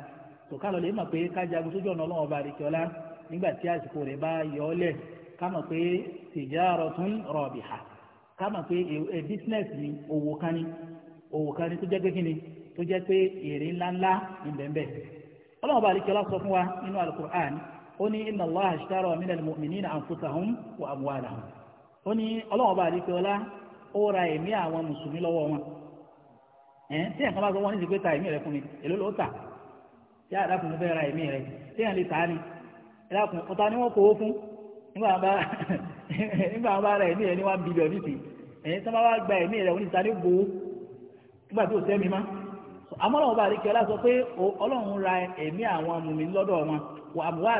S1: so ká lọ lè mọ̀ pé ká jagun sójú ọ̀nà ọlọ́run ọba àdìkọ́lá nígbà tí àsìkò rẹ̀ bá yọ ọ́ ká pé ká pé business ni tó pé tó wa nínú alukur'an ó ní ó ní ọlọ́wọ́n bá àdìpẹ́ ọlá ó ra ẹ̀mí àwọn mùsùlùmí lọ́wọ́ wọn ẹ̀ tí ẹ̀ka bá sọ wọ́n ní ti pé ta ẹ̀mí rẹ fún mi èló ló tà tí àdàkùn fẹ́ ra ẹ̀mí rẹ tí ẹ̀ lè tà á ni ọ̀tá ni wọ́n kó o fún nígbà wọn *laughs* bá ra ẹ̀mí rẹ ní tí bá gba ẹ̀mí rẹ oníta ní nígbà tí ò sẹ́mi má àdìpẹ́ ọlá sọ pé ọlọ́run ra ẹ̀mí àwọn mùmí lọ́dọ̀ wọn wà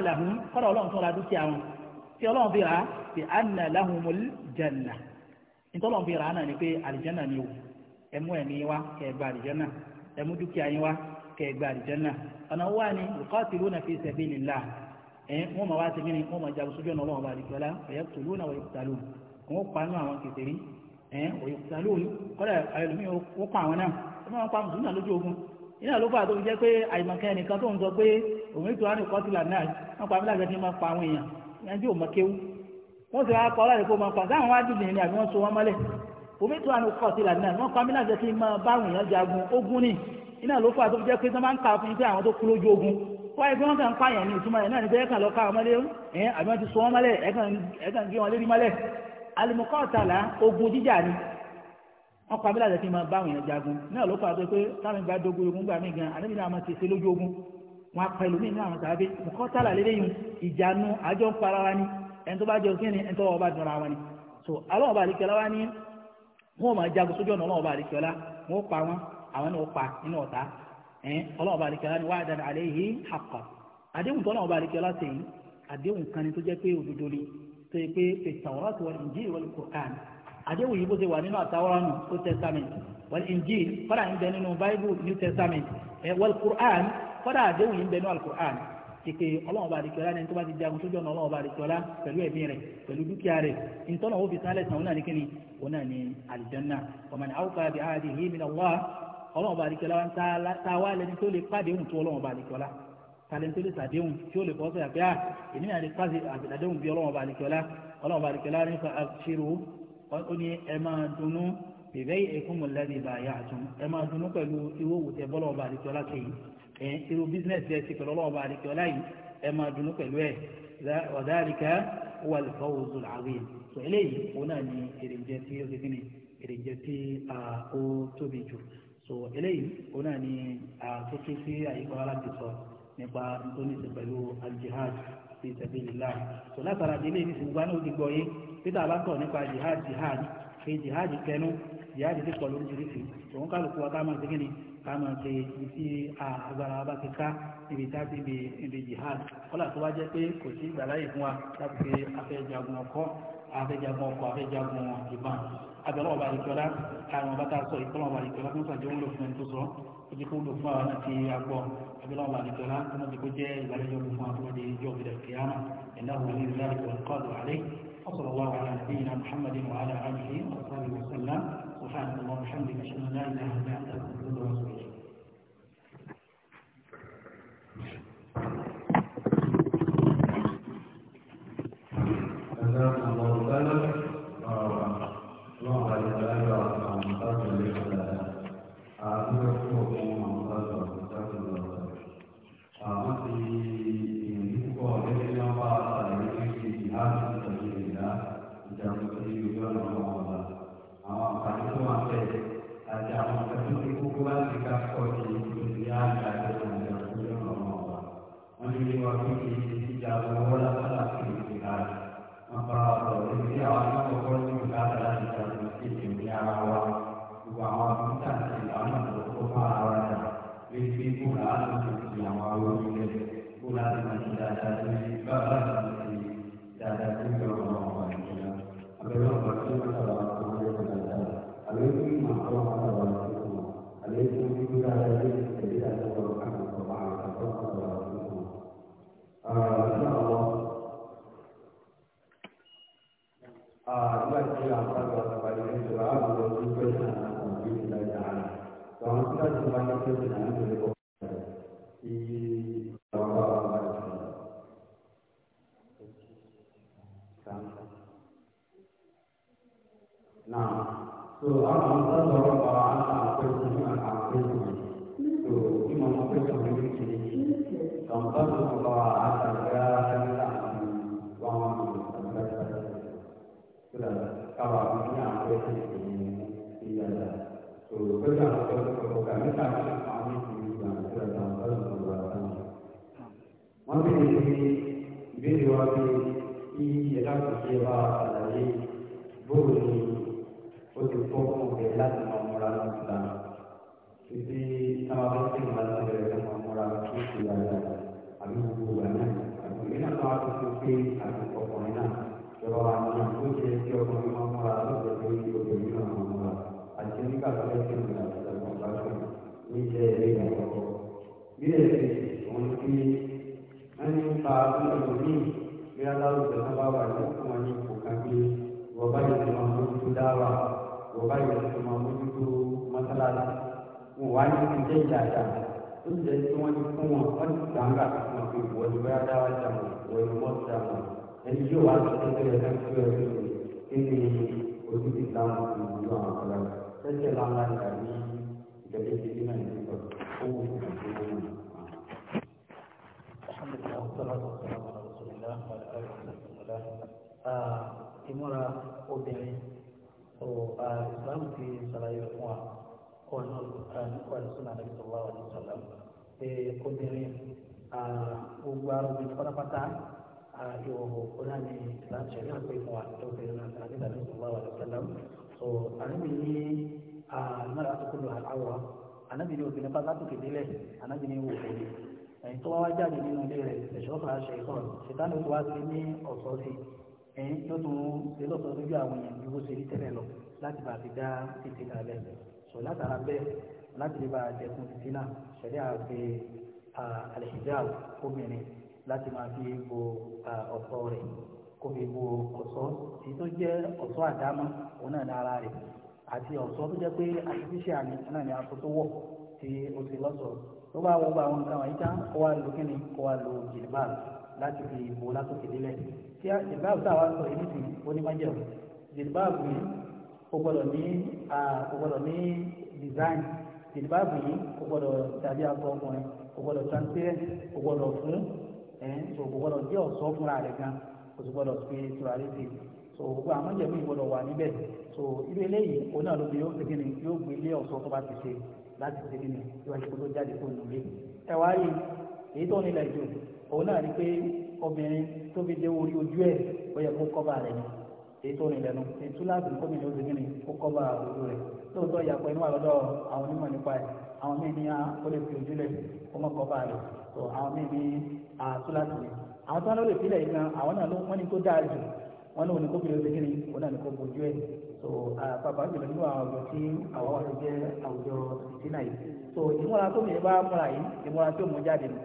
S1: kọ́dọ̀ ọlọ́run tún ra dúkìá wọn tí ọlọ́run fi rà á fi anna lahumul janna ntọ́lọ́run fi rà á náà ni pé àlìjánà ni o ẹ mú ẹ̀mí wa kẹ́ ẹ gba àlìjánà ẹ mú dúkìá yín wa kẹ́ ẹ gba àlìjánà ọ̀nà wa ni yuqatiluna fi sabilillah ẹ̀ wọ́n máa wá sí kíni wọ́n máa jagun sójú ọ̀nà ọlọ́run bá àlìjọ́lá yaqtuluna wa yuqtaluna wọ́n pa inú àwọn kèfèrí ó pa àwọn náà wọ́n máa pa mùsùlùmí náà lójú ogun tó fi jẹ́ pé àìmọ̀kẹ́ nìkan tó ń sọ pé òun ètò àná ìkọ́sílà náà wọ́n pa mí láti ẹni pa àwọn èèyàn yanjú ò mọ̀kéwú wọ́n sì wá pa ọlọ́run kó máa pa sáwọn wá dùn ní àbí wọ́n so wọ́n mọ́lẹ̀ omi tó àná kọ̀ sí lànà wọ́n pa mí láti fi máa báwọn èèyàn jagun ogun ní iná ló fà tó fi jẹ́ pé wọ́n máa ń kà fún pé àwọn tó kú lójú ogun wọ́n yẹ pé wọ́n kàn ń pààyàn ní ìtumọ̀ ẹ̀ náà ní pé ẹ̀kan lọ ká wọn mọ́lẹ̀ ẹ̀ àbí wọ́n ti so wọ́n mọ́lẹ̀ ẹ̀kan gé wọn lérí mọ́lẹ̀ alimukọ́ọ̀tàlá ogun jíjà ni wọ́n pa mí láti fi máa báwọn èèyàn jagun náà ló fà tó pé táwọn wọn apá ìlú nínú àwọn sàábé nǹkan tálà lélẹ́yìn ìjànú àjọ ń para wa ni ẹni tó bá jẹun kí ni ẹni tó bá dùnra wa ni so alọ́wọ́ bá àlekẹ́lá wa ní wọn ò máa jagun sójú ọ̀nà ọlọ́wọ́ bá àlekẹ́lá wọn ó pa wọn àwọn náà ó pa nínú ọ̀tá ẹ̀ẹ́n ọlọ́wọ́ bá àlekẹ́lá ni wa'dan alayhi haqqan àdéhùn tọ́lọ́wọ́ bá àlekẹ́lá sẹ́yìn àdéhùn kan ni tó jẹ́ pé òdodo ni tó yẹ pé fit-tawrat wal-injil wal-Qur'an àdéhùn yìí bó ṣe wà nínú àtàwọ́ránù old testament wal-injil fara ń bẹ nínú bible new testament wal-Qur'an kọ́dà àdéhùn yìí ń bẹ ní alukur'an ìpè ọlọ́run bá àdìkẹ́ ọlá ní tó bá ti jagun sójú ọ̀nà ọlọ́run bá àdìkẹ́ ọlá pẹ̀lú ẹ̀mí rẹ̀ pẹ̀lú dúkìá rẹ̀ ìtọ́nà ó fi sálẹ̀ sàn náà ní kíni ní àlìjánná ọmọ ní àwùká bí àdì yìí mi lọ́wọ́ ọlọ́run bá àdìkẹ́ ọlá ta wá lẹni tó lè pàdéhùn tó ọlọ́run bá àdìkẹ́ ọlá talẹ̀ lè sàdéhùn tí ó lè fọ́ sọ̀yà pé à ah, èmi náà lè pàṣẹ àdéhùn bí ọlọ́run bá àdìkẹ́ ọlá ọlọ́run bá àdìkẹ́ ọlá ní ṣírò ó ní ẹ máa dunnú bèbẹ́ ìkúmọ̀lẹ́bí bàyà àtún ẹ máa dunnú pẹ̀lú ìwọ́wò tẹ bọ́lọ́run bá àdìkẹ́ ọlá kéyìí ẹ̀ ń ṣerú bísínẹ́sì ẹ̀ ṣe pẹ̀lú ọlọ́ọ̀bá àdìkẹ́ ọlá yìí ẹ máa dùnnú pẹ̀lú ẹ̀ ọ̀dáàdìkà wà lùfọ́wọ́sọ àwìn sọ eléyìí òun náà ni èrèjẹ tí ó ti fi ni èrèjẹ tí ó tóbi jù sọ eléyìí òun náà ni àtúntò sí àyíkọ́ aláàbì sọ nípa nítorí ṣe pẹ̀lú aljihad fi sabilillah sọ látara ilé ìsìnkú wa náà ó gbọ́ yé peter abakọ nípa jihad jihad fi jihad kẹnu jihad ti pọ̀ lóríṣiríṣi òun kálukú wa ká máa ṣe kí ni ká máa ṣe ibi tí agbára bá ti ká ibi tá ti bi ibi jihad kọ́lá tó wá jẹ́ pé kò sí ìgbàláyè fún wa láti fi afẹ́jagun ọkọ́ afẹ́jagun ọkọ̀ afẹ́jagun ìbọn abẹ́rẹ́ ọba àdìjọ́lá àwọn ọba tá a sọ ìkọ́lọ́ ọba àdìjọ́lá tó ń sàjọ́ fún ẹni tó sọ ó kó wúlò fún àwọn àti agbọ́ abẹ́rẹ́ ọba àdìjọ́lá tó ń dìbò jẹ́ ìgbàlejò fún àwọn ọmọdé ìjọ òbílẹ̀ kìámà ẹ̀dá wọn وصلى الله على نبينا محمد وعلى اله وصحبه وسلم سبحانك اللهم وبحمدك اشهد ان لا اله الا انت
S2: السلام الله وسلم الله عليه وسلم nígbà tí àwọn àgbà àgbà yìí ń sọ̀rọ̀ àwọn ọmọ tó pẹ́ sí àwọn ọmọ yìí ń dájà rẹ̀. Sọ àwọn tí láti wá ní pẹ́ sí àwọn ọmọ yìí kọ́ sí àwọn ọmọ àgbà yìí. Now, so àwọn àgbà sọ̀rọ̀ àwọn àgbà तो बच्चा को करने का पानी की जानते जानता होगा मम्मी ने भी दिवाली की यदा सेवा लाई बोली उस फोन के लात मामला ना किसी समाज के मदद से मामला की किया जाए अभी वो बना अभी ना बात उसके अभी को पढ़ना जब आदमी कुछ एक जो nígbà tó ń fi ìgbà tó ń bá tó ní jẹ́ ilé ìyàwó. Bí ẹ̀ ṣe wọ́n ti wọ́n ní pa ọdún ní bí aláwùjọ náà bá wà ní fún wọn ní ipò kan bí wọ́n bá yẹ kí wọ́n mójútó dáwà wọ́n bá yẹ kí wọ́n mójútó mọ́sálásí. Wọ́n wá ní ti jẹ́ ìjà àjà tó ń jẹ́ tí wọ́n ti fún wọn wọ́n ti gbàǹgà fún wọn pé wọ́n ti bá dáwà jà wọ́n jà wọ́n ẹni yóò wá sí ẹgbẹ́ ẹ̀ka sẹ́jẹ̀ lánàá rẹ̀ ní ìgbẹ́lẹ́ ti ní nàìjíríà ó wù ú kàn sí wọn.
S1: alhamdulilayi wa salatu wa salam ala rasulillah wa ala wa sallam. Ah, ìmúra obìnrin tó ìsìlámù ah, ti sàlàyé fún wa ọ̀nà nípa sallallahu alaihi wa sallam. obìnrin ah, gbogbo arúgbó pátápátá ìwọ̀n òkú náà ní ìsìlámù sẹ̀rí àpé fún wa tó bẹ̀rẹ̀ náà nàìjíríà sallallahu alaihi wa sallam so anabi ní mẹ́rin àtúkúlù àwọ̀ anabi ní obìnrin pátátù kìdílẹ̀ anabi ní wò lórí ẹ̀yìn tó wá jáde nínú ilé rẹ̀ ẹ̀ṣọ́ fà á ṣe ìkọ́ ṣètánù tó wá sí ní ọ̀sọ́ sí ẹ̀yìn tó tún ṣe lọ́sọ̀ lójú àwọn èèyàn bí wọ́n ṣe rí tẹ́lẹ̀ lọ láti bá so látara bẹ́ẹ̀ láti lè bá dẹkùn títí náà ṣẹlẹ̀ àgbẹ̀ alhijab obìnrin láti máa fi bo kó fi bo ọ̀ṣọ́ èyí tó jẹ́ ọ̀ṣọ́ àdámọ́ òun náà ní ara rẹ̀ àti ọ̀ṣọ́ tó jẹ́ pé artificial ni náà ní aṣọ tó wọ̀ tí ó ti lọ́sọ̀ọ́ tó bá wọ gba àwọn nǹkan wọ̀nyí tán kó wá lo kíni kó wá lo jìlìbá láti fi bo látòkè délẹ̀ tí jìlìbá táwa sọ èyí sì ó ní májẹ̀ jìlìbá yìí ó gbọ́dọ̀ ní ó gbọ́dọ̀ ní design jìlìbá yìí ó gbọ́dọ̀ dàbí aṣọ ọkùnrin ó gbọ́dọ̀ transparent ó gbọ́dọ̀ fún ẹ̀ ń sọ ó gbọ́dọ̀ jẹ́ ọ̀ṣọ́ fúnra rẹ̀ gan-an kò sì gbọ́dọ̀ fi tùràrí sí so gbogbo àwọn jẹ̀mú ìgbọ́dọ̀ wà níbẹ̀ so irú eléyìí òun náà ló fi yóò segin ni yóò gbé ilé ọ̀ṣọ́ tó bá ti ṣe láti segin ni yóò ṣe kó tó jáde fún ìnùlé ẹ wá rí èyí tó nílẹ̀ jù òun náà rí pé obìnrin tó fi dé orí ojú ẹ̀ ó yẹ kó kọ́ba rẹ̀ ni èyí tó nílẹ̀ nu ètú láti kó mi ní oṣù kìíní kó kọ́ba ojú rẹ̀ lóòótọ́ ìyàpọ̀ inú àlọ́dọ̀ àwọn onímọ̀ nípa ẹ̀ àwọn míì ní a ah, ó lè fi ojú lẹ̀ kó mọ́ kọ́ba rẹ̀ tó àwọn míì ní àtúláṣì ah, àwọn táwọn lè filẹ̀ yìí gan àwọn náà wọ́n ní kó dáa jù wọ́n náà ní kó bìrì ọ̀sẹ̀kìnì wọ́n náà ní kó bójú ẹ̀ so pàpà jùlọ nínú àwọn ọ̀dọ́ tí àwọn wà ló jẹ́ àwùjọ ìdínà yìí so ìmúra tó mìíràn bá múra yìí ìmúra tó mú jáde nù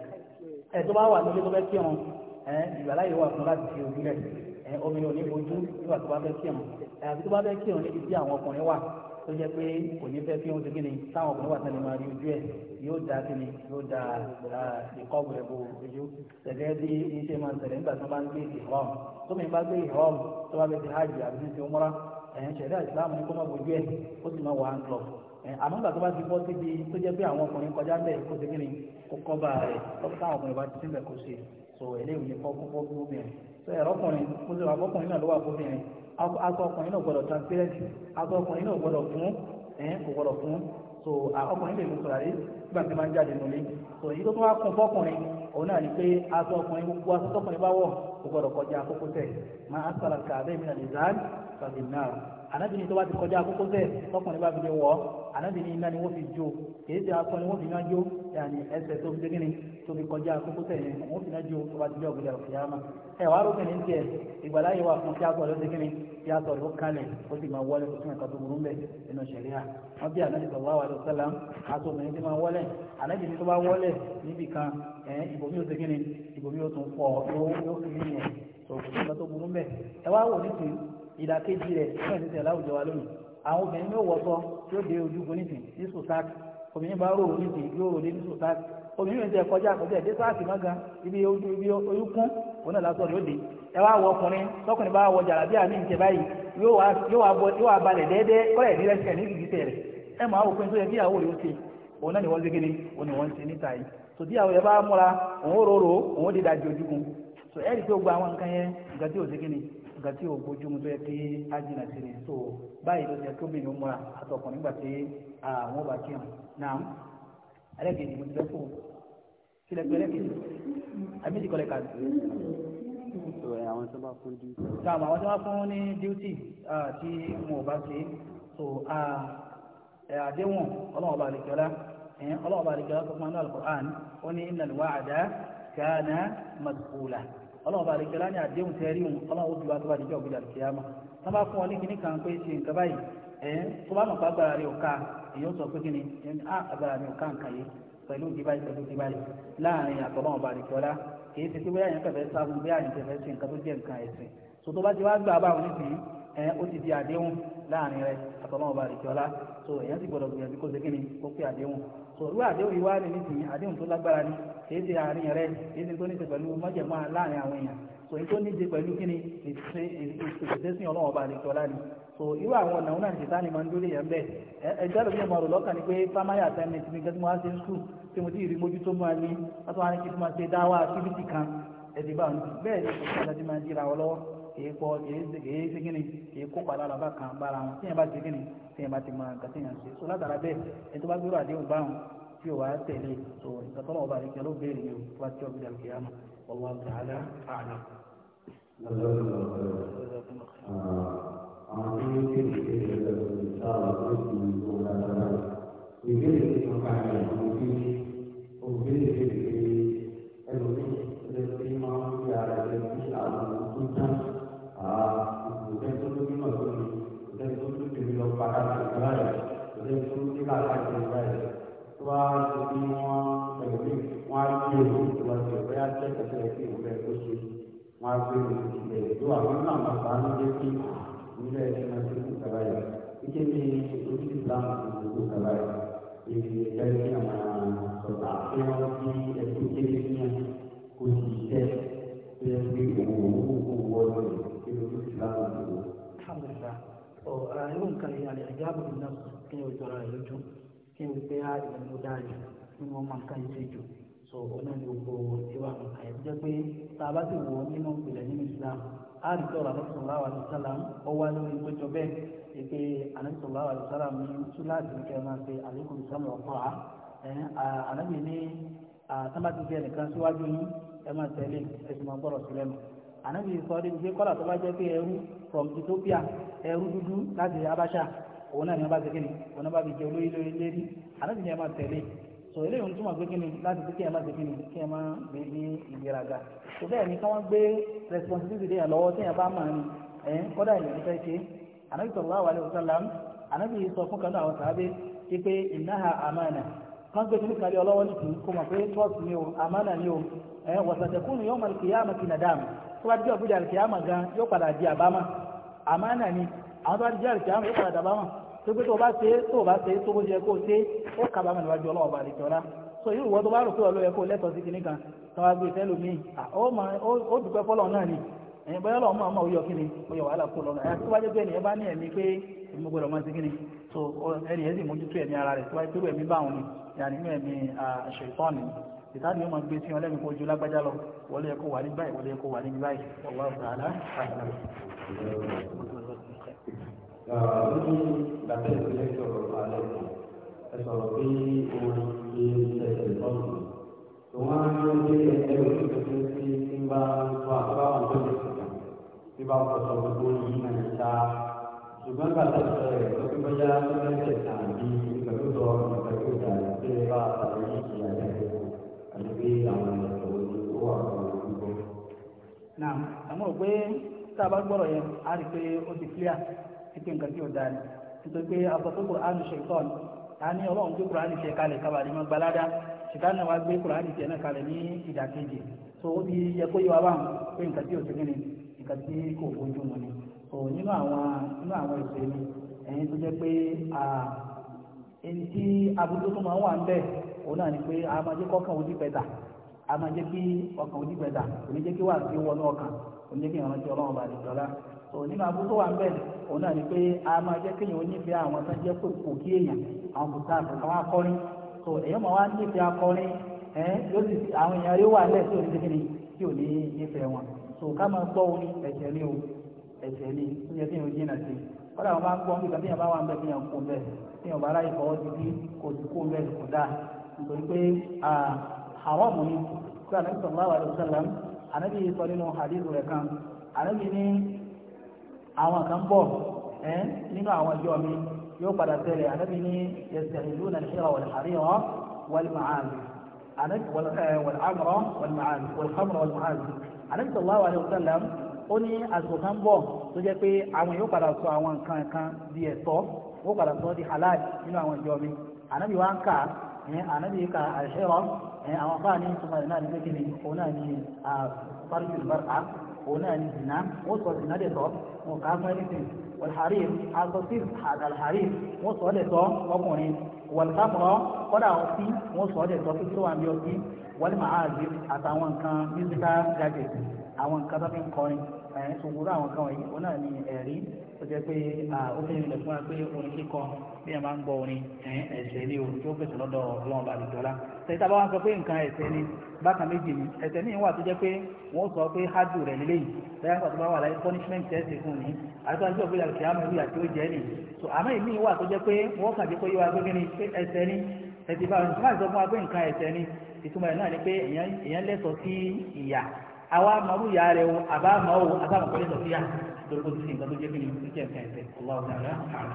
S1: ẹ̀ tó bá wà lórí tó fẹ́ kí wọn ẹ̀ ìgbàlá yìí wà fún láti fi ojú rẹ̀ ẹ̀ obìnrin ò ní bojú nígbà tó bá fẹ́ kí wọn ẹ̀ àti tó bá fẹ́ kí wọn níbi tí àwọn ọkùnrin wà tó jẹ́ pé kò ní fẹ́ fi ohun ṣe kíni táwọn ọkùnrin wà tẹ́lẹ̀ máa rí ojú ẹ̀ yóò da kíni yóò da ìkọ́wé ẹ̀ bò ojú tẹ̀lé bí iṣẹ́ máa ń tẹ̀lé nígbà tí wọ́n bá ń gbé ìhọ́m tó mi bá gbé ìhọ́m tó bá fẹ́ ti hajj àbí ti umra ẹ̀yìn ṣẹ̀dá ìsìlámù ní kó má bojú ẹ̀ ó sì má wà á ń lọ àmọ́ nígbà tó bá ti bọ́ síbi tó jẹ́ pé àwọn ọkùnrin kọjá ń bẹ̀ kó ṣe kíni kó kọ́ bá rẹ̀ táwọn ọkùnrin bá ti síbẹ̀ kó ṣe so eléyìí ni fọ́kúfọ́kú obìnrin so ẹ̀rọ ọkùnrin mo ti wà fọ́kùnrin náà ló wà fóbìnrin aṣọ ọkùnrin náà gbọ́dọ̀ transparent aṣọ ọkùnrin náà gbọ́dọ̀ fún ẹ̀ kò gbọ́dọ̀ fún so ọkùnrin lè mú tùràrí nígbà tí máa ń jáde nulẹ̀ so èyí tó tún wá kún fọkùnrin òun náà ni pé aṣọ ọkùnrin gbogbo aṣọ tọkùnrin bá wọ̀ kò gbọ́dọ̀ kọjá àkókò tẹ̀ máa ń sàlàkà abẹ́ mi náà lè zàn anábìnrin tó bá ti kọjá àkókò sẹ̀ tọkùnrin bá fi lè wọ̀ ọ́ iná ni wọ́n fi jó kìí ṣe aṣọ ni wọ́n fi náà jó yàní ẹsẹ̀ tó fi dégínì tó fi kọjá àkókò sẹ̀ yẹn wọ́n fi náà jó tó bá ti jẹ́ òkèlè òkèlè àmà ẹ wàá rò bìnrin tiẹ̀ ìgbàláyè wà fún kí aṣọ rẹ̀ dégínì kí aṣọ rẹ̀ ó kalẹ̀ ó sì máa wọlé kó tún ẹ̀ka tó burú mbẹ̀ nínú ṣẹ̀ríà wọ́n bí anábì sallallahu alaihi wasallam aṣọ obìnrin ti máa wọlé anábì tó bá wọlé níbì kan ẹ̀ ìbòmí ìdàkejì rẹ̀ náà ní tẹ̀lé àwùjọ wa lónìí àwọn obìnrin yóò wọ́sọ yóò dé ojúgun nísìn ní sòsáàkì obìnrin bá rò nísìn yóò rò dé ní sòsáàkì obìnrin yóò tẹ kọjá kọjá ẹ̀ dé sáàkì má gan ibi ojú ibi oyúkún òun náà lásán lóde ẹ wá wọ ọkùnrin tọkùnrin bá wọ jàlábíà ní ìjẹ báyìí yóò wá balẹ̀ dẹ́ẹ́dẹ́ kọ́lẹ̀ ní rẹ́sìkẹ̀ ní ìgbìgbìsẹ̀ rẹ̀ ẹ máa wò pé nítorí ẹbí ìyàwó rẹ̀ ó ṣe òun náà ni wọ́n gbégéré òun ni wọ́n ń ṣe níta yìí tò bí àwọn ẹ̀bá múra òun rorò òun dìdà jòjúgun tò ẹ́rì pé ó gba nǹkan tí òògùn ojú mu tó yẹ kí ajínà sí ni so báyìí ló yẹ kí obìnrin múra àtọkùn nígbà tí àwọn bá kí hàn náà ẹlẹ́gẹ̀ẹ́dì mo ti fẹ́ fò kílẹ̀ pé ẹlẹ́gẹ̀ẹ́dì àmì ìkọlẹ̀ kàdé. àwọn tó bá fún díútì. táwọn àwọn tó bá fún ní díútì tí wọn bá ṣe so àdéhùn ọlọ́wọ́n bá lè kẹ́lá ọlọ́wọ́n bá lè kẹ́lá tó fún wa ní Al-Qur'an ó ní innal ọlọ́run bá àdìgbẹ́lá ní àdéhùn tẹ́rí òun ọlọ́run ó bí wa tó bá dìjọ́ ògbìjà kìyàmà tó bá fún ọ ní kíní kan pé ṣe nǹkan báyìí ẹ̀ tó bá mọ̀ pé agbára rẹ̀ ò ká èèyàn sọ pé kíni ẹni á agbára mi ò ká nǹkan yìí pẹ̀lú ìdíbáyìí pẹ̀lú ìdíbáyìí láàrin àtọ̀lọ́run bá àdìgbẹ́lá kì í ṣe pé bóyá yẹn kẹfẹ́ sáfún bóyá yẹn kẹfẹ́ ṣe nǹkan tó jẹ́ nǹkan ẹ̀sìn so tó bá ti wá gbà báwọn nísìnyí ẹ ó ti di àdéhùn láàrin rẹ àtọ̀lọ́run bá sòrú àdéhùn yìí wá ní nísìnyí àdéhùn tó lágbára ni kìí ṣe àárín rẹ kìí ṣe tó ní ṣe pẹ̀lú mọ́jẹ̀mọ́ láàrin àwọn èèyàn so èyí tó ní ṣe pẹ̀lú kí ni ìṣèṣin ọlọ́wọ́ bá lè tọ́ láni so irú àwọn ọ̀nà òun náà ṣe sáni máa ń dúró yẹn bẹ́ẹ̀ ẹjọ́ lóbi ìmọ̀ ọ̀rọ̀ lọ́kàn ni pé primary assignment mi gẹ́gẹ́ wá sí school tí mo ti rí mójú tó máa ní wọ́n tó wá ní kí n máa ṣe dáwà activity kan ẹ̀dìgbà bẹ́ẹ̀ ni kò sí ọ̀dọ́ ti máa ń dira ọ lọ́wọ́ kìí kọ́ kìí ṣe kíni kìí kópa lára bá kan bára wọn tíyẹn bá ti kíni tíyẹn bá ti mọ nǹkan tíyẹn ṣe so látara bẹ́ẹ̀ ẹni tó bá gbérò àdéhùn báwọn tí o wá tẹ̀lé so nǹkan tọ́lọ̀ ọba àdéhùn ló béèrè ni o tó bá tí o bìdà kìí àmọ́ wàlúwà tààlà àná. àwọn
S2: tí wọ́n ti ń ṣe ìbéèrè káàkiri báyìí tó bá
S1: kí ni ojú ọ̀rọ̀ rẹ̀ lójú kí ni pé á ah, ìlú kí ni máa ká yín jù so ó náà ní gbogbo ìwà nǹkan ẹ̀ jẹ́ pé tá a bá sì wò nínú ìpìlẹ̀ nínú Islam á rí sọ̀rọ̀ àlọ́sọ̀rọ̀ àwọn àlùsálà ó wá lórí ìpéjọ bẹ́ẹ̀ ẹ pé àlọ́sọ̀rọ̀ àwọn àlùsálà mi tún láti ní kẹrin máa ṣe àlékún ìsámọ̀ ọ̀pọ̀ à àlọ́mì ní àtàmátì jẹ́ nìkan síwájú yín ẹ máa tẹ̀lé ẹ̀sùn máa gbọ́rọ̀ sílẹ̀ nù àlọ́mì sọ pé kọ́là tó bá jẹ́ pé ẹrú from Ethiopia ẹrú dúdú láti Abasha òun náà ni wọ́n bá ti kíni òun náà bá fi jẹ olórí lórí lérí àlejò ni ẹ máa tẹ̀lé sọ eléyìí ohun tó máa gbé kíni láti fi kí ẹ máa ti kíni kí ẹ máa gbé ní ìgbéraga tó bẹ́ẹ̀ ni káwọn gbé responsibility dé yàn lọ́wọ́ téèyàn bá máa ní ẹ̀ kọ́dà ìlú fẹ́ ṣe ànábì sallallahu alaihi wasallam ànábì sọ fún kanú àwọn sàábé pé innaha amana kan gbé kíní kalẹ̀ ọlọ́wọ́ nìkan kó mọ̀ pé trust ni o amana ni o ẹ̀ wasatakunu yawmal qiyamati nadama tó bá dé ọ̀gbìn àlùkìyàmà gan yóò padà di àbámà amana ni àwọn tó bá ti jẹ́ àrìkí àwọn ìpàdà bá wọn tó pé tó bá ṣe tó bá ṣe tó bó jẹ kó ṣe ó kábàámọ̀ níwájú ọlọ́wọ́ bá àlejò ọlá so irú wọn tó bá rò pé ọlọ́yẹ kó lẹ́tọ̀ọ́ sí kinní kan tó wá gbé ìfẹ́lómi e ó dùpẹ́ fọ́lọ́ náà ni ẹ̀yin bọ́yọ́ lọ́wọ́ máa ma kí ni oyọ wàhálà kó lọ́nà ẹ̀ tó bá pé ẹnìyẹn bá ní ẹ̀mí pé ẹ̀mí gbọ́dọ̀ máa ti kí ni so ẹnìyẹn sì mójútó ẹ̀mí ara rẹ̀ tó bá tó ẹ̀mí báwọn ni yàrá nínú ẹ̀mí aṣọ ìtọ́ ni ìtàdí yóò máa gbé sí ọlẹ́mi kó ju lágbájá lọ wọlé ẹ̀kọ́ wà ní báyìí wọlé ẹ̀kọ́ wà ní báyìí wọ́n wá ní
S2: gbàtẹ́ ìpínlẹ̀ sọ̀rọ̀ alẹ́ kan ẹ sọ̀rọ̀ pé orin ṣe ìṣẹ̀lẹ̀ lọ́sùn tó wọ́n á ní pé ẹgbẹ́ òṣìṣẹ́ tí tí ń bá ń tó àbúrò àwọn tó lè sọ̀rọ̀ tí bá wọ́n sọ pé ó ní náà ṣá ṣùgbọ́n gbàtẹ́ ìṣẹ̀lẹ̀ tó fi bọ́yá tó lẹ́sẹ̀ tàbí ìgbàlódọ̀ ìgbàlódà tí ẹ bá àtàlẹ́ ìṣẹ̀lẹ̀ àti pé àwọn ìṣòro tó wà
S1: fún ọ pípé nǹkan tí ò dáa ni nítorí pé abọ́sọ́kò àánú ṣe tọ́ ni a ní ọlọ́run gbé kùránì ṣe kalẹ̀ kábàdé mọ́ gbalada ṣìkà náà wá gbé kùránì ṣe náà kalẹ̀ ní ìdàkejì tó ó ti yẹ kó yọ abáhùn pé nǹkan tí ò sí nínú nǹkan tí kò fojú mu ni so nínú àwọn nínú àwọn ètò mi ẹ̀yin tó jẹ́ pé ẹni tí abúlé tó máa ń wà ń bẹ̀ òun náà ni pé a máa jẹ́ kọ́kàn ojú pẹ̀tà a máa jẹ́ kí ọkàn ojú pẹ̀tà kò ní jẹ́ kí wà sí wọnú ọkàn kò ní jẹ́ kí ìrántí ọlọ́run bá lè jọlá tó nínú abúlé wà ń bẹ̀ òun náà ni pé a máa jẹ́ kéèyàn onífẹ́ àwọn tó ń jẹ́ pé kò kí èèyàn àwọn bùtà àwọn akọrin tó èèyàn máa wá nífẹ́ akọrin ẹ yóò ti àwọn èèyàn yóò wà lẹ̀ tí ò ní kíni tí ò ní nífẹ́ wọn tó ká máa gbọ́ orin ẹ̀jẹ̀ ni o ẹ̀jẹ̀ ni ó yẹ kéèyàn jìnnà sí i kọ́dà wọn máa ń gbọ́ nígbà téèyàn bá wà ń bẹ̀ kéèyàn kó bẹ̀ téèyàn bá ráyè fọwọ́ ti bí kò sí kó bẹ̀ kò dáa nítorí pé àwọn ọmọ àwọn kan bọ̀ ẹ́ nínú àwọn ìjọ mi yóò padà tẹ̀lé ànábì ní ẹsẹ̀ ìlú náà ṣẹlẹ̀ wọ̀lẹ̀ àríyàn wọ̀lẹ̀ màálù ànábì wọ̀lẹ̀ àmọ̀rọ̀ wọ̀lẹ̀ màálù wọ̀lẹ̀ àmọ̀rọ̀ wọ̀lẹ̀ màálù ànábì sallallahu alaihi wasallam ó ní àsìkò kan bọ̀ tó jẹ́ pé àwọn yóò padà sọ àwọn nǹkan kan di ẹ̀tọ́ wọ́n padà sọ di halal nínú àwọn ìjọ mi ànábì wa ń kà ẹ̀ ànábì ka àṣẹ́rọ̀ ẹ̀ àwọn afáàní sọ̀rọ̀ náà ní kékeré òun náà ní àfárí yorùbá òun náà ní zina wọ́n sọ zina dẹ̀ tọ́ wọn kà á fún ẹnìtìn wàlhàrí asọ́sí àdàlhàrí wọn sọ ọ́ dẹ̀ tọ́ ọkùnrin wàlhàmùrọ̀ kọ́dà ọtí wọn sọ ọ́ dẹ̀ tọ́ fífi wà ní ọtí wàlhàmù àti àwọn nǹkan musical gadgets àwọn nǹkan tó fi ń kọrin ẹ̀ gbogbo àwọn kan wọ̀nyí òun náà ni ẹ̀rí ó jẹ́ pé ó fi ilẹ̀ fún wa pé orin kíkọ bí ẹ máa ń gbọ́ orin ẹ̀ṣẹ̀ ni o tó pèsè lọ́dọ̀ ọlọ́run bá dùjọ́ la tẹ̀sí tábà wọn sọ pé nǹkan ẹ̀ṣẹ̀ ni bákan méjì ni ẹ̀ṣẹ̀ ní ìwà tó jẹ́ pé wọ́n sọ pé hádùn rẹ̀ lélẹ́yìí lẹ́yìn tó bá wà láyé punishment tẹ̀sí fún mi àti àti ọ̀gbìn àti àmọ́ ìlú àti oúnjẹ ni so àmọ́ ìmí ìwà tó jẹ́ pé wọ́n kàn jẹ́ pé yóò wá gbé ní ẹ̀ṣẹ̀ ni ẹ̀ṣẹ̀ bá wọn sọ fún wa pé nǹkan ẹ̀ṣẹ̀ ni ìtumọ̀ ẹ̀ náà ni pé èèyàn lẹ́sọ̀ọ́ sí àwa àmàrú ìyá rẹ̀ o àbá àmà o àbámọ̀kọ́ lè sọ̀tí yá lórí kó ti sìn nǹkan tó jẹ́ kí ni ó jẹ́ nǹkan ẹ̀sẹ̀ ọlọ́run náà rẹ̀ hàn.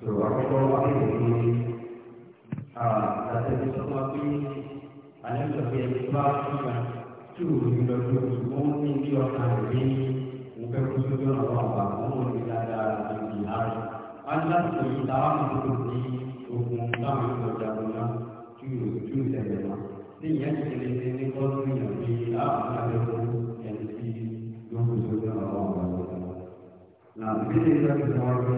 S2: So, àkọ́kọ́ wá ní ìlú àtàtẹ́sí sọ́kọ́ pé àlẹ́sọ̀fẹ́ ẹni bá ṣùgbọ́n tí ò ní lọ sí oṣù wọn ní bí ọkàn rẹ̀ ní òun fẹ́ kó sójú ọ̀nà àwọn àbàmọ́ òun ní dáadáa lórí ìyá rẹ̀ wọn ní láti ní ogun táwọn yóò lọ tí yóò tí yóò tẹ̀lé wọn ní ti lè ṣe ní kọ́sùn ìyàn bí láwọn ìyàwó ẹni tí yóò kó sórí ọ̀rọ̀ ọ̀rọ̀ ọ̀rọ̀ náà bí lè lọ sí wọn pé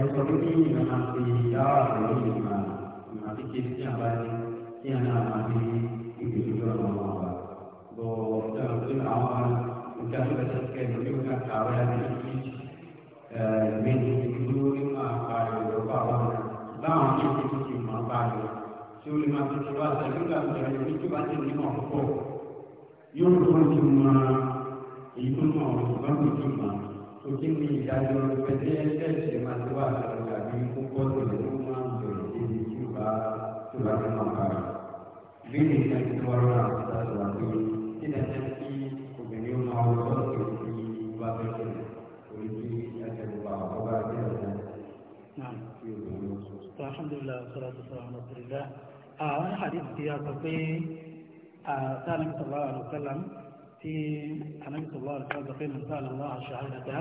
S2: ẹ̀kọ́ tó ní ìyàn máa fi dáwà pẹ̀lú ìmọ̀ tí a bá ní kí a náà máa fi ìgbésí ọ̀rọ̀ ọ̀rọ̀ ဘောတောင်းအောင်ကြာတဲ့ဆက်ကနေရုပ်ကသာဝရတိ méjì ìlú ní máa pariwo lọ́pọ̀ àwọn ọ̀nà láwọn ní títí ti máa pariwo tí ó lè máa tètè wá sí nígbà tó yẹ kí tó bá ti ní mọ̀ pọ̀ yóò tó ti mọ èyí tó mọ̀ ọ̀gbọ́n tó ti mọ̀ tó kí ni ìdájọ́ pẹ̀lú ẹgbẹ́ ìṣẹ̀ máa ti wá àtàwọn tàbí kó pọ̀ tó lè tó máa ń bẹ̀rẹ̀ débi tí ó bá tó bá ti máa pariwo. Bí nìkan ti wọ́n
S1: alhamdulilayi salatu salam rasulillah àwọn ah, hadith ah, ti a sọ pé sálàm sallallahu alayhi wa sallam ti anabi sallallahu alayhi wa sallam sọ pé musalama aṣáájáda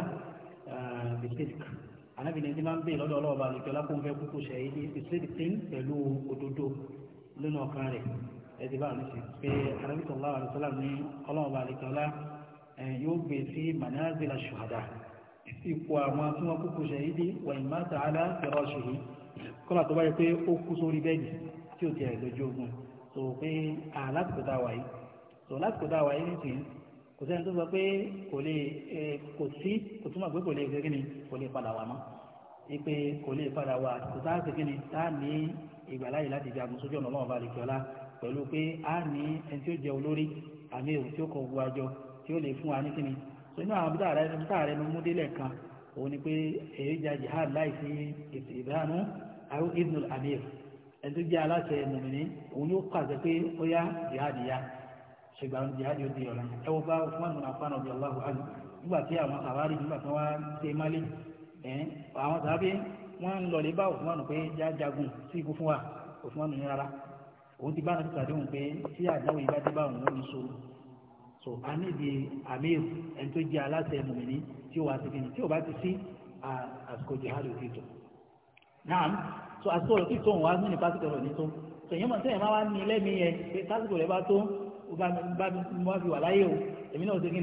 S1: ah, bisidq anabi ní ẹni máa ń bè lọ́dọ̀ ọlọ́ọ̀bà àlùkò lápòǹfẹ́ kúkú ṣẹ̀yìn bisidqin pẹ̀lú òdodo lónà ọ̀kan rẹ̀ ẹ̀dí bá nìsí pé anabi sallallahu alayhi wa sallam ní ọlọ́ọ̀bà àlùkò lá yóò gbé sí manazil aṣáájáda ipò àwọn tí wọ́n kúkú ṣẹ̀yìn wọ̀nyí má tààlà fẹ́rọ̀ ṣèyí kọ́nà tó bá yẹ pé ó kú sórí bẹ́ẹ̀dì tí ò tiẹ̀ lójú ogun tó pé àlásìkò tá a wà yìí tó lásìkò tá a wà yìí nìsín kò sẹ́ni tó sọ pé kò lè kò sí kò túmọ̀ pé kò lè ṣe kíni kò lè padà wà mọ́ ipe kò lè padà wà kò tá a ṣe kíni tá a ní ìgbàláyè láti fi agun sójú ọ̀nà ọlọ́run bá lè kí ọlá pẹ̀lú pé a ní ẹni tí ó jẹ olórí àmì èrò tí ó kọ gbogbo àjọ tí ó lè fún wa ní kíni tó inú àwọn abúlé ààrẹ ló mú délẹ̀ òun ni pé èyí ja jihad láì sí ìbánu àrùn ibn al-amir ẹni tó jẹ́ aláṣẹ mùmìnì òun yóò pàṣẹ pé ó yá jihadi yá ṣùgbọ́n jihadi ó di ọ̀rọ̀ ẹ wo bá fún àwọn afáànà ọ̀bí aláwọ̀ àlù nígbà tí àwọn àwárí nígbà tí wọ́n ṣe málé ẹ̀ àwọn sábẹ́ wọ́n ń lọ lè bá òfin wọn pé já jagun sí ikú fún wa òfin wọn ní rárá òun ti bá náà ti sàdéhùn pé tí àdáwò yìí bá dé bá òun ló ń sọ̀rọ̀ so a ní ìdí amir ẹni tó jẹ́ aláṣẹ mùmìnì tí ó wà á ti tí ó bá ti sí àsìkò jihadi òfin tó náà so àsìkò rẹ̀ kí tóun wá ní ní pásítọ̀ rẹ̀ ní tó tẹ̀yìn mọ̀ tẹ̀yìn bá wá ní lẹ́mìí yẹn pé pásítọ̀ rẹ̀ bá tó bá mi wá fi wà láyé o èmi náà ṣe kí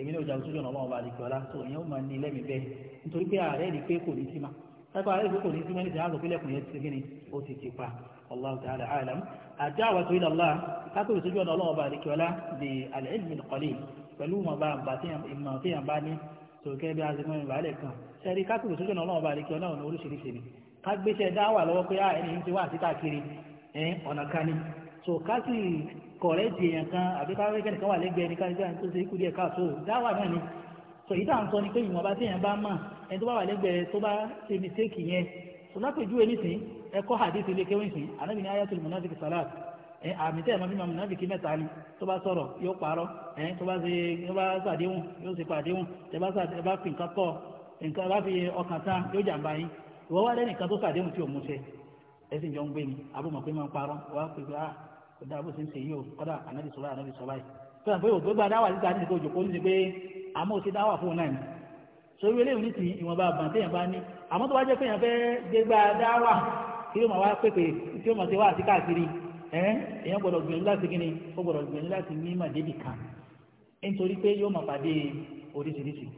S1: èmi náà jàdùn sójú ọ̀nà ọmọ ọba àdìgbò ọ̀la tó ìyẹn máa ní lẹ́mìí bẹ́ẹ̀ nítorí pé ààrẹ rí pé kò ní sí ma sábà ààrẹ rí kò ní sí ma ní ti pílẹ̀kùn yẹn ti kí ó ti ti pa Allahu ta'ala a'lam àti àwọn tó kákòrò sójú ọ̀nà ọlọ́wọ́ bá ká gbéṣẹ́ dáwà lọ́wọ́ pé ah, ẹni ń ti wá àti káàkiri ọ̀nà kan ni so ká sì kọ̀rẹ́tì èèyàn kan àbí ká rẹ́gẹ́ kan wà lẹ́gbẹ̀ẹ́ nìkan nígbà tó ṣe kú díẹ̀ káàtó dáwà náà ni so yìí tá à ń sọ ni pé ìwọ̀nba tí èèyàn bá mọ̀ ẹni tó bá wà lẹ́gbẹ̀ẹ́ tó bá ṣe mistake yẹn so lápèjúwe nísìn ẹ kọ́ hadith ilé kéwìn sìn anábì ní ayatul munafiki salat ẹ àmì tẹ́ ẹ̀ máa fi máa munafiki mẹ́ta ni tó bá sọ̀rọ̀ yóò parọ́ ẹ tó bá ṣe tó bá ṣàdéhùn yóò ṣe pàdéhùn tẹ bá fi nǹkan kọ́ nǹkan bá fi ọkàn tán yóò jàǹbá yín ìwọ wá lẹ́nu kan tó sàdéhùn tí ò mú ṣe ẹ̀sìn jọ ń gbé mi àbúmọ̀ pé máa ń parọ́ wá pé pé ah kódà bó ṣe ń ṣe yìí o kódà ànábì sọ báyìí ànábì sọ báyìí tó yàn pé ògbó gba dáwà níta ní ìkojò kó ní pé àmọ́ ò sí dáwà fún náà ni sórí eléyìí ní ti ìwọ̀nba àbàntẹ́yàn bá ní àmọ́ tó bá jẹ́ pé yàn fẹ́ gbégbá dáwà kí yóò máa wá pépè kí yóò máa ṣe wá àti káàkiri èèyàn gbọ́dọ̀ gbìyànjú láti gíní ó gbọ́dọ̀ gbìyànjú láti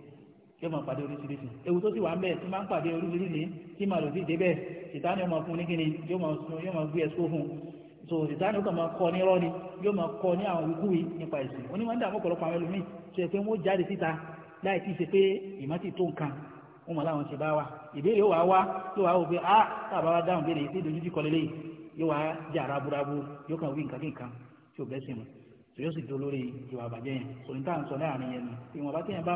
S1: yóò máa pàdé oríṣiríṣi ewu tó sì wà ń bẹ tí máa ń pàdé oríṣiríṣi tí màá lò sí débẹ̀ ìtàn yóò máa fún ní kíni yóò máa gbé ẹsùn fún un so ìtàn yóò kàn máa kọ ní rọ́ọ̀ni yóò máa kọ ní àwọn ikú yìí nípa ẹ̀sìn onímọ̀ ní àmọ́ ọ̀pọ̀lọpọ̀ àwọn ẹlòmíì ṣe pé wọ́n jáde síta láì tí ì ṣe pé ìmọ̀ ti tó nǹkan wọn mọ̀ láwọn ṣe bá wa ìbéèrè yóò wá wá yóò wá wò pé ah, a táàbà wá dáhùn béèrè sí ìdójú ti kọlẹ́lẹ́ yóò wá jà raburabu yóò kàn wí nǹkan kí nǹkan tí ò bẹ́sìn mu tí yóò sì dolórí ìwà àbàjẹ́ yẹn sòrìntàn sọ láàrin yẹn ni ìwọ̀nba téèyàn bá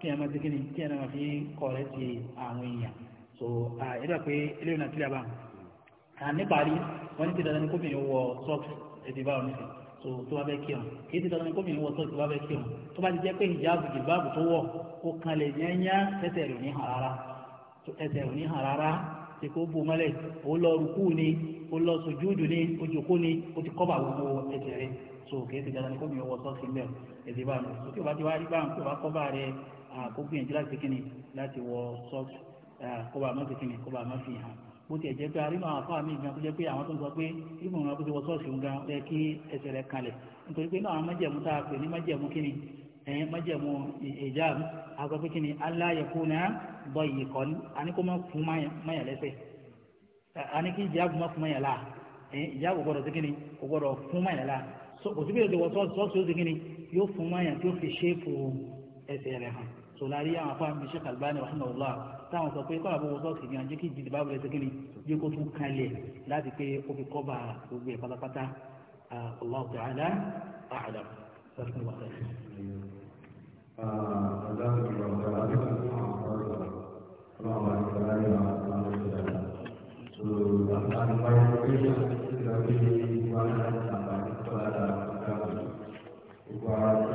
S1: kí ẹ máa ti kíni kí ẹ náà fi kọ̀rẹ́ ti àwọn èèyàn so ẹ dà pé eléyìí náà kílíà bá wọn níparí wọn ní ti dandan ní kóbìnrin wọ sọ́ọ̀kì ẹ̀dì bá wọn so tó bá fẹ́ kí ọ̀n kí ti dandan ní kóbìnrin wọ sọ́ọ̀kì tó bá fẹ́ kí ọ̀n tó bá ti jẹ́ pé ìjáàbù jìbáàbù tó wọ̀ ó kan lè yányá ẹsẹ̀ rẹ̀ ní hàn rárá ẹsẹ̀ rẹ̀ ní hàn rárá ti kó bu mọ́lẹ̀ ó lọ rúkú ni ó lọ sojúdù ni ó jòkó ni ó ti kọ́ba gbogbo ẹsẹ̀ rẹ̀ so kì í ti dandan ní kóbìnrin wọ sọ́ọ̀kì mẹ́rin ẹ̀dì báwọn tó Ah, kó gbìyànjú láti ṣe kíni láti wọ sọ́ọ̀t kọ́ba àmọ́ ṣe kíni kọ́ba àmọ́ fi hàn bó tiẹ̀ jẹ́ pé arínú àwọn afáà míì gan tó jẹ́ pé àwọn tó ń sọ pé ibùn wọn kó ti wọ sọ́ọ̀sì ń gan ẹ kí ẹsẹ̀ rẹ̀ kalẹ̀ nítorí pé náà àwọn májẹ̀mú tá a pè ní májẹ̀mú kíni ẹ̀yìn májẹ̀mú ìjáàmù àgbà pé kíni aláyẹ̀kú náà bọ ìyè kọ́ ni àní kó má fún máyà lẹ́sẹ̀ àní kí ìjáàbù má fún máyà láà ẹ̀yìn sòlárí àwọn afáàmì bíi Sheikh Albani rahimahullah táwọn sọ pé kọ́lá bó wọ sọ́ọ̀sì gan jẹ́ kí jìdí báwo lè sẹ́kìnì jẹ́ kó tún kalẹ̀ láti pé ó fi kọ́ bá gbogbo ẹ̀ pátápátá Allah ta'ala a'lam.
S2: Thank you.